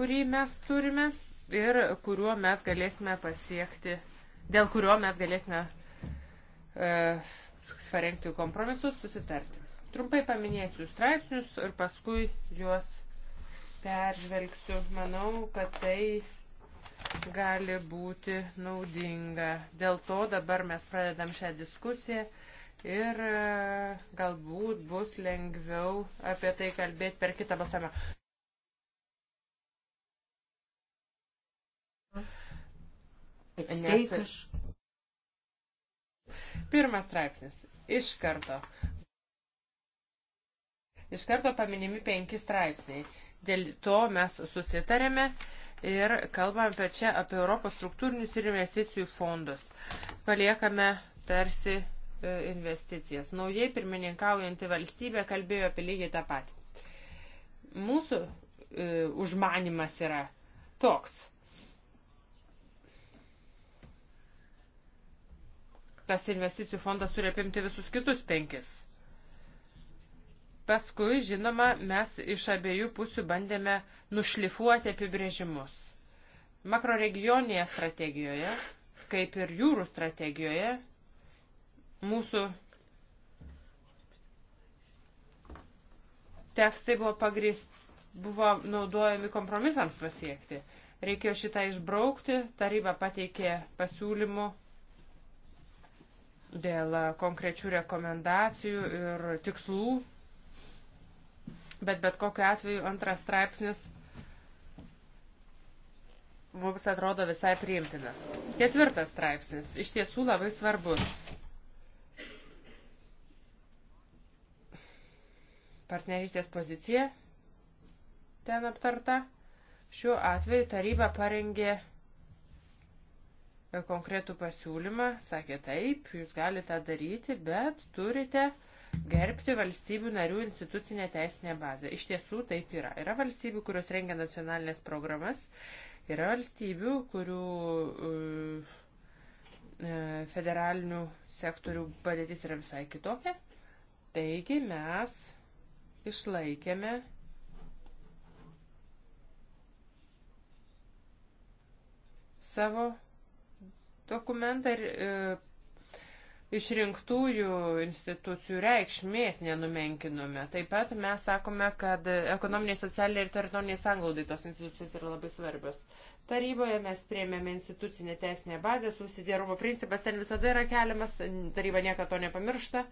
kurį mes turime ir kuriuo mes galėsime pasiekti, dėl kurio mes galėsime e, parengti kompromisus, susitarti. Trumpai paminėsiu straipsnius ir paskui juos peržvelgsiu. Manau, kad tai gali būti naudinga. Dėl to dabar mes pradedam šią diskusiją ir e, galbūt bus lengviau apie tai kalbėti per kitą balsavimą. Nes aš. Pirmas straipsnis. Iš karto. Iš karto paminimi penki straipsniai. Dėl to mes susitarėme ir kalbame apie čia apie Europos struktūrinius ir investicijų fondus. Paliekame tarsi e, investicijas. Naujai pirmininkaujanti valstybė kalbėjo apie lygiai tą patį. Mūsų e, užmanimas yra toks. tas investicijų fondas turi apimti visus kitus penkis. Paskui, žinoma, mes iš abiejų pusių bandėme nušlifuoti apibrėžimus. Makroregioninėje strategijoje, kaip ir jūrų strategijoje, mūsų tekstai buvo pagrįsti, buvo naudojami kompromisams pasiekti. Reikėjo šitą išbraukti, taryba pateikė pasiūlymų dėl konkrečių rekomendacijų ir tikslų, bet bet kokiu atveju antras straipsnis mums atrodo visai priimtinas. Ketvirtas straipsnis iš tiesų labai svarbus. Partnerystės pozicija ten aptarta. Šiuo atveju taryba parengė konkretų pasiūlymą, sakė taip, jūs galite tą daryti, bet turite gerbti valstybių narių institucinę teisinę bazę. Iš tiesų taip yra. Yra valstybių, kurios rengia nacionalinės programas, yra valstybių, kurių e, e, federalinių sektorių padėtis yra visai kitokia. Taigi mes išlaikėme savo dokumentą ir e, išrinktųjų institucijų reikšmės nenumenkinome. Taip pat mes sakome, kad ekonominiai, socialiniai ir teritoriniai sanglaudai tos institucijos yra labai svarbios. Taryboje mes priemėme institucinę teisinę bazę, susidėrumo principas ten visada yra keliamas, taryba niekada to nepamiršta.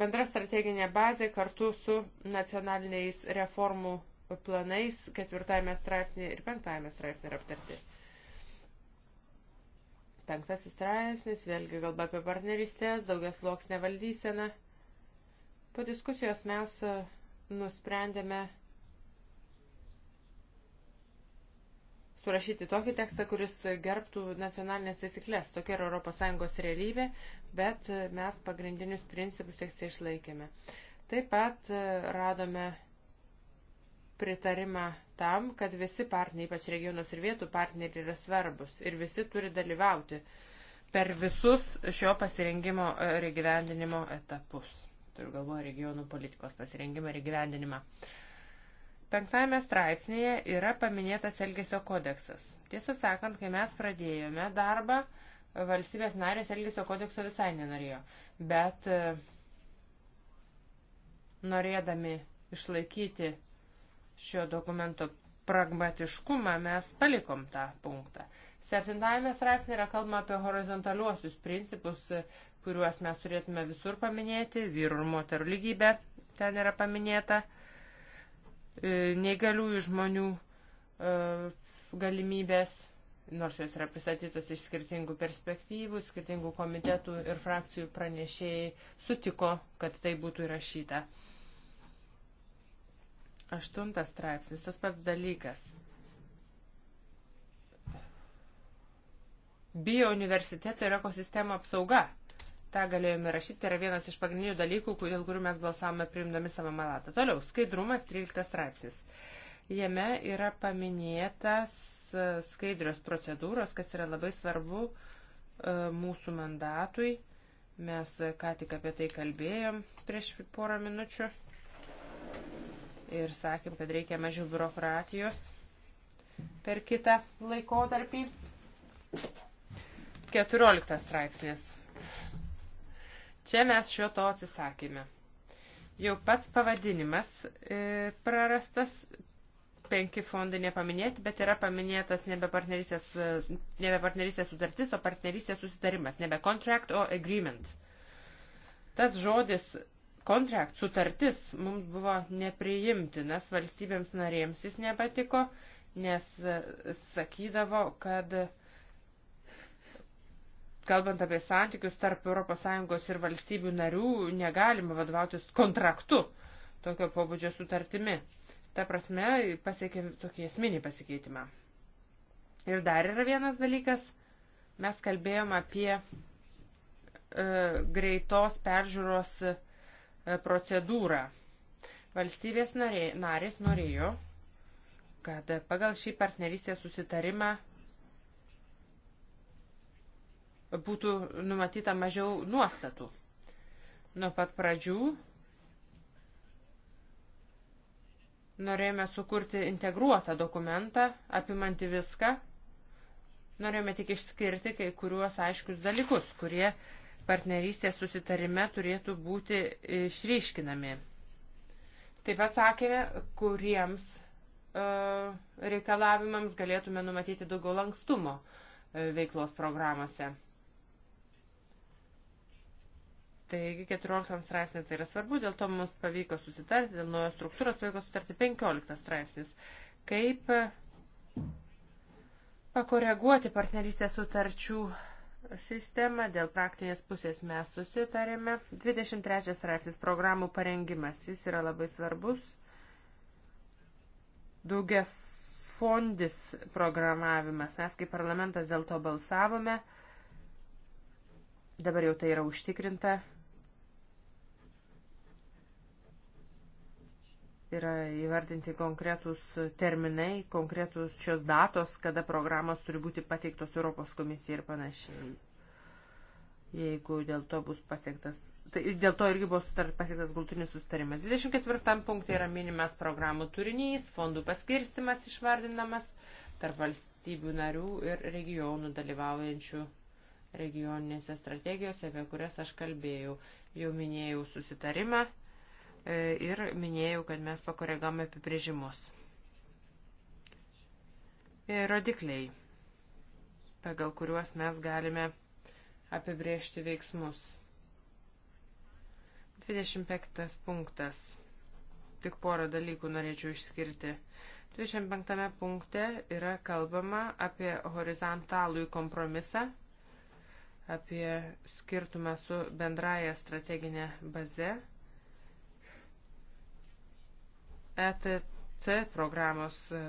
Bendra strateginė bazė kartu su nacionaliniais reformų planais ketvirtajame straipsnėje ir penktajame straipsnėje yra aptarti. Penktasis straipsnis, vėlgi kalba apie partnerystės, daugias loksnė valdyseną. Po diskusijos mes e, nusprendėme surašyti tokį tekstą, kuris gerbtų nacionalinės taisyklės. Tokia yra ES realybė, bet e, mes pagrindinius principus tekste išlaikėme. Taip pat e, radome pritarimą tam, kad visi partneriai, ypač regionos ir vietų partneriai, yra svarbus ir visi turi dalyvauti per visus šio pasirengimo ir e, įgyvendinimo etapus. Turiu galvoje regionų politikos pasirengimą ir įgyvendinimą. Penktame straipsnėje yra paminėtas Elgesio kodeksas. Tiesą sakant, kai mes pradėjome darbą, valstybės narės Elgesio kodekso visai nenorėjo. Bet e, norėdami išlaikyti šio dokumento pragmatiškumą mes palikom tą punktą. Septintajame straipsnė yra kalbama apie horizontaliuosius principus, kuriuos mes turėtume visur paminėti, vyrų ir moterų lygybė ten yra paminėta, e, neįgaliųjų žmonių e, galimybės, nors jos yra pristatytos iš skirtingų perspektyvų, skirtingų komitetų ir frakcijų pranešėjai sutiko, kad tai būtų įrašyta. Aštuntas straipsnis, tas pats dalykas. Bio universiteto ir ekosistemo apsauga. Ta galėjome rašyti, tai yra vienas iš pagrindinių dalykų, dėl kurių mes balsavome priimdami savo malatą. Toliau, skaidrumas 13 straipsnis. Jame yra paminėtas e, skaidrios procedūros, kas yra labai svarbu e, mūsų mandatui. Mes e, ką tik apie tai kalbėjom prieš porą minučių ir sakėm, kad reikia mažiau biurokratijos per kitą laikotarpį. 14 straipsnis. Čia mes šio to atsisakėme. Jau pats pavadinimas e, prarastas, penki fondai nepaminėti, bet yra paminėtas nebe partnerystės, e, nebe partnerystės sutartis, o partnerystės susitarimas, nebe contract, o agreement. Tas žodis kontrakt sutartis mums buvo nepriimtinas, valstybėms narėms jis nepatiko, nes e, sakydavo, kad kalbant apie santykius tarp ES ir valstybių narių, negalima vadovautis kontraktu tokio pobūdžio sutartimi. Ta prasme, pasiekėm tokį esminį pasikeitimą. Ir dar yra vienas dalykas, mes kalbėjom apie e, greitos peržiūros e, procedūrą. Valstybės narės norėjo, kad pagal šį partnerystės susitarimą būtų numatyta mažiau nuostatų. Nuo pat pradžių norėjome sukurti integruotą dokumentą, apimanti viską. Norėjome tik išskirti kai kuriuos aiškius dalykus, kurie partnerystės susitarime turėtų būti išryškinami. Taip pat sakėme, kuriems e, reikalavimams galėtume numatyti daugiau lankstumo e, veiklos programuose. Taigi 14 straipsnis tai yra svarbu, dėl to mums pavyko susitarti, dėl naujos struktūros pavyko susitarti 15 straipsnis. Kaip pakoreguoti partnerystės sutarčių sistemą, dėl praktinės pusės mes susitarėme. 23 straipsnis programų parengimas, jis yra labai svarbus. Daugia fondis programavimas, mes kaip parlamentas dėl to balsavome, dabar jau tai yra užtikrinta, yra įvardinti konkretūs terminai, konkretūs šios datos, kada programos turi būti pateiktos Europos komisijai ir panašiai. Jeigu dėl to bus pasiektas, tai dėl to irgi buvo sutar, pasiektas gultinis sustarimas. 24 punktai yra minimas programų turinys, fondų paskirstimas išvardinamas tarp valstybių narių ir regionų dalyvaujančių regioninėse strategijose, apie kurias aš kalbėjau. Jau minėjau susitarimą E, ir minėjau, kad mes pakoregame apibrėžimus. E, rodikliai, pagal kuriuos mes galime apibrėžti veiksmus. 25 punktas. Tik porą dalykų norėčiau išskirti. 25 punkte yra kalbama apie horizontalų kompromisą, apie skirtumą su bendraja strateginė baze ETC programos, e,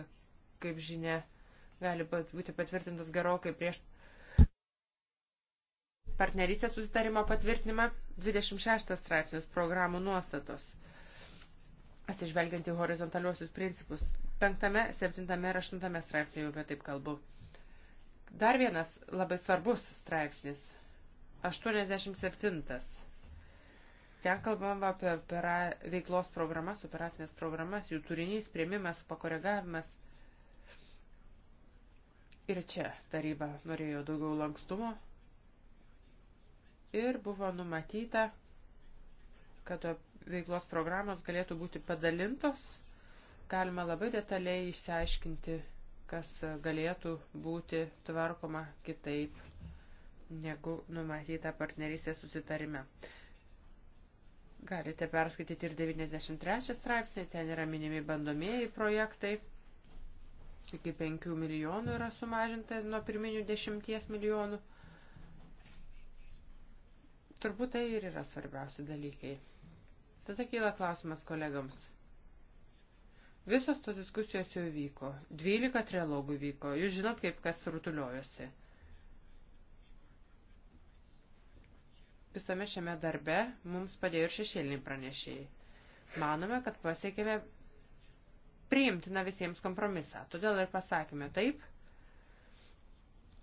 kaip žinia, gali būti patvirtintas gerokai prieš partnerystės susitarimo patvirtinimą 26 straipsnis programų nuostatos, atsižvelgiant į horizontaliuosius principus. 5, 7 ir 8 straipsnių jau apie taip kalbu. Dar vienas labai svarbus straipsnis - 87 Ten kalbam apie opera, veiklos programas, operacinės programas, jų turinys, prieimimas, pakoregavimas. Ir čia taryba norėjo daugiau lankstumo ir buvo numatyta, kad veiklos programos galėtų būti padalintos. Galima labai detaliai išsiaiškinti, kas galėtų būti tvarkoma kitaip negu numatyta partnerystės susitarime. Galite perskaityti ir 93 straipsnį, ten yra minimi bandomieji projektai. Iki 5 milijonų yra sumažinta nuo pirminių 10 milijonų. Turbūt tai ir yra svarbiausi dalykai. Tada kyla klausimas kolegams. Visos tos diskusijos jau vyko. 12 trilogų vyko. Jūs žinot, kaip kas rutuliojosi. visame šiame darbe mums padėjo ir šešėliniai pranešėjai. Manome, kad pasiekėme priimtiną visiems kompromisą. Todėl ir pasakėme taip.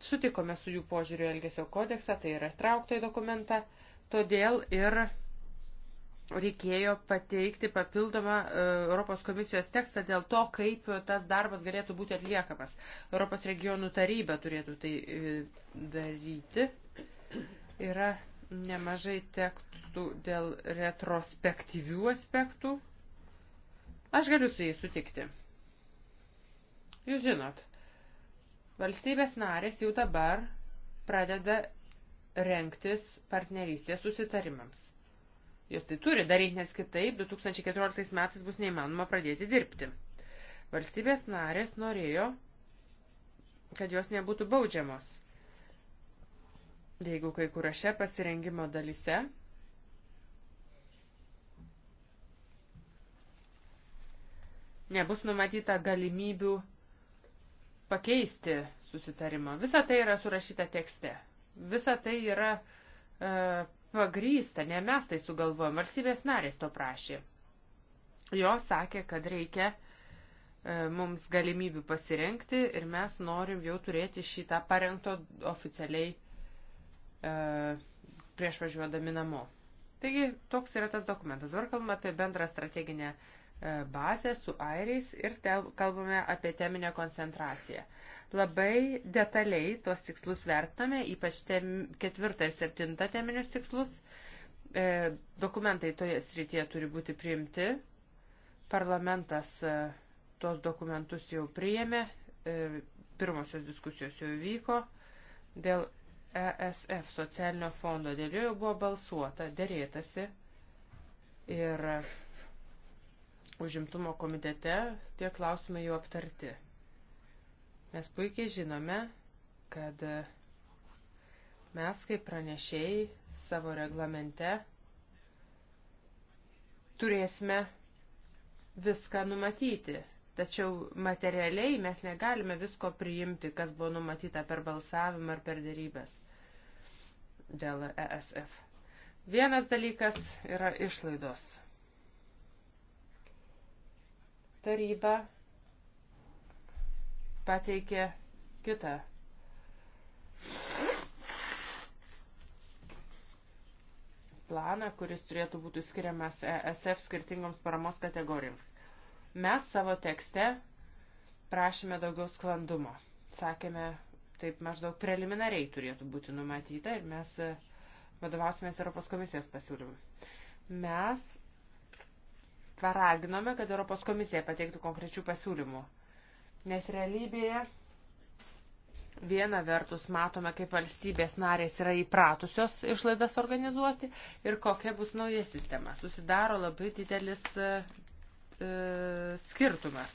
Sutikome su jų požiūriu Elgesio kodeksą, tai yra traukta į dokumentą. Todėl ir reikėjo pateikti papildomą e, Europos komisijos tekstą dėl to, kaip tas darbas galėtų būti atliekamas. Europos regionų taryba turėtų tai e, daryti. Yra nemažai tekstų dėl retrospektyvių aspektų. Aš galiu su jais sutikti. Jūs žinot, valstybės narės jau dabar pradeda renktis partnerystės susitarimams. Jos tai turi daryti, nes kitaip 2014 metais bus neįmanoma pradėti dirbti. Valstybės narės norėjo, kad jos nebūtų baudžiamos Jeigu kai kuriuose pasirengimo dalise nebus numatyta galimybių pakeisti susitarimo. Visa tai yra surašyta tekste. Visa tai yra e, pagrysta, ne mes tai sugalvojom, valstybės narės to prašė. Jo sakė, kad reikia e, mums galimybių pasirinkti ir mes norim jau turėti šitą parengto oficialiai E, prieš važiuodami namo. Taigi toks yra tas dokumentas. Dabar kalbame apie bendrą strateginę e, bazę su airiais ir kalbame apie teminę koncentraciją. Labai detaliai tuos tikslus vertame, ypač tem, ketvirtą ir septintą teminius tikslus. E, dokumentai toje srityje turi būti priimti. Parlamentas e, tuos dokumentus jau priėmė, e, pirmosios diskusijos jau vyko. Dėl ESF socialinio fondo, dėl jo buvo balsuota, dėrėtasi ir užimtumo komitete tie klausimai jau aptarti. Mes puikiai žinome, kad mes kaip pranešėjai savo reglamente turėsime viską numatyti Tačiau materialiai mes negalime visko priimti, kas buvo numatyta per balsavimą ar per dėrybęs dėl ESF. Vienas dalykas yra išlaidos. Taryba pateikė kitą. planą, kuris turėtų būti skiriamas ESF skirtingoms paramos kategorijoms. Mes savo tekste prašėme daugiau sklandumo. Sakėme, taip maždaug preliminariai turėtų būti numatyta ir mes e, vadovausimės Europos komisijos pasiūlymu. Mes paraginome, kad Europos komisija pateiktų konkrečių pasiūlymų, nes realybėje viena vertus matome, kaip valstybės narės yra įpratusios išlaidas organizuoti ir kokia bus nauja sistema. Susidaro labai didelis e, e, skirtumas.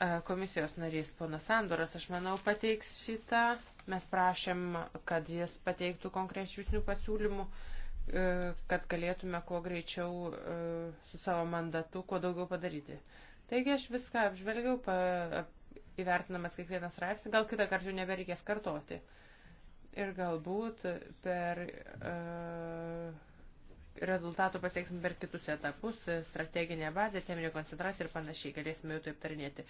E, komisijos narys ponas Sandoras, aš manau, pateiks šitą. Mes prašėm, kad jis pateiktų konkrečių pasiūlymų, e, kad galėtume kuo greičiau e, su savo mandatu kuo daugiau padaryti. Taigi aš viską apžvelgiau, pa, įvertinamas kiekvienas straipsnis, gal kitą kartą jau nebereikės kartoti. Ir galbūt per. Uh, rezultatų pasieksime per kitus etapus, strateginę bazę, teminę koncentraciją ir panašiai. Galėsime jau taip tarnėti.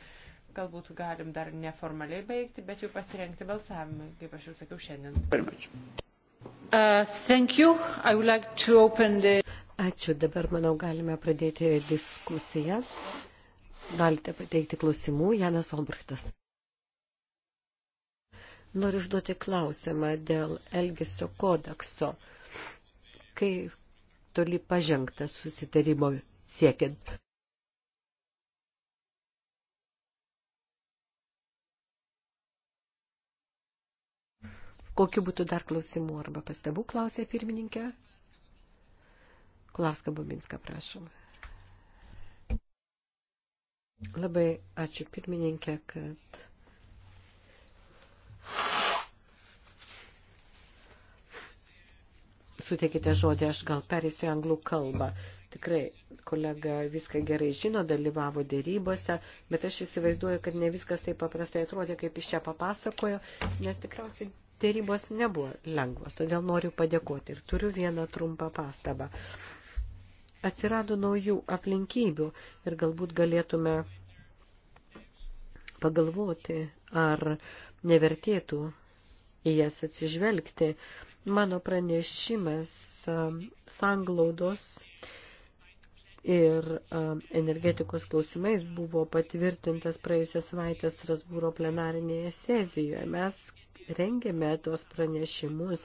Galbūt galim dar neformaliai baigti, bet jau pasirengti balsavimui, kaip aš jau sakiau šiandien. Uh, like the... Ačiū. Dabar, manau, galime pradėti diskusiją. Galite pateikti klausimų. Janas Olbrichtas. Noriu užduoti klausimą dėl Elgesio kodekso. Kaip toli pažengta susitarimo siekiant. Kokiu būtų dar klausimų arba pastabų, klausė pirmininkė. Klarska Bobinska, prašom. Labai ačiū pirmininkė, kad suteikite žodį, aš gal perėsiu anglų kalbą. Tikrai, kolega viską gerai žino, dalyvavo dėrybose, bet aš įsivaizduoju, kad ne viskas taip paprastai atrodė, kaip iš čia papasakojo, nes tikriausiai dėrybos nebuvo lengvos, todėl noriu padėkoti ir turiu vieną trumpą pastabą. Atsirado naujų aplinkybių ir galbūt galėtume pagalvoti, ar nevertėtų į jas atsižvelgti, Mano pranešimas sanglaudos ir energetikos klausimais buvo patvirtintas praėjusią savaitę Strasbūro plenarinėje sesijoje. Mes rengėme tos pranešimus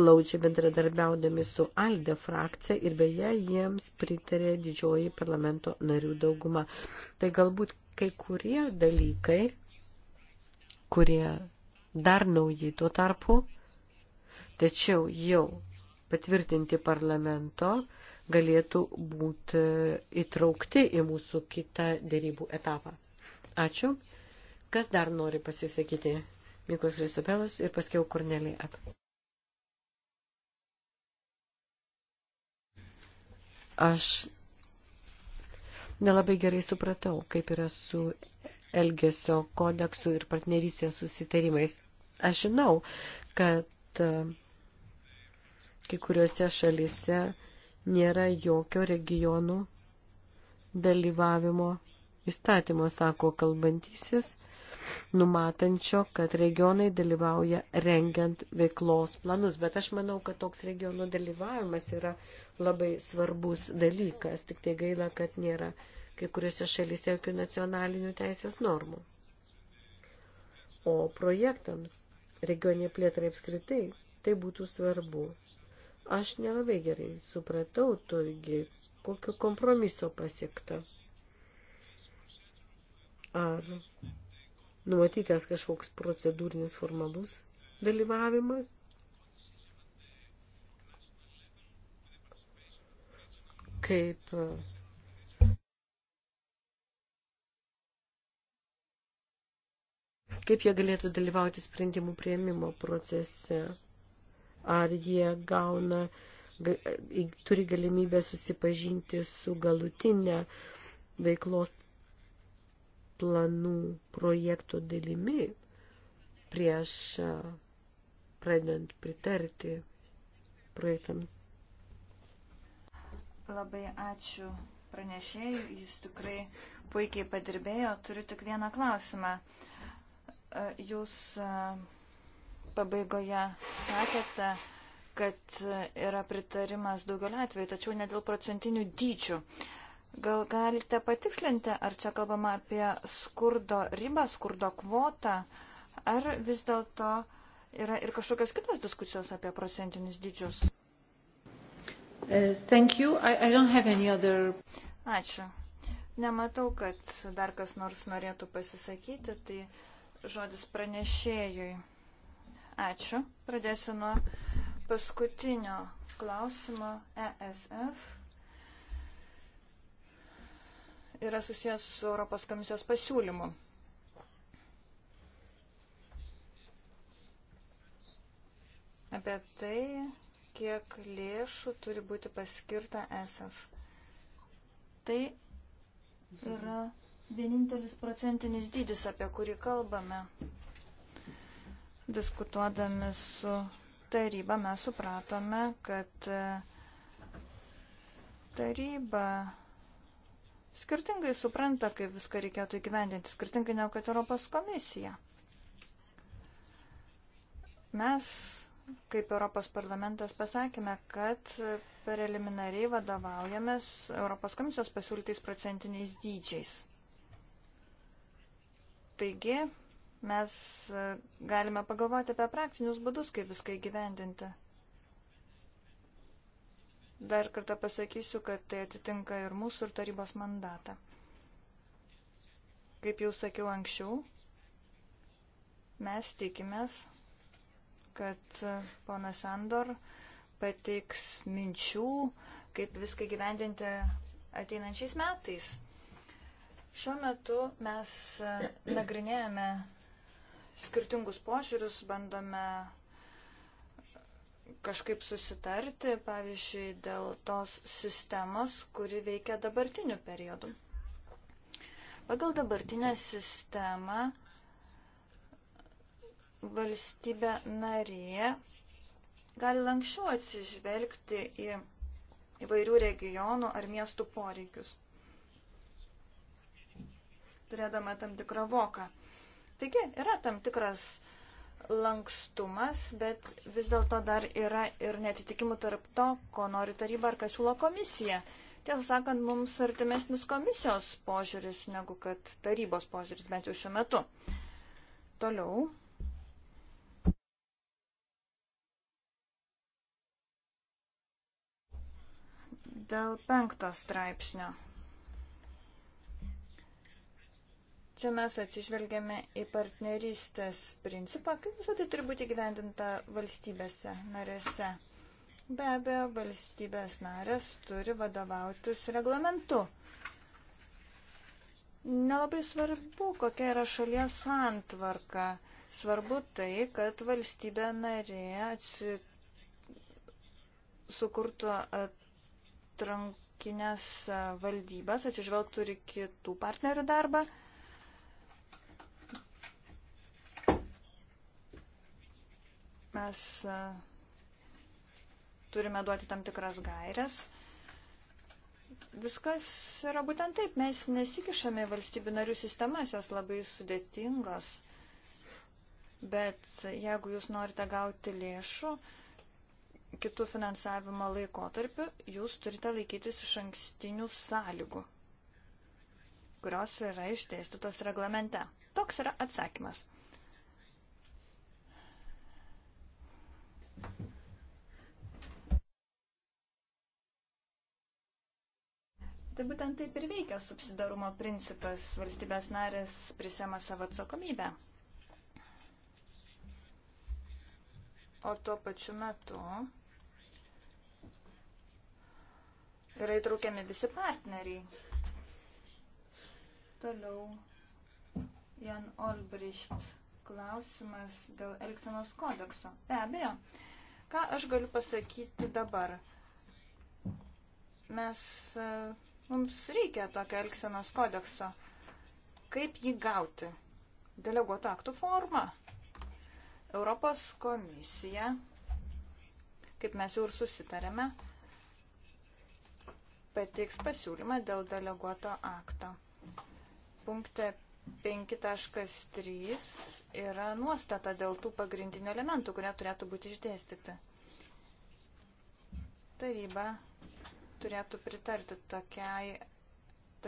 glaučiai bendradarbiaudami su ALDE frakcija ir beje jiems pritarė didžioji parlamento narių dauguma. Tai galbūt kai kurie dalykai, kurie dar nauji tuo tarpu, tačiau jau patvirtinti parlamento galėtų būti įtraukti į mūsų kitą dėrybų etapą. Ačiū. Kas dar nori pasisakyti? Mikos Kristopelas ir paskiau Kornelį Ep. Aš nelabai gerai supratau, kaip yra su Elgesio kodeksu ir partnerysės susitarimais. Aš žinau, kad uh, Kai kuriuose šalyse nėra jokio regionų dalyvavimo įstatymo, sako kalbantysis, numatančio, kad regionai dalyvauja rengiant veiklos planus. Bet aš manau, kad toks regionų dalyvavimas yra labai svarbus dalykas, tik tai gaila, kad nėra kai kuriuose šalyse jokių nacionalinių teisės normų. O projektams, regioniai plėtrai apskritai, tai būtų svarbu, Aš nelabai gerai supratau, turgi, kokio kompromiso pasiekta. Ar numatytas kažkoks procedūrinis formalus dalyvavimas? Kaip kaip jie galėtų dalyvauti sprendimų prieimimo procese ar jie gauna, turi galimybę susipažinti su galutinė veiklos planų projekto dalimi prieš pradedant pritarti projektams. Labai ačiū pranešėjai, jis tikrai puikiai padirbėjo. Turiu tik vieną klausimą. Jūs pabaigoje sakėte, kad yra pritarimas daugelio atveju, tačiau ne dėl procentinių dydžių. Gal galite patikslinti, ar čia kalbama apie skurdo ribą, skurdo kvotą, ar vis dėlto yra ir kažkokios kitos diskusijos apie procentinius dydžius? Uh, I, I other... Ačiū. Nematau, kad dar kas nors norėtų pasisakyti, tai žodis pranešėjui. Ačiū. Pradėsiu nuo paskutinio klausimo ESF. Yra susijęs su Europos komisijos pasiūlymu. Apie tai, kiek lėšų turi būti paskirta ESF. Tai yra vienintelis procentinis dydis, apie kurį kalbame diskutuodami su taryba mes supratome, kad e, taryba skirtingai supranta, kaip viską reikėtų įgyvendinti, skirtingai negu kad Europos komisija. Mes, kaip Europos parlamentas, pasakėme, kad preliminariai vadovaujamės Europos komisijos pasiūlytais procentiniais dydžiais. Taigi, Mes e, galime pagalvoti apie praktinius būdus, kaip viską įgyvendinti. Dar kartą pasakysiu, kad tai atitinka ir mūsų, ir tarybos mandatą. Kaip jau sakiau anksčiau, mes tikimės, kad e, ponas Andor pateiks minčių, kaip viską gyvendinti ateinančiais metais. Šiuo metu mes e, nagrinėjame skirtingus požiūrius, bandome kažkaip susitarti, pavyzdžiui, dėl tos sistemos, kuri veikia dabartiniu periodu. Pagal dabartinę sistemą valstybė narė gali lankščiau atsižvelgti į įvairių regionų ar miestų poreikius, turėdama tam tikrą voką. Taigi yra tam tikras lankstumas, bet vis dėlto dar yra ir netitikimų tarp to, ko nori taryba ar ką siūlo komisija. Tiesą sakant, mums artimesnis komisijos požiūris negu kad tarybos požiūris, bent jau šiuo metu. Toliau. Dėl penkto straipsnio. Čia mes atsižvelgiame į partnerystės principą, kaip visą tai turi būti gyvendinta valstybėse narėse. Be abejo, valstybės narės turi vadovautis reglamentu. Nelabai svarbu, kokia yra šalies santvarka. Svarbu tai, kad valstybė narė atsi... sukurtų atrankinės valdybas, atsižvelgtų ir kitų partnerių darbą. Mes e, turime duoti tam tikras gairias. Viskas yra būtent taip. Mes nesikišame į valstybių narių sistemas, jos labai sudėtingos. Bet jeigu jūs norite gauti lėšų kitų finansavimo laikotarpiu, jūs turite laikytis iš ankstinių sąlygų, kurios yra išdėstytos reglamente. Toks yra atsakymas. Tai būtent taip ir veikia subsidarumo principas. Valstybės narės prisėma savo atsakomybę. O tuo pačiu metu yra įtraukiami visi partneriai. Toliau Jan Olbricht klausimas dėl Elksenos kodekso. Be abejo. Ką aš galiu pasakyti dabar? Mes, e, mums reikia tokio elgsenos kodekso. Kaip jį gauti? Deleguoto aktų forma. Europos komisija, kaip mes jau ir susitarėme, pateiks pasiūlymą dėl deleguoto akto. Punkte 5.3 yra nuostata dėl tų pagrindinių elementų, kurie turėtų būti išdėstyti. Taryba turėtų pritarti tokiai,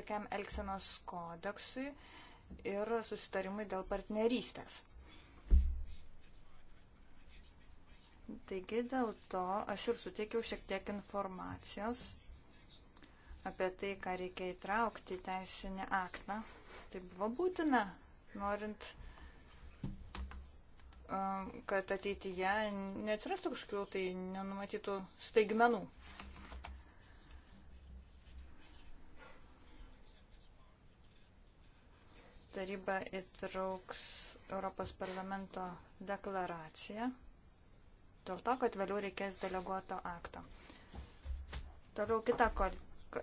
tokiam Elksenos kodeksui ir susitarimui dėl partnerystės. Taigi dėl to aš ir suteikiau šiek tiek informacijos apie tai, ką reikia įtraukti į teisinį aktą. Tai buvo būtina, norint, um, kad ateityje neatsirastų kažkokių tai nenumatytų staigmenų. Taryba įtrauks Europos parlamento deklaraciją dėl to, kad vėliau reikės deleguoto akto. Toliau kita kol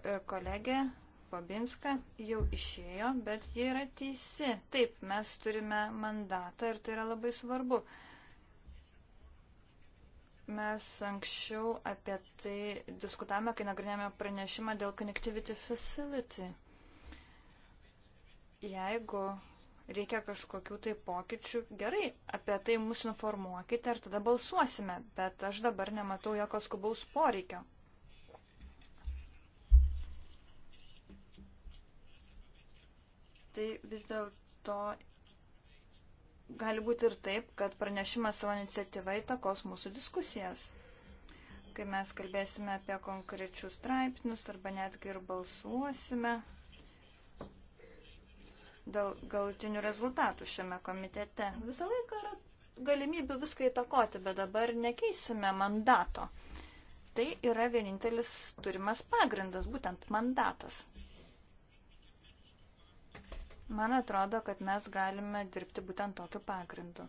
E, kolegė Pabinska jau išėjo, bet ji yra teisi. Taip, mes turime mandatą ir tai yra labai svarbu. Mes anksčiau apie tai diskutavome, kai nagrinėjome pranešimą dėl Connectivity Facility. Jeigu reikia kažkokių tai pokyčių, gerai, apie tai mus informuokite ir tada balsuosime, bet aš dabar nematau jokio skubaus poreikio. tai vis dėlto gali būti ir taip, kad pranešimas savo iniciatyvą įtakos mūsų diskusijas. Kai mes kalbėsime apie konkrečius straipsnius arba netgi ir balsuosime dėl galutinių rezultatų šiame komitete. Visą laiką yra galimybių viską įtakoti, bet dabar nekeisime mandato. Tai yra vienintelis turimas pagrindas, būtent mandatas. Man atrodo, kad mes galime dirbti būtent tokiu pagrindu.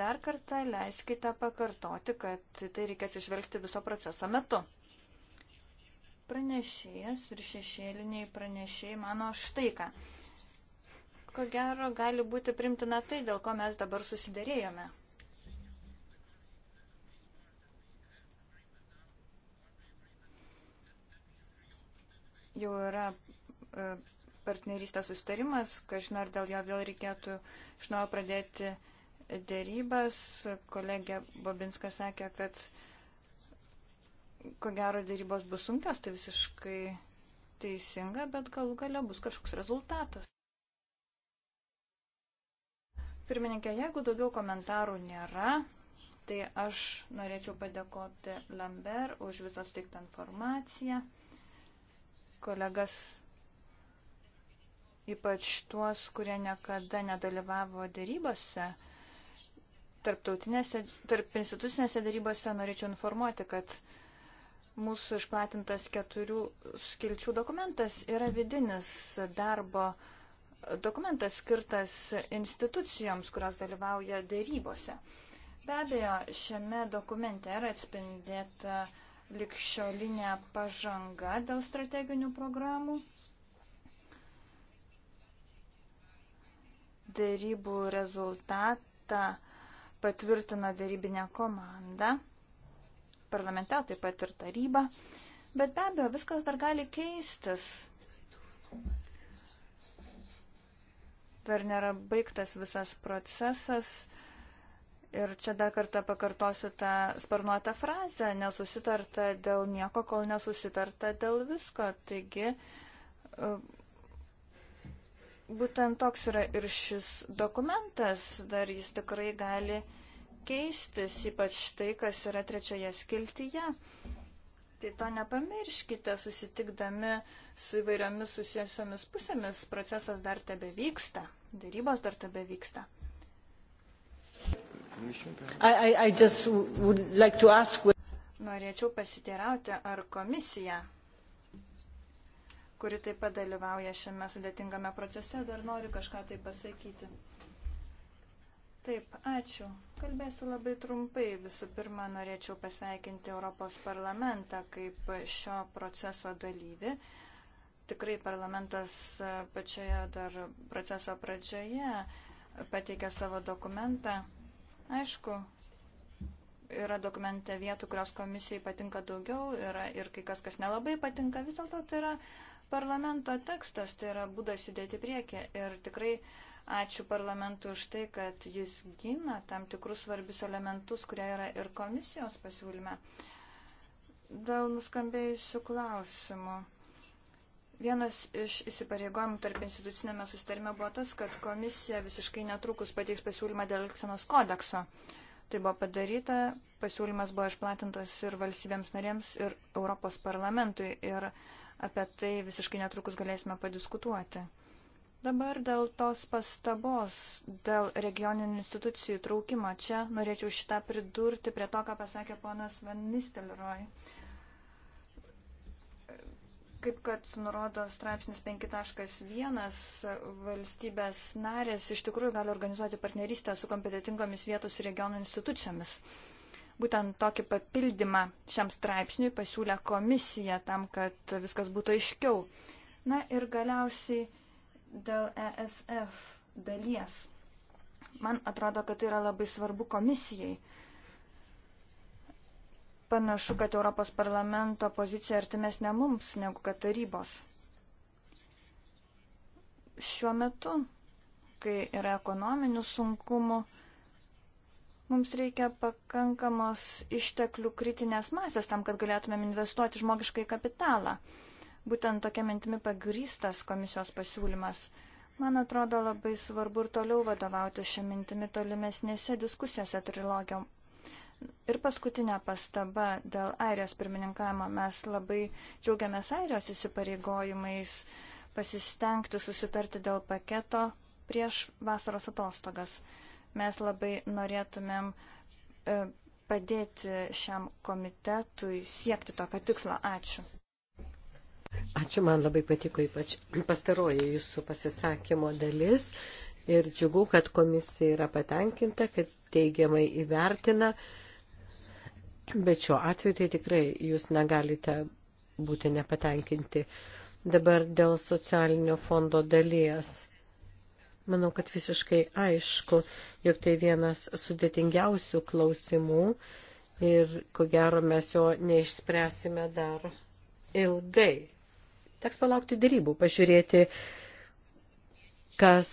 Dar kartą leiskite pakartoti, kad tai reikia atsižvelgti viso proceso metu. Pranešėjas ir šešėliniai pranešėjai mano štai ką. Ko gero gali būti primtina tai, dėl ko mes dabar susidėrėjome. Jau yra e, partnerystės sustarimas, kažin ar dėl jo vėl reikėtų iš naujo pradėti dėrybas. Kolegė Bobinska sakė, kad ko gero dėrybos bus sunkios, tai visiškai teisinga, bet galų gale bus kažkoks rezultatas. Pirmininkė, jeigu daugiau komentarų nėra, tai aš norėčiau padėkoti Lambert už visą suteiktą informaciją. Kolegas ypač tuos, kurie niekada nedalyvavo dėrybose, tarptautinėse, tarp institucinėse dėrybose, norėčiau informuoti, kad mūsų išplatintas keturių skilčių dokumentas yra vidinis darbo dokumentas skirtas institucijoms, kurios dalyvauja dėrybose. Be abejo, šiame dokumente yra atspindėta likščiolinė pažanga dėl strateginių programų Dėrybų rezultatą patvirtino dėrybinė komanda, parlamente taip pat ir taryba, bet be abejo viskas dar gali keistis. Dar nėra baigtas visas procesas. Ir čia dar kartą pakartosiu tą sparnuotą frazę, nesusitarta dėl nieko, kol nesusitarta dėl visko. Taigi Būtent toks yra ir šis dokumentas, dar jis tikrai gali keistis, ypač tai, kas yra trečioje skiltyje. Tai to nepamirškite, susitikdami su įvairiomis susijusiomis pusėmis, procesas dar tebe vyksta, darybos dar tebe vyksta. I, I, I like ask... Norėčiau pasiteirauti, ar komisija kuri taip pat dalyvauja šiame sudėtingame procese, dar nori kažką tai pasakyti. Taip, ačiū. Kalbėsiu labai trumpai. Visų pirma, norėčiau pasveikinti Europos parlamentą kaip šio proceso dalyvi. Tikrai parlamentas pačioje dar proceso pradžioje pateikė savo dokumentą. Aišku, yra dokumente vietų, kurios komisijai patinka daugiau, yra ir kai kas, kas nelabai patinka. Vis dėlto tai yra parlamento tekstas, tai yra būdas judėti priekį. Ir tikrai ačiū parlamentui už tai, kad jis gina tam tikrus svarbius elementus, kurie yra ir komisijos pasiūlyme. Dėl nuskambėjusių klausimų. Vienas iš įsipareigojimų tarp institucinėme sustarime buvo tas, kad komisija visiškai netrukus pateiks pasiūlymą dėl Elksenos kodekso. Tai buvo padaryta, pasiūlymas buvo išplatintas ir valstybėms narėms, ir Europos parlamentui. Ir Apie tai visiškai netrukus galėsime padiskutuoti. Dabar dėl tos pastabos, dėl regioninių institucijų traukimo. Čia norėčiau šitą pridurti prie to, ką pasakė ponas Van Nistelrooy. Kaip kad nurodo straipsnis 5.1, valstybės narės iš tikrųjų gali organizuoti partnerystę su kompetitingomis vietos ir regionų institucijomis. Uh, Būtent tokį papildymą šiam straipsniui pasiūlė komisija tam, kad viskas būtų aiškiau. Na ir galiausiai dėl ESF dalies. Man atrodo, kad tai yra labai svarbu komisijai. Panašu, kad Europos parlamento pozicija artimesnė mums negu kad tarybos. Šiuo metu, kai yra ekonominių sunkumų, Mums reikia pakankamos išteklių kritinės masės tam, kad galėtumėm investuoti žmogiškai kapitalą. Būtent tokia mintimi pagrystas komisijos pasiūlymas. Man atrodo labai svarbu ir toliau vadovauti šią mintimį tolimesnėse diskusijose trilogio. Ir paskutinė pastaba dėl Airijos pirmininkavimo. Mes labai džiaugiamės Airijos įsipareigojimais pasistengti susitarti dėl paketo prieš vasaros atostogas. Mes labai norėtumėm e, padėti šiam komitetui siekti tokio tikslo. Ačiū. Ačiū, man labai patiko ypač pastaroji jūsų pasisakymo dalis ir džiugu, kad komisija yra patenkinta, kad teigiamai įvertina, bet šiuo atveju tai tikrai jūs negalite būti nepatenkinti. Dabar dėl socialinio fondo dalies Manau, kad visiškai aišku, jog tai vienas sudėtingiausių klausimų ir ko gero mes jo neišspręsime dar ilgai. Teks palaukti dėrybų, pažiūrėti, kas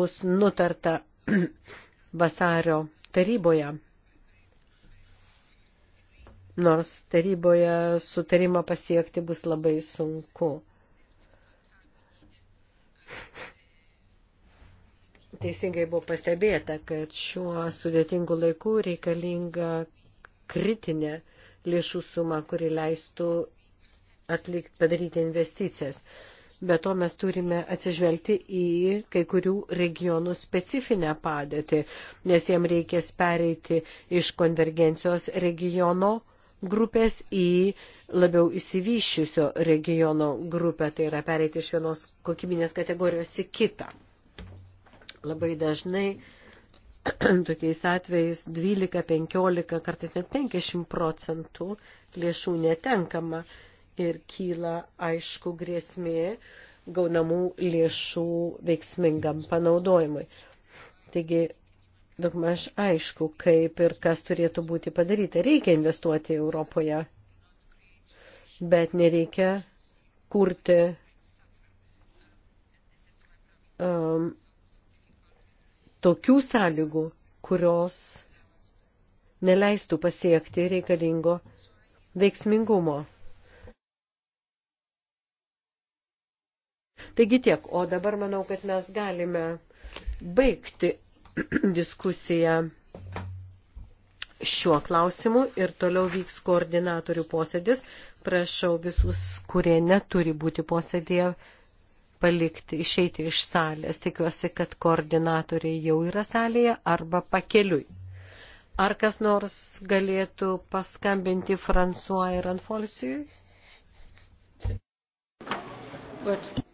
bus nutarta vasario taryboje. Nors taryboje sutarimą pasiekti bus labai sunku teisingai buvo pastebėta, kad šiuo sudėtingu laiku reikalinga kritinė lėšų suma, kuri leistų atlikt, padaryti investicijas. Be to mes turime atsižvelgti į kai kurių regionų specifinę padėtį, nes jiem reikės pereiti iš konvergencijos regiono grupės į labiau įsivyščiusio regiono grupę, tai yra pereiti iš vienos kokybinės kategorijos į kitą. Labai dažnai tokiais atvejais 12-15, kartais net 50 procentų lėšų netenkama ir kyla aišku grėsmė gaunamų lėšų veiksmingam panaudojimui. Taigi, daugmaž aišku, kaip ir kas turėtų būti padaryta. Reikia investuoti Europoje, bet nereikia kurti um, tokių sąlygų, kurios neleistų pasiekti reikalingo veiksmingumo. Taigi tiek, o dabar manau, kad mes galime baigti diskusiją šiuo klausimu ir toliau vyks koordinatorių posėdis. Prašau visus, kurie neturi būti posėdėje, palikti, išeiti iš salės. Tikiuosi, kad koordinatoriai jau yra salėje arba pakeliui. Ar kas nors galėtų paskambinti Fransuai Ranfolsijui? Good.